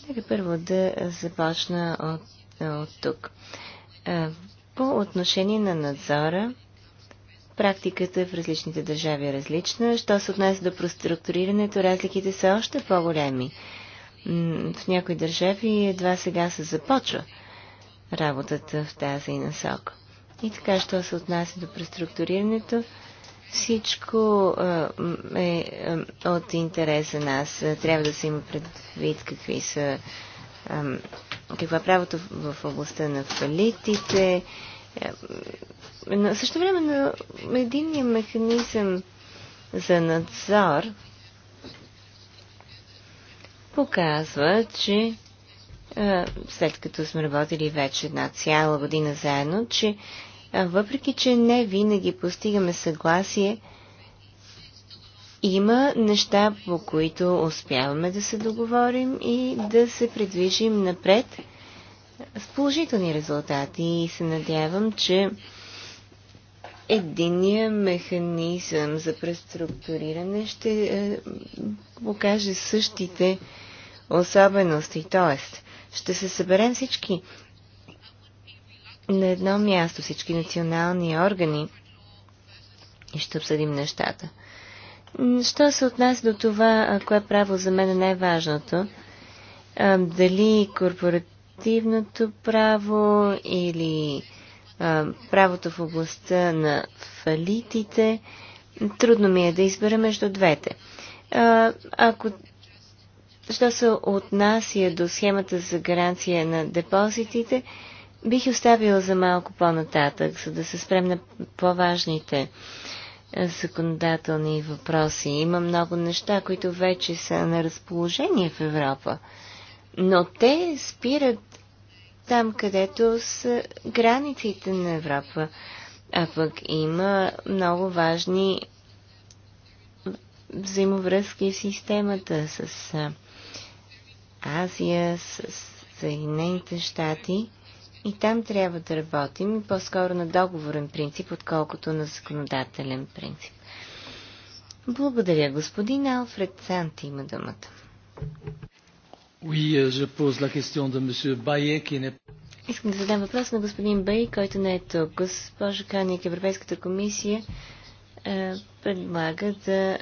Нека първо да започна от, от тук. По отношение на надзора, практиката в различните държави е различна. Що се отнася до проструктурирането, разликите са още по-големи. В някои държави едва сега се започва работата в тази насока. И така, що се отнася до преструктурирането, всичко е от интерес за нас. Трябва да се има предвид какви са каква е правото в областта на фалитите. Е, също време на единния механизъм за надзор показва, че е, след като сме работили вече една цяла година заедно, че е, въпреки, че не винаги постигаме съгласие, има неща, по които успяваме да се договорим и да се придвижим напред с положителни резултати и се надявам, че единия механизъм за преструктуриране ще е, покаже същите особености, т.е. ще се съберем всички на едно място, всички национални органи и ще обсъдим нещата. Що се отнася до това, кое право за мен е най-важното? Дали корпоративното право или правото в областта на фалитите? Трудно ми е да избера между двете. Ако Що се отнася до схемата за гаранция на депозитите, бих оставила за малко по-нататък, за да се спрем на по-важните законодателни въпроси. Има много неща, които вече са на разположение в Европа, но те спират там, където са границите на Европа. А пък има много важни взаимовръзки в системата с Азия, с Съединените щати – и там трябва да работим по-скоро на договорен принцип, отколкото на законодателен принцип. Благодаря. Господин Алфред Санти има думата. Oui, euh, je pose la question de monsieur qui n'est Искам да задам въпрос на господин Бей, който не е тук. Госпожа Каник, Европейската комисия е, предлага да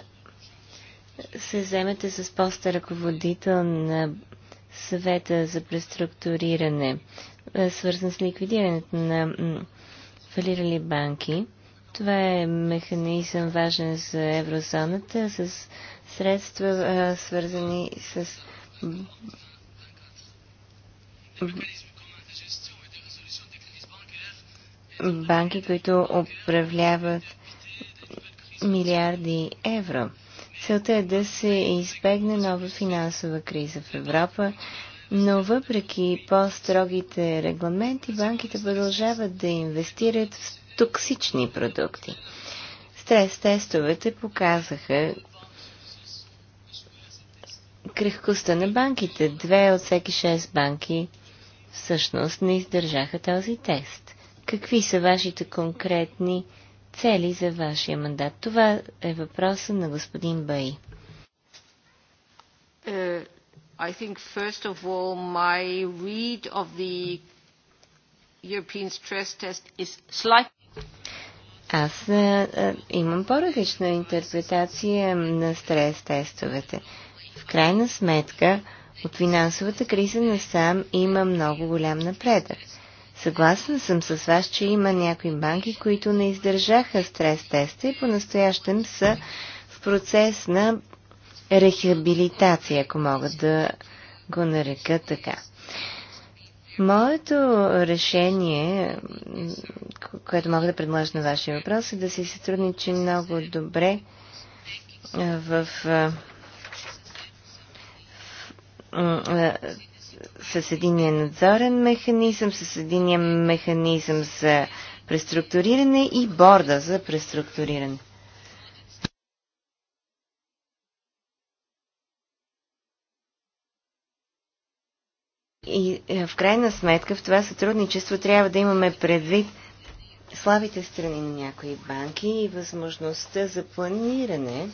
се вземете с поста ръководител на съвета за преструктуриране. Е свързан с ликвидирането на фалирали банки. Това е механизъм важен за еврозоната с средства, свързани с банки, които управляват милиарди евро. Целта е да се избегне нова финансова криза в Европа, но въпреки по-строгите регламенти, банките продължават да инвестират в токсични продукти. Стрес-тестовете показаха крехкостта на банките. Две от всеки шест банки всъщност не издържаха този тест. Какви са вашите конкретни цели за вашия мандат? Това е въпроса на господин Баи. Е, I think, first of all, my read of the European stress test is slightly... Аз а, е, е, имам по-различна интерпретация на стрес тестовете. В крайна сметка, от финансовата криза сам има много голям напредък. Съгласна съм с вас, че има някои банки, които не издържаха стрес теста и по-настоящем са в процес на рехабилитация, ако мога да го нарека така. Моето решение, което мога да предложа на вашия въпрос, е да си сътрудничи много добре в, с единия надзорен механизъм, с единия механизъм за преструктуриране и борда за преструктуриране. И е, в крайна сметка в това сътрудничество трябва да имаме предвид слабите страни на някои банки и възможността за планиране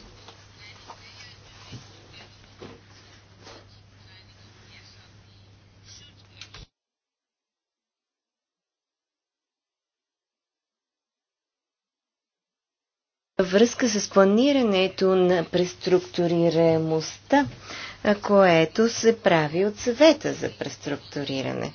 връзка с планирането на преструктурираемостта, което се прави от съвета за преструктуриране.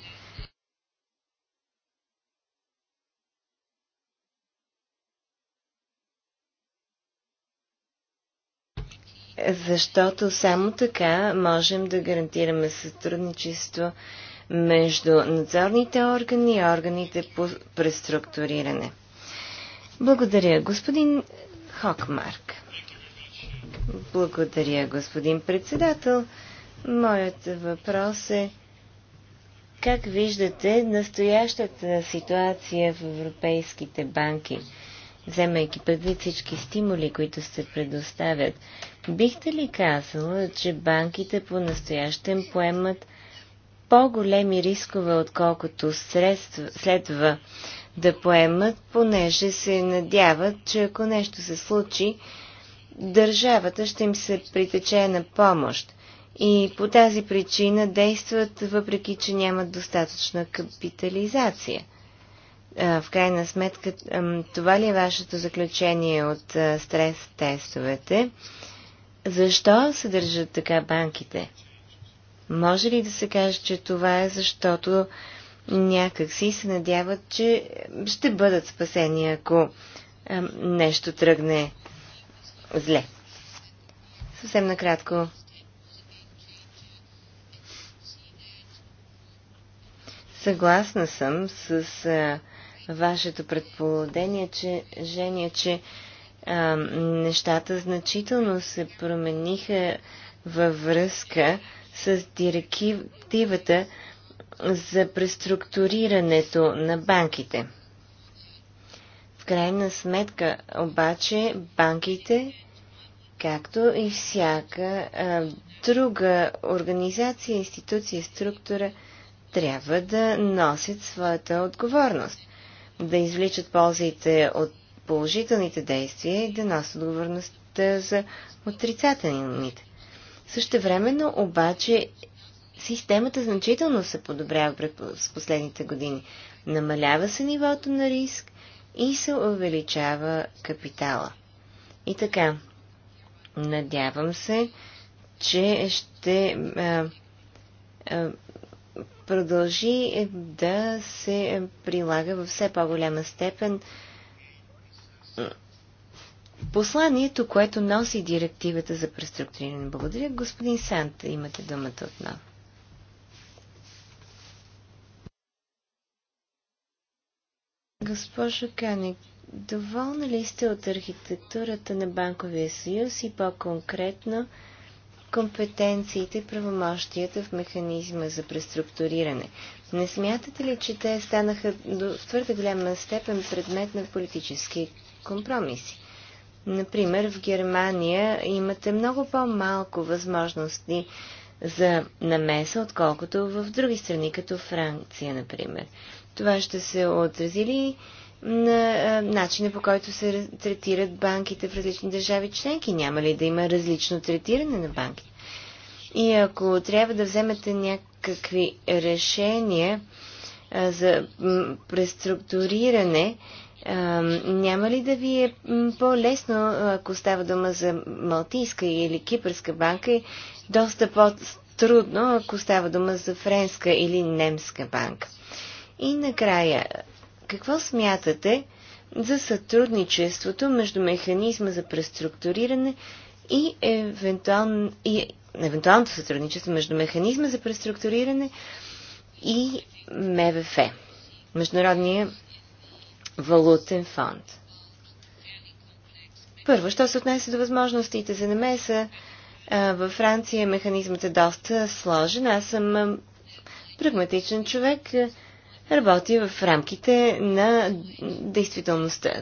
Защото само така можем да гарантираме сътрудничество между надзорните органи и органите по преструктуриране. Благодаря. Господин Хокмарк. Благодаря, господин председател. Моят въпрос е как виждате настоящата ситуация в европейските банки, вземайки предвид всички стимули, които се предоставят? Бихте ли казала, че банките по настоящен поемат по-големи рискове, отколкото средства, следва да поемат, понеже се надяват, че ако нещо се случи, държавата ще им се притече на помощ. И по тази причина действат, въпреки че нямат достатъчна капитализация. В крайна сметка, това ли е вашето заключение от стрес тестовете? Защо се държат така банките? Може ли да се каже, че това е защото някак си се надяват, че ще бъдат спасени, ако а, нещо тръгне зле. Съвсем накратко. Съгласна съм с а, вашето предположение, че Женя, че а, нещата значително се промениха във връзка с директивата за преструктурирането на банките. В крайна сметка, обаче, банките, както и всяка а, друга организация, институция, структура, трябва да носят своята отговорност, да извличат ползите от положителните действия и да носят отговорността за отрицателните. Също времено обаче системата значително се подобрява през последните години. Намалява се нивото на риск и се увеличава капитала. И така, надявам се, че ще а, а, продължи да се прилага във все по-голяма степен посланието, което носи директивата за преструктуриране. Благодаря. Господин Сант, имате думата отново. Госпожо Каник, доволна ли сте от архитектурата на Банковия съюз и по-конкретно компетенциите и правомощията в механизма за преструктуриране? Не смятате ли, че те станаха до твърде голяма степен предмет на политически компромиси? Например, в Германия имате много по-малко възможности за намеса, отколкото в други страни, като Франция, например. Това ще се отрази ли на начина по който се третират банките в различни държави членки? Няма ли да има различно третиране на банките? И ако трябва да вземете някакви решения за преструктуриране, няма ли да ви е по-лесно, ако става дума за Малтийска или Кипърска банка, и е доста по-трудно, ако става дума за Френска или Немска банка? И накрая, какво смятате за сътрудничеството между механизма за преструктуриране и, евентуал... и евентуалното сътрудничество между механизма за преструктуриране и МВФ, Международния валутен фонд. Първо, що се отнесе до възможностите за намеса, във Франция механизмът е доста сложен. Аз съм прагматичен човек работи в рамките на действителността.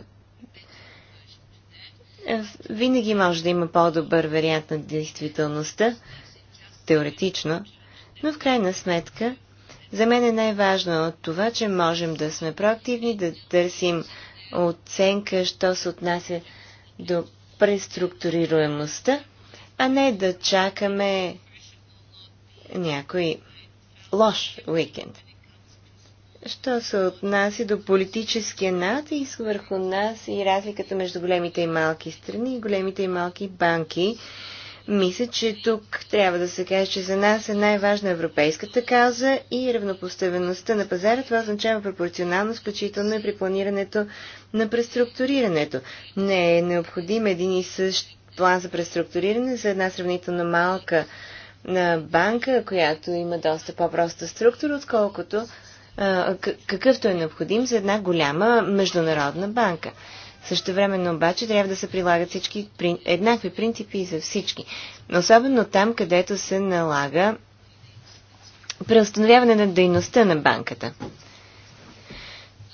Винаги може да има по-добър вариант на действителността, теоретично, но в крайна сметка за мен е най-важно от това, че можем да сме проактивни, да търсим оценка, що се отнася до преструктурируемостта, а не да чакаме някой лош уикенд. Що се отнася до политическия натиск върху нас и разликата между големите и малки страни и големите и малки банки, мисля, че тук трябва да се каже, че за нас е най-важна европейската кауза и равнопоставеността на пазара. Това означава пропорционално, включително и при планирането на преструктурирането. Не е необходим един и същ план за преструктуриране за една сравнително малка банка, която има доста по-проста структура, отколкото какъвто е необходим за една голяма международна банка. Също времено обаче трябва да се прилагат всички еднакви принципи за всички. Особено там, където се налага преустановяване на дейността на банката.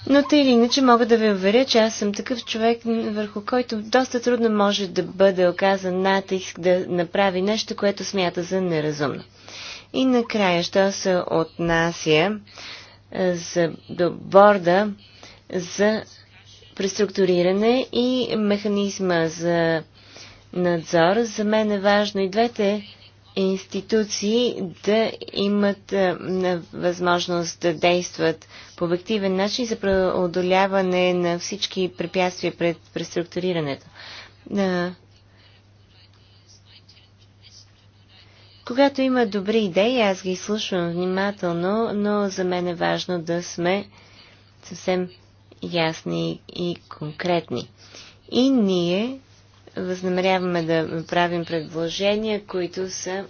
Но тъй или иначе мога да ви уверя, че аз съм такъв човек, върху който доста трудно може да бъде оказан натиск да направи нещо, което смята за неразумно. И накрая, що се отнася за, борда за преструктуриране и механизма за надзор. За мен е важно и двете институции да имат възможност да действат по обективен начин за преодоляване на всички препятствия пред преструктурирането. Когато има добри идеи, аз ги слушам внимателно, но за мен е важно да сме съвсем ясни и конкретни. И ние възнамеряваме да правим предложения, които са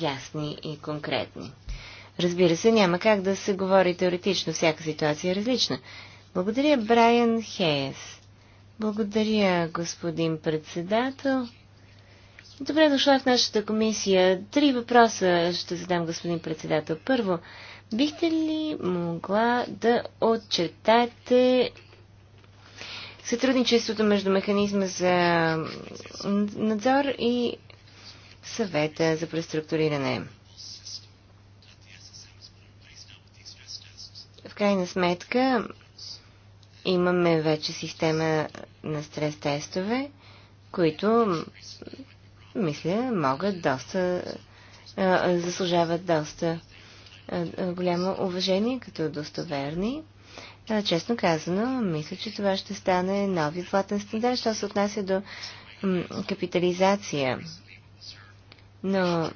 ясни и конкретни. Разбира се, няма как да се говори теоретично, всяка ситуация е различна. Благодаря, Брайан Хейс. Благодаря, господин председател. Добре дошла в нашата комисия. Три въпроса ще задам, господин председател. Първо, бихте ли могла да отчетате сътрудничеството между механизма за надзор и съвета за преструктуриране? В крайна сметка, имаме вече система на стрес-тестове, които мисля, могат доста, заслужават доста голямо уважение като достоверни. Честно казано, мисля, че това ще стане нови платен стандарт, що се отнася до капитализация. Но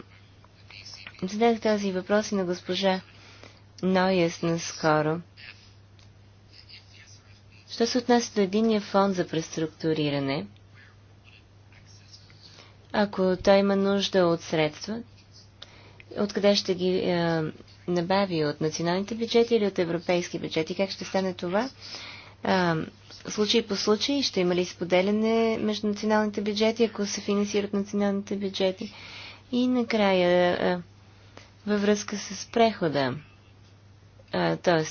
зададах този въпрос и на госпожа Нойес наскоро. Що се отнася до единия фонд за преструктуриране – ако той има нужда от средства, откъде ще ги е, набави? От националните бюджети или от европейски бюджети? Как ще стане това? Е, случай по случай ще има ли споделяне между националните бюджети, ако се финансират националните бюджети? И накрая, е, във връзка с прехода, т.е.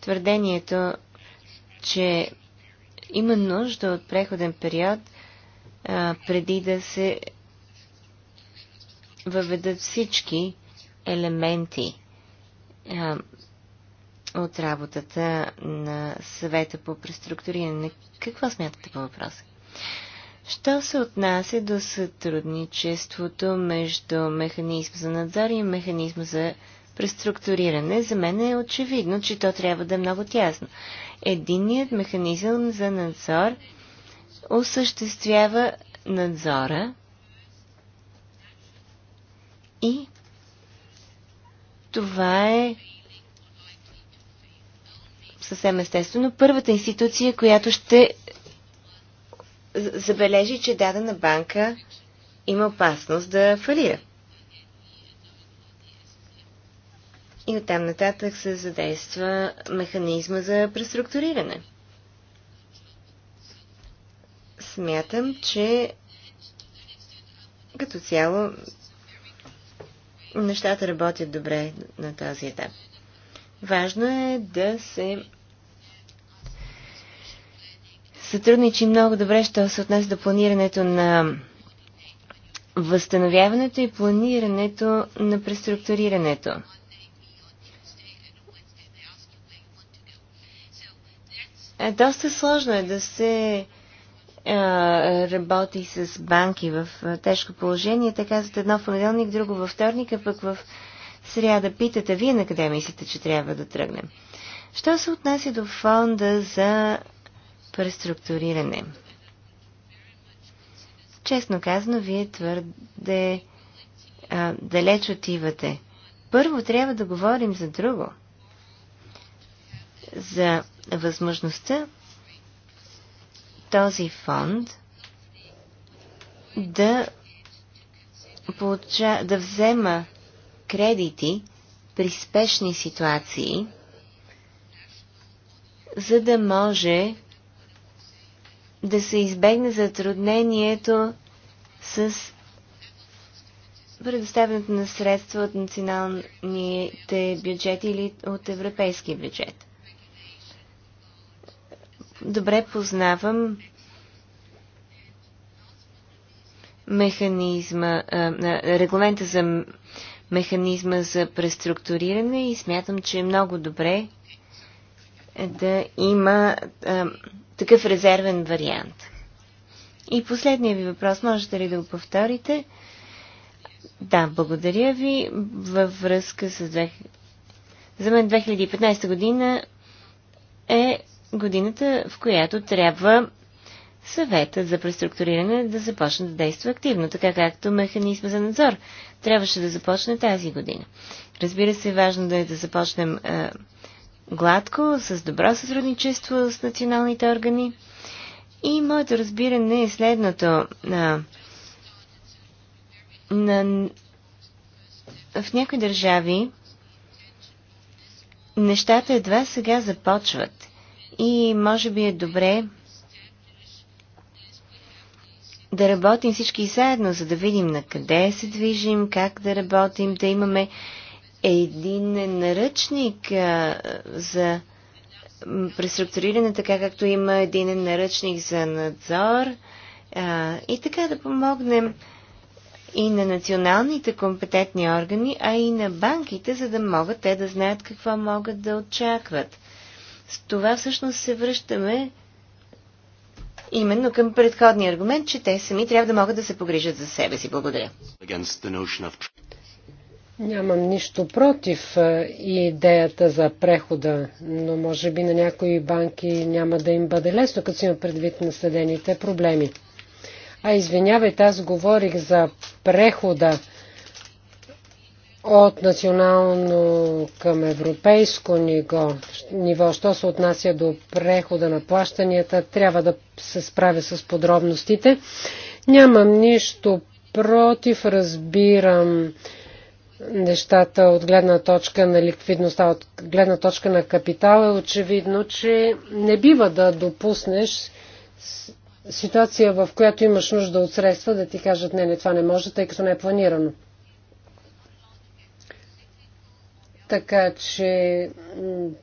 твърдението, че има нужда от преходен период е, преди да се въведат всички елементи а, от работата на съвета по преструктуриране. Какво смятате по въпроса? Що се отнася до сътрудничеството между механизма за надзор и механизма за преструктуриране, за мен е очевидно, че то трябва да е много тясно. Единият механизъм за надзор осъществява надзора и това е съвсем естествено първата институция, която ще забележи, че дадена банка има опасност да фалира. И оттам нататък се задейства механизма за преструктуриране. Смятам, че като цяло нещата работят добре на този етап. Важно е да се сътрудничи много добре, що се отнесе до планирането на възстановяването и планирането на преструктурирането. Е, доста сложно е да се работи с банки в тежко положение. Те казват едно в понеделник, друго във вторник, а пък в сряда питат, а вие на къде мислите, че трябва да тръгнем? Що се отнася до фонда за преструктуриране? Честно казано, вие твърде а, далеч отивате. Първо трябва да говорим за друго. За възможността този фонд да, получа, да взема кредити при спешни ситуации, за да може да се избегне затруднението с предоставянето на средства от националните бюджети или от европейския бюджет добре познавам механизма, регламента за механизма за преструктуриране и смятам, че е много добре да има а, такъв резервен вариант. И последния ви въпрос, можете ли да го повторите? Да, благодаря ви. Във връзка с... За мен 2015 година е годината, в която трябва съветът за преструктуриране да започне да действа активно, така както механизма за надзор трябваше да започне тази година. Разбира се, важно да е да започнем е, гладко, с добро сътрудничество с националните органи. И моето разбиране е следното. На, е, на, в някои държави нещата едва сега започват. И може би е добре да работим всички заедно, за да видим на къде се движим, как да работим, да имаме един наръчник а, за преструктуриране, така както има един наръчник за надзор а, и така да помогнем и на националните компетентни органи, а и на банките, за да могат те да знаят какво могат да очакват. С това всъщност се връщаме именно към предходния аргумент, че те сами трябва да могат да се погрижат за себе си. Благодаря. Нямам нищо против е, идеята за прехода, но може би на някои банки няма да им бъде лесно, като си има предвид наследените проблеми. А извинявайте, аз говорих за прехода от национално към европейско ниво, ниво, що се отнася до прехода на плащанията, трябва да се справя с подробностите. Нямам нищо против, разбирам нещата от гледна точка на ликвидността, от гледна точка на капитал, е очевидно, че не бива да допуснеш ситуация, в която имаш нужда от средства, да ти кажат не, не, това не може, тъй като не е планирано. Така че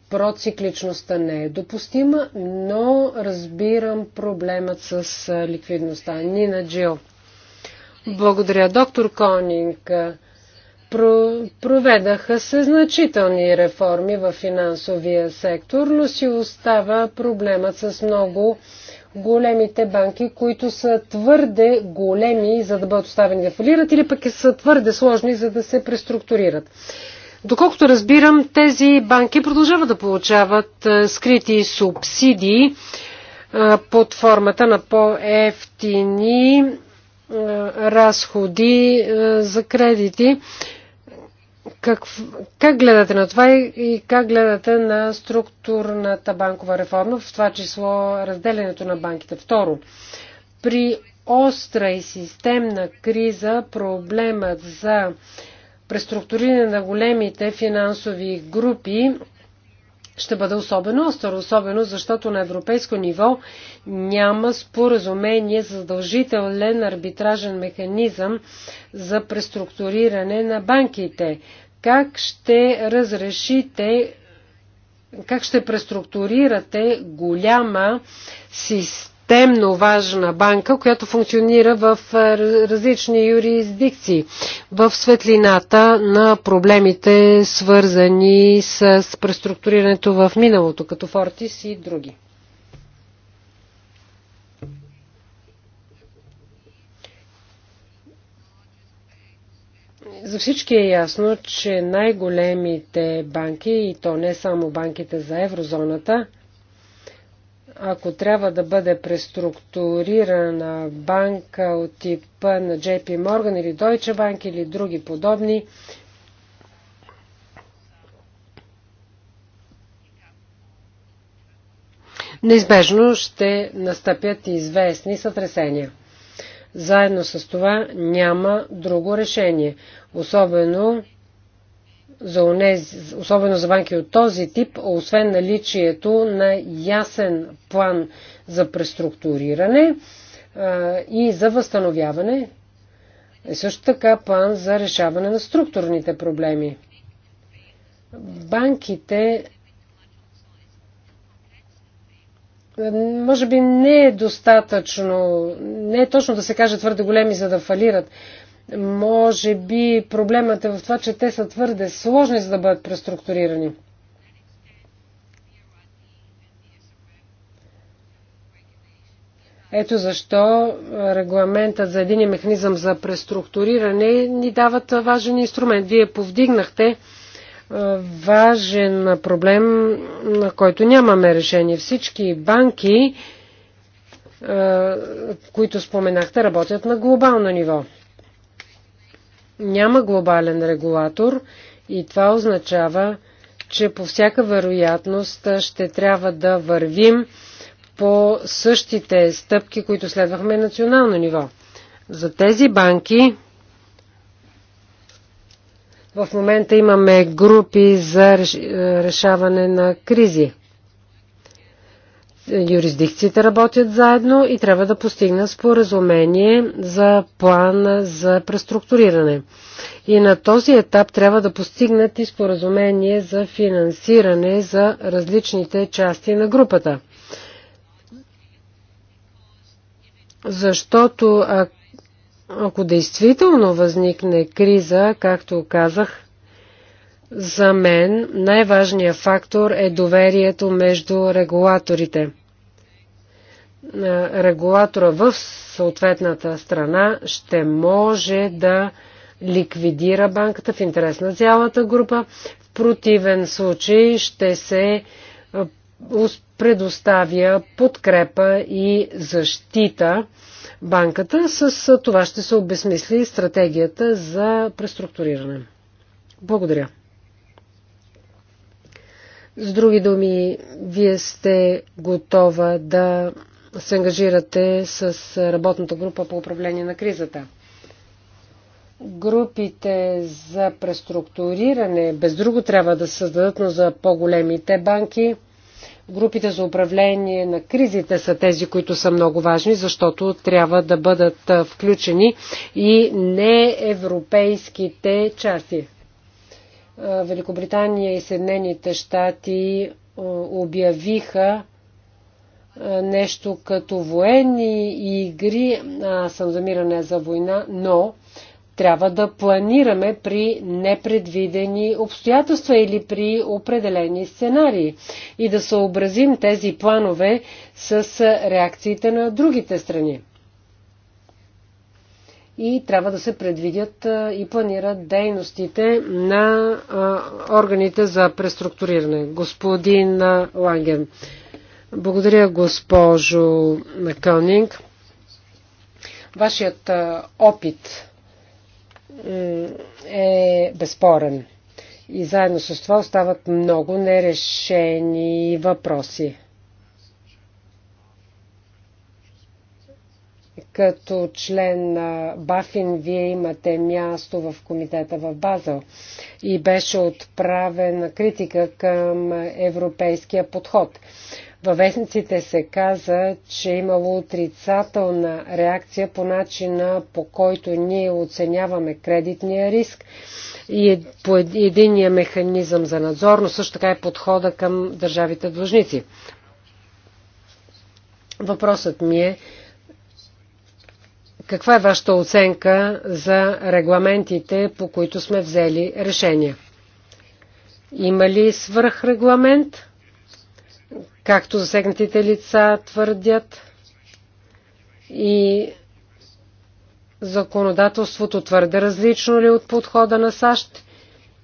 процикличността не е допустима, но разбирам проблемът с ликвидността. Нина Джил. Благодаря, доктор Конинг. Про, проведаха се значителни реформи в финансовия сектор, но си остава проблемът с много големите банки, които са твърде големи, за да бъдат оставени да фалират, или пък са твърде сложни, за да се преструктурират. Доколкото разбирам, тези банки продължават да получават е, скрити субсидии е, под формата на по-ефтини е, разходи за кредити. Как, как гледате на това и как гледате на структурната банкова реформа, в това число разделянето на банките? Второ, при остра и системна криза проблемът за преструктуриране на големите финансови групи ще бъде особено остро, особено защото на европейско ниво няма споразумение за задължителен арбитражен механизъм за преструктуриране на банките. Как ще разрешите, как ще преструктурирате голяма система? системно важна банка, която функционира в различни юрисдикции, в светлината на проблемите, свързани с преструктурирането в миналото, като Фортис и други. за всички е ясно, че най-големите банки, и то не само банките за еврозоната, ако трябва да бъде преструктурирана банка от типа на JP Morgan или Deutsche Bank или други подобни, неизбежно ще настъпят известни сътресения. Заедно с това няма друго решение, особено за унези, особено за банки от този тип, освен наличието на ясен план за преструктуриране и за възстановяване, е също така план за решаване на структурните проблеми. Банките може би не е достатъчно, не е точно да се каже твърде големи, за да фалират, може би проблемът е в това, че те са твърде сложни, за да бъдат преструктурирани. Ето защо регламентът за един механизъм за преструктуриране ни дават важен инструмент. Вие повдигнахте важен проблем, на който нямаме решение. Всички банки, които споменахте, работят на глобално ниво няма глобален регулатор и това означава, че по всяка вероятност ще трябва да вървим по същите стъпки, които следвахме на национално ниво. За тези банки в момента имаме групи за решаване на кризи юрисдикциите работят заедно и трябва да постигнат споразумение за план за преструктуриране. И на този етап трябва да постигнат и споразумение за финансиране за различните части на групата. Защото ако действително възникне криза, както казах, за мен най-важният фактор е доверието между регулаторите регулатора в съответната страна ще може да ликвидира банката в интерес на цялата група. В противен случай ще се предоставя подкрепа и защита банката. С това ще се обесмисли стратегията за преструктуриране. Благодаря. С други думи, вие сте готова да се ангажирате с работната група по управление на кризата? Групите за преструктуриране, без друго трябва да създадат, но за по-големите банки. Групите за управление на кризите са тези, които са много важни, защото трябва да бъдат включени и не европейските части. Великобритания и Съединените щати обявиха е, нещо като военни игри. а съм замиране за война, но трябва да планираме при непредвидени обстоятелства или при определени сценарии и да съобразим тези планове с реакциите на другите страни. И трябва да се предвидят е, и планират дейностите на е, органите за преструктуриране. Господин Ланген. Благодаря, госпожо Кълнинг. Вашият опит е безспорен. И заедно с това остават много нерешени въпроси. Като член на Бафин, вие имате място в комитета в Базел и беше отправена критика към европейския подход. Във вестниците се каза, че е имало отрицателна реакция по начина по който ние оценяваме кредитния риск и е по единия механизъм за надзор, но също така и е подхода към държавите длъжници. Въпросът ми е каква е вашата оценка за регламентите, по които сме взели решения? Има ли свръхрегламент? както засегнатите лица твърдят и законодателството твърде различно ли от подхода на САЩ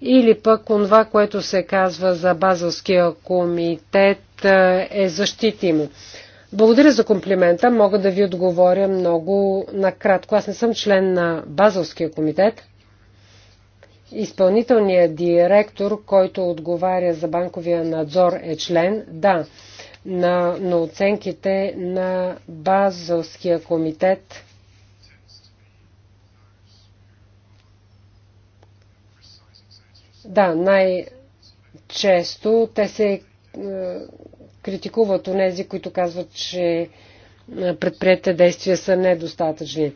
или пък това, което се казва за Базовския комитет е, е защитимо. Благодаря за комплимента. Мога да ви отговоря много накратко. Аз не съм член на Базовския комитет изпълнителният директор, който отговаря за банковия надзор, е член? Да. На, на оценките на Базовския комитет Да, най-често те се е, критикуват у нези, които казват, че предприятите действия са недостатъчни.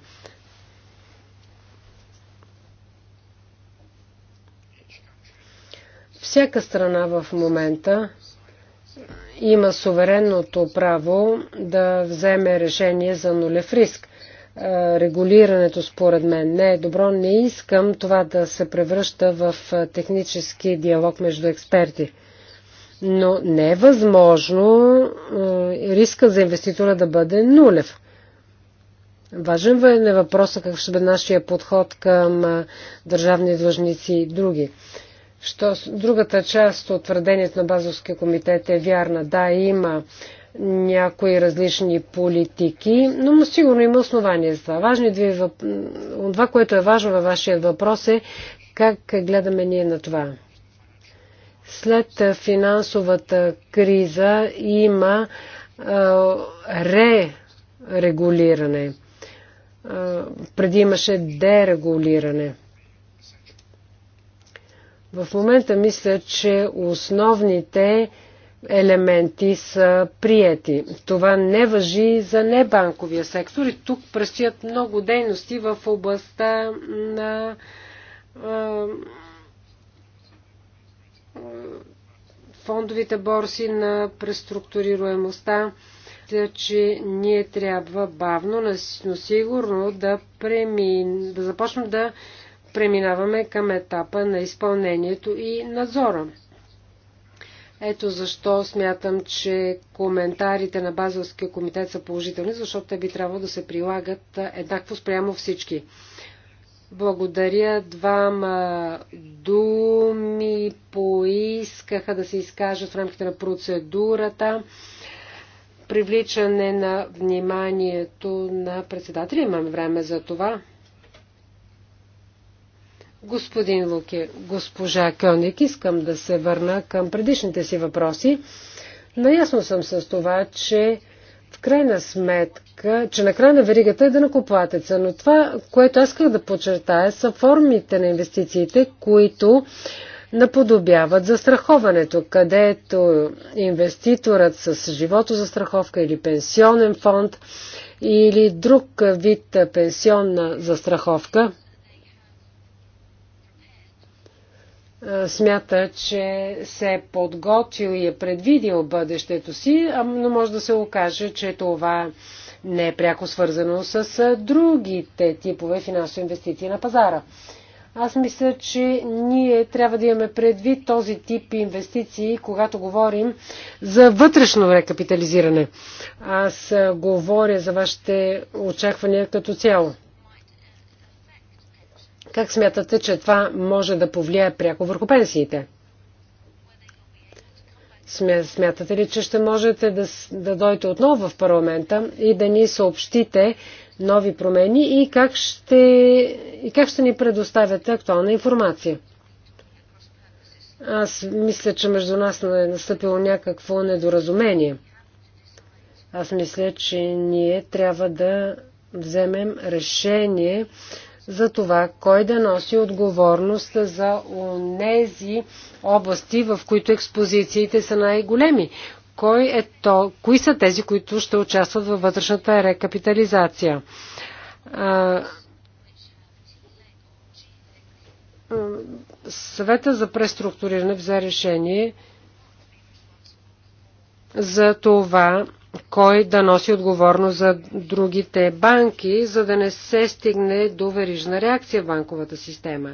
Всяка страна в момента има суверенното право да вземе решение за нулев риск. Регулирането според мен не е добро. Не искам това да се превръща в технически диалог между експерти. Но не е възможно риска за инвеститора да бъде нулев. Важен е въпроса какъв ще бъде нашия подход към държавни длъжници и други. Що другата част от твърдението на Базовския комитет е вярна. Да, има някои различни политики, но сигурно има основания за това. Важни две въп... Това, което е важно във вашия въпрос е как гледаме ние на това. След финансовата криза има ререгулиране. Преди имаше дерегулиране. В момента мисля, че основните елементи са приети. Това не въжи за небанковия сектор и тук предстоят много дейности в областта на фондовите борси на преструктурируемостта, че ние трябва бавно, но сигурно да премин, да започнем да преминаваме към етапа на изпълнението и надзора. Ето защо смятам, че коментарите на базовския комитет са положителни, защото те би трябвало да се прилагат еднакво спрямо всички. Благодаря. Двама думи поискаха да се изкажат в рамките на процедурата. Привличане на вниманието на председателя. Имаме време за това. Господин Луке, госпожа Кьоник, искам да се върна към предишните си въпроси. Наясно съм с това, че в крайна сметка, че на края на веригата е да накоплатеца, но това, което аз исках да подчертая, са формите на инвестициите, които наподобяват застраховането, където инвеститорът с живото застраховка или пенсионен фонд или друг вид пенсионна застраховка Е, смята, че се е подготвил и е предвидил бъдещето си, но може да се окаже, че това не е пряко свързано с е, другите типове финансови инвестиции на пазара. Аз мисля, че ние трябва да имаме предвид този тип инвестиции, когато говорим за вътрешно рекапитализиране. Аз е, говоря за вашите очаквания като цяло. Как смятате, че това може да повлияе пряко върху пенсиите? Смятате ли, че ще можете да, да дойдете отново в парламента и да ни съобщите нови промени и как ще, и как ще ни предоставяте актуална информация? Аз мисля, че между нас е настъпило някакво недоразумение. Аз мисля, че ние трябва да вземем решение за това кой да носи отговорност за тези области, в които експозициите са най-големи. Кой е то, кои са тези, които ще участват във вътрешната рекапитализация? Съвета за преструктуриране взе решение за това кой да носи отговорност за другите банки, за да не се стигне до верижна реакция в банковата система.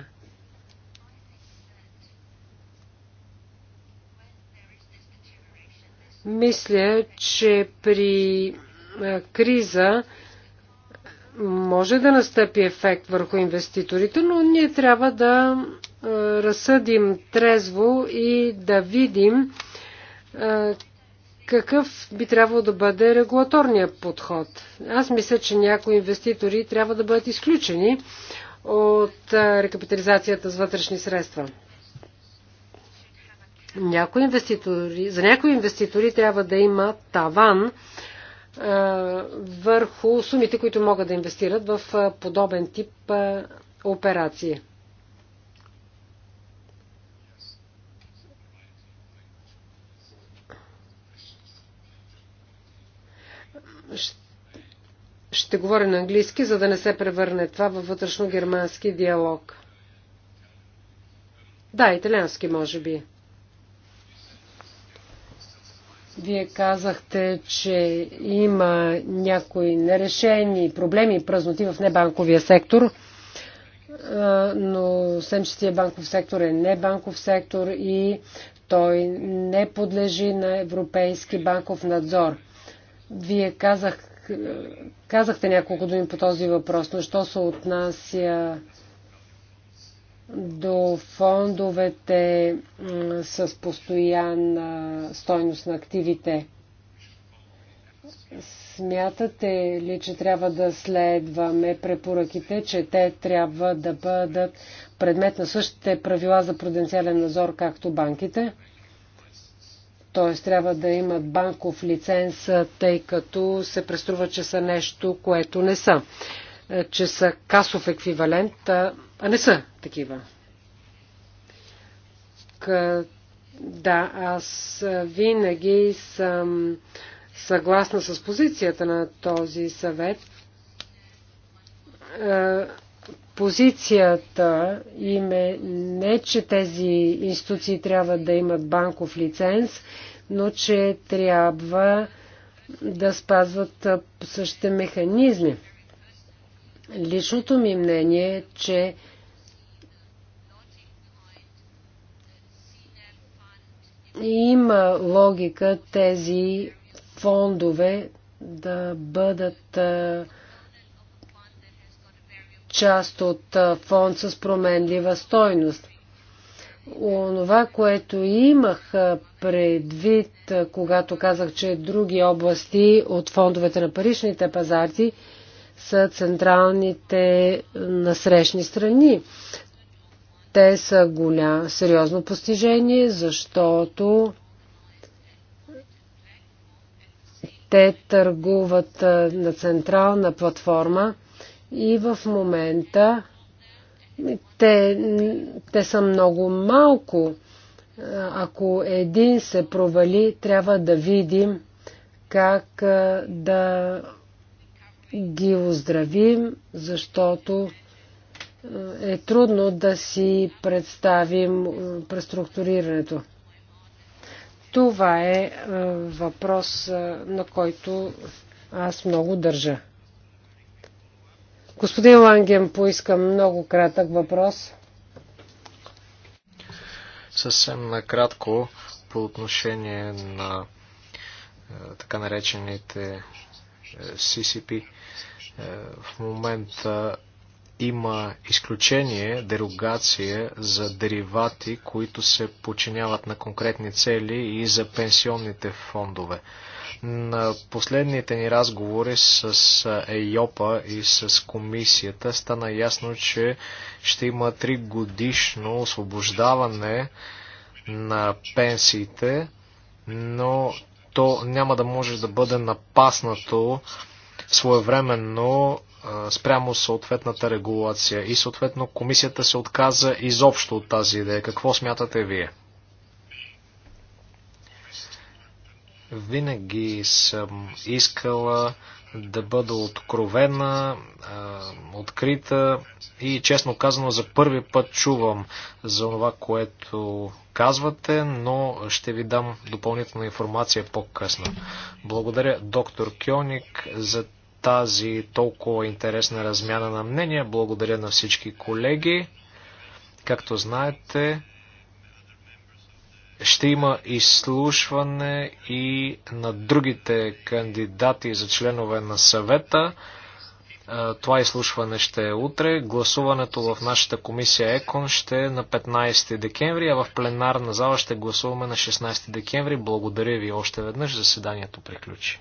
Мисля, че при е, криза може да настъпи ефект върху инвеститорите, но ние трябва да е, разсъдим трезво и да видим е, какъв би трябвало да бъде регулаторният подход. Аз мисля, че някои инвеститори трябва да бъдат изключени от рекапитализацията с вътрешни средства. Някои инвеститори, за някои инвеститори трябва да има таван върху сумите, които могат да инвестират в подобен тип операции. Ще говоря на английски, за да не се превърне това във вътрешно-германски диалог. Да, италиански може би. Вие казахте, че има някои нерешени проблеми и празноти в небанковия сектор, но семчестия банков сектор е небанков сектор и той не подлежи на европейски банков надзор. Вие казах, казахте няколко думи по този въпрос, но що се отнася до фондовете с постоянна стойност на активите. Смятате ли, че трябва да следваме препоръките, че те трябва да бъдат предмет на същите правила за пруденциален надзор, както банките? т.е. трябва да имат банков лиценз, тъй като се преструва, че са нещо, което не са, е, че са касов еквивалент, а не са такива. Да, аз винаги съм съгласна с позицията на този съвет е, позицията им е не, че тези институции трябва да имат банков лиценз, но че трябва да спазват същите механизми. Личното ми мнение е, че има логика тези фондове да бъдат част от фонд с променлива стойност. Онова, което имах предвид, когато казах, че други области от фондовете на паричните пазарти са централните насрещни страни. Те са голям, сериозно постижение, защото те търгуват на централна платформа – и в момента те, те са много малко. Ако един се провали, трябва да видим как да ги оздравим, защото е трудно да си представим преструктурирането. Това е въпрос, на който аз много държа. Господин Ланген поиска много кратък въпрос. Съвсем накратко по отношение на е, така наречените е, CCP. Е, в момента има изключение, дерогация за деривати, които се подчиняват на конкретни цели и за пенсионните фондове. На последните ни разговори с ЕЙОПА и с комисията стана ясно, че ще има три годишно освобождаване на пенсиите, но то няма да може да бъде напаснато своевременно спрямо съответната регулация. И съответно комисията се отказа изобщо от тази идея. Какво смятате вие? Винаги съм искала да бъда откровена, открита и честно казано за първи път чувам за това, което казвате, но ще ви дам допълнителна информация по-късно. Благодаря доктор Кьоник за тази толкова интересна размяна на мнения. Благодаря на всички колеги. Както знаете, ще има изслушване и на другите кандидати за членове на съвета. Това изслушване ще е утре. Гласуването в нашата комисия ЕКОН ще е на 15 декември, а в пленарна зала ще гласуваме на 16 декември. Благодаря ви още веднъж. Заседанието приключи.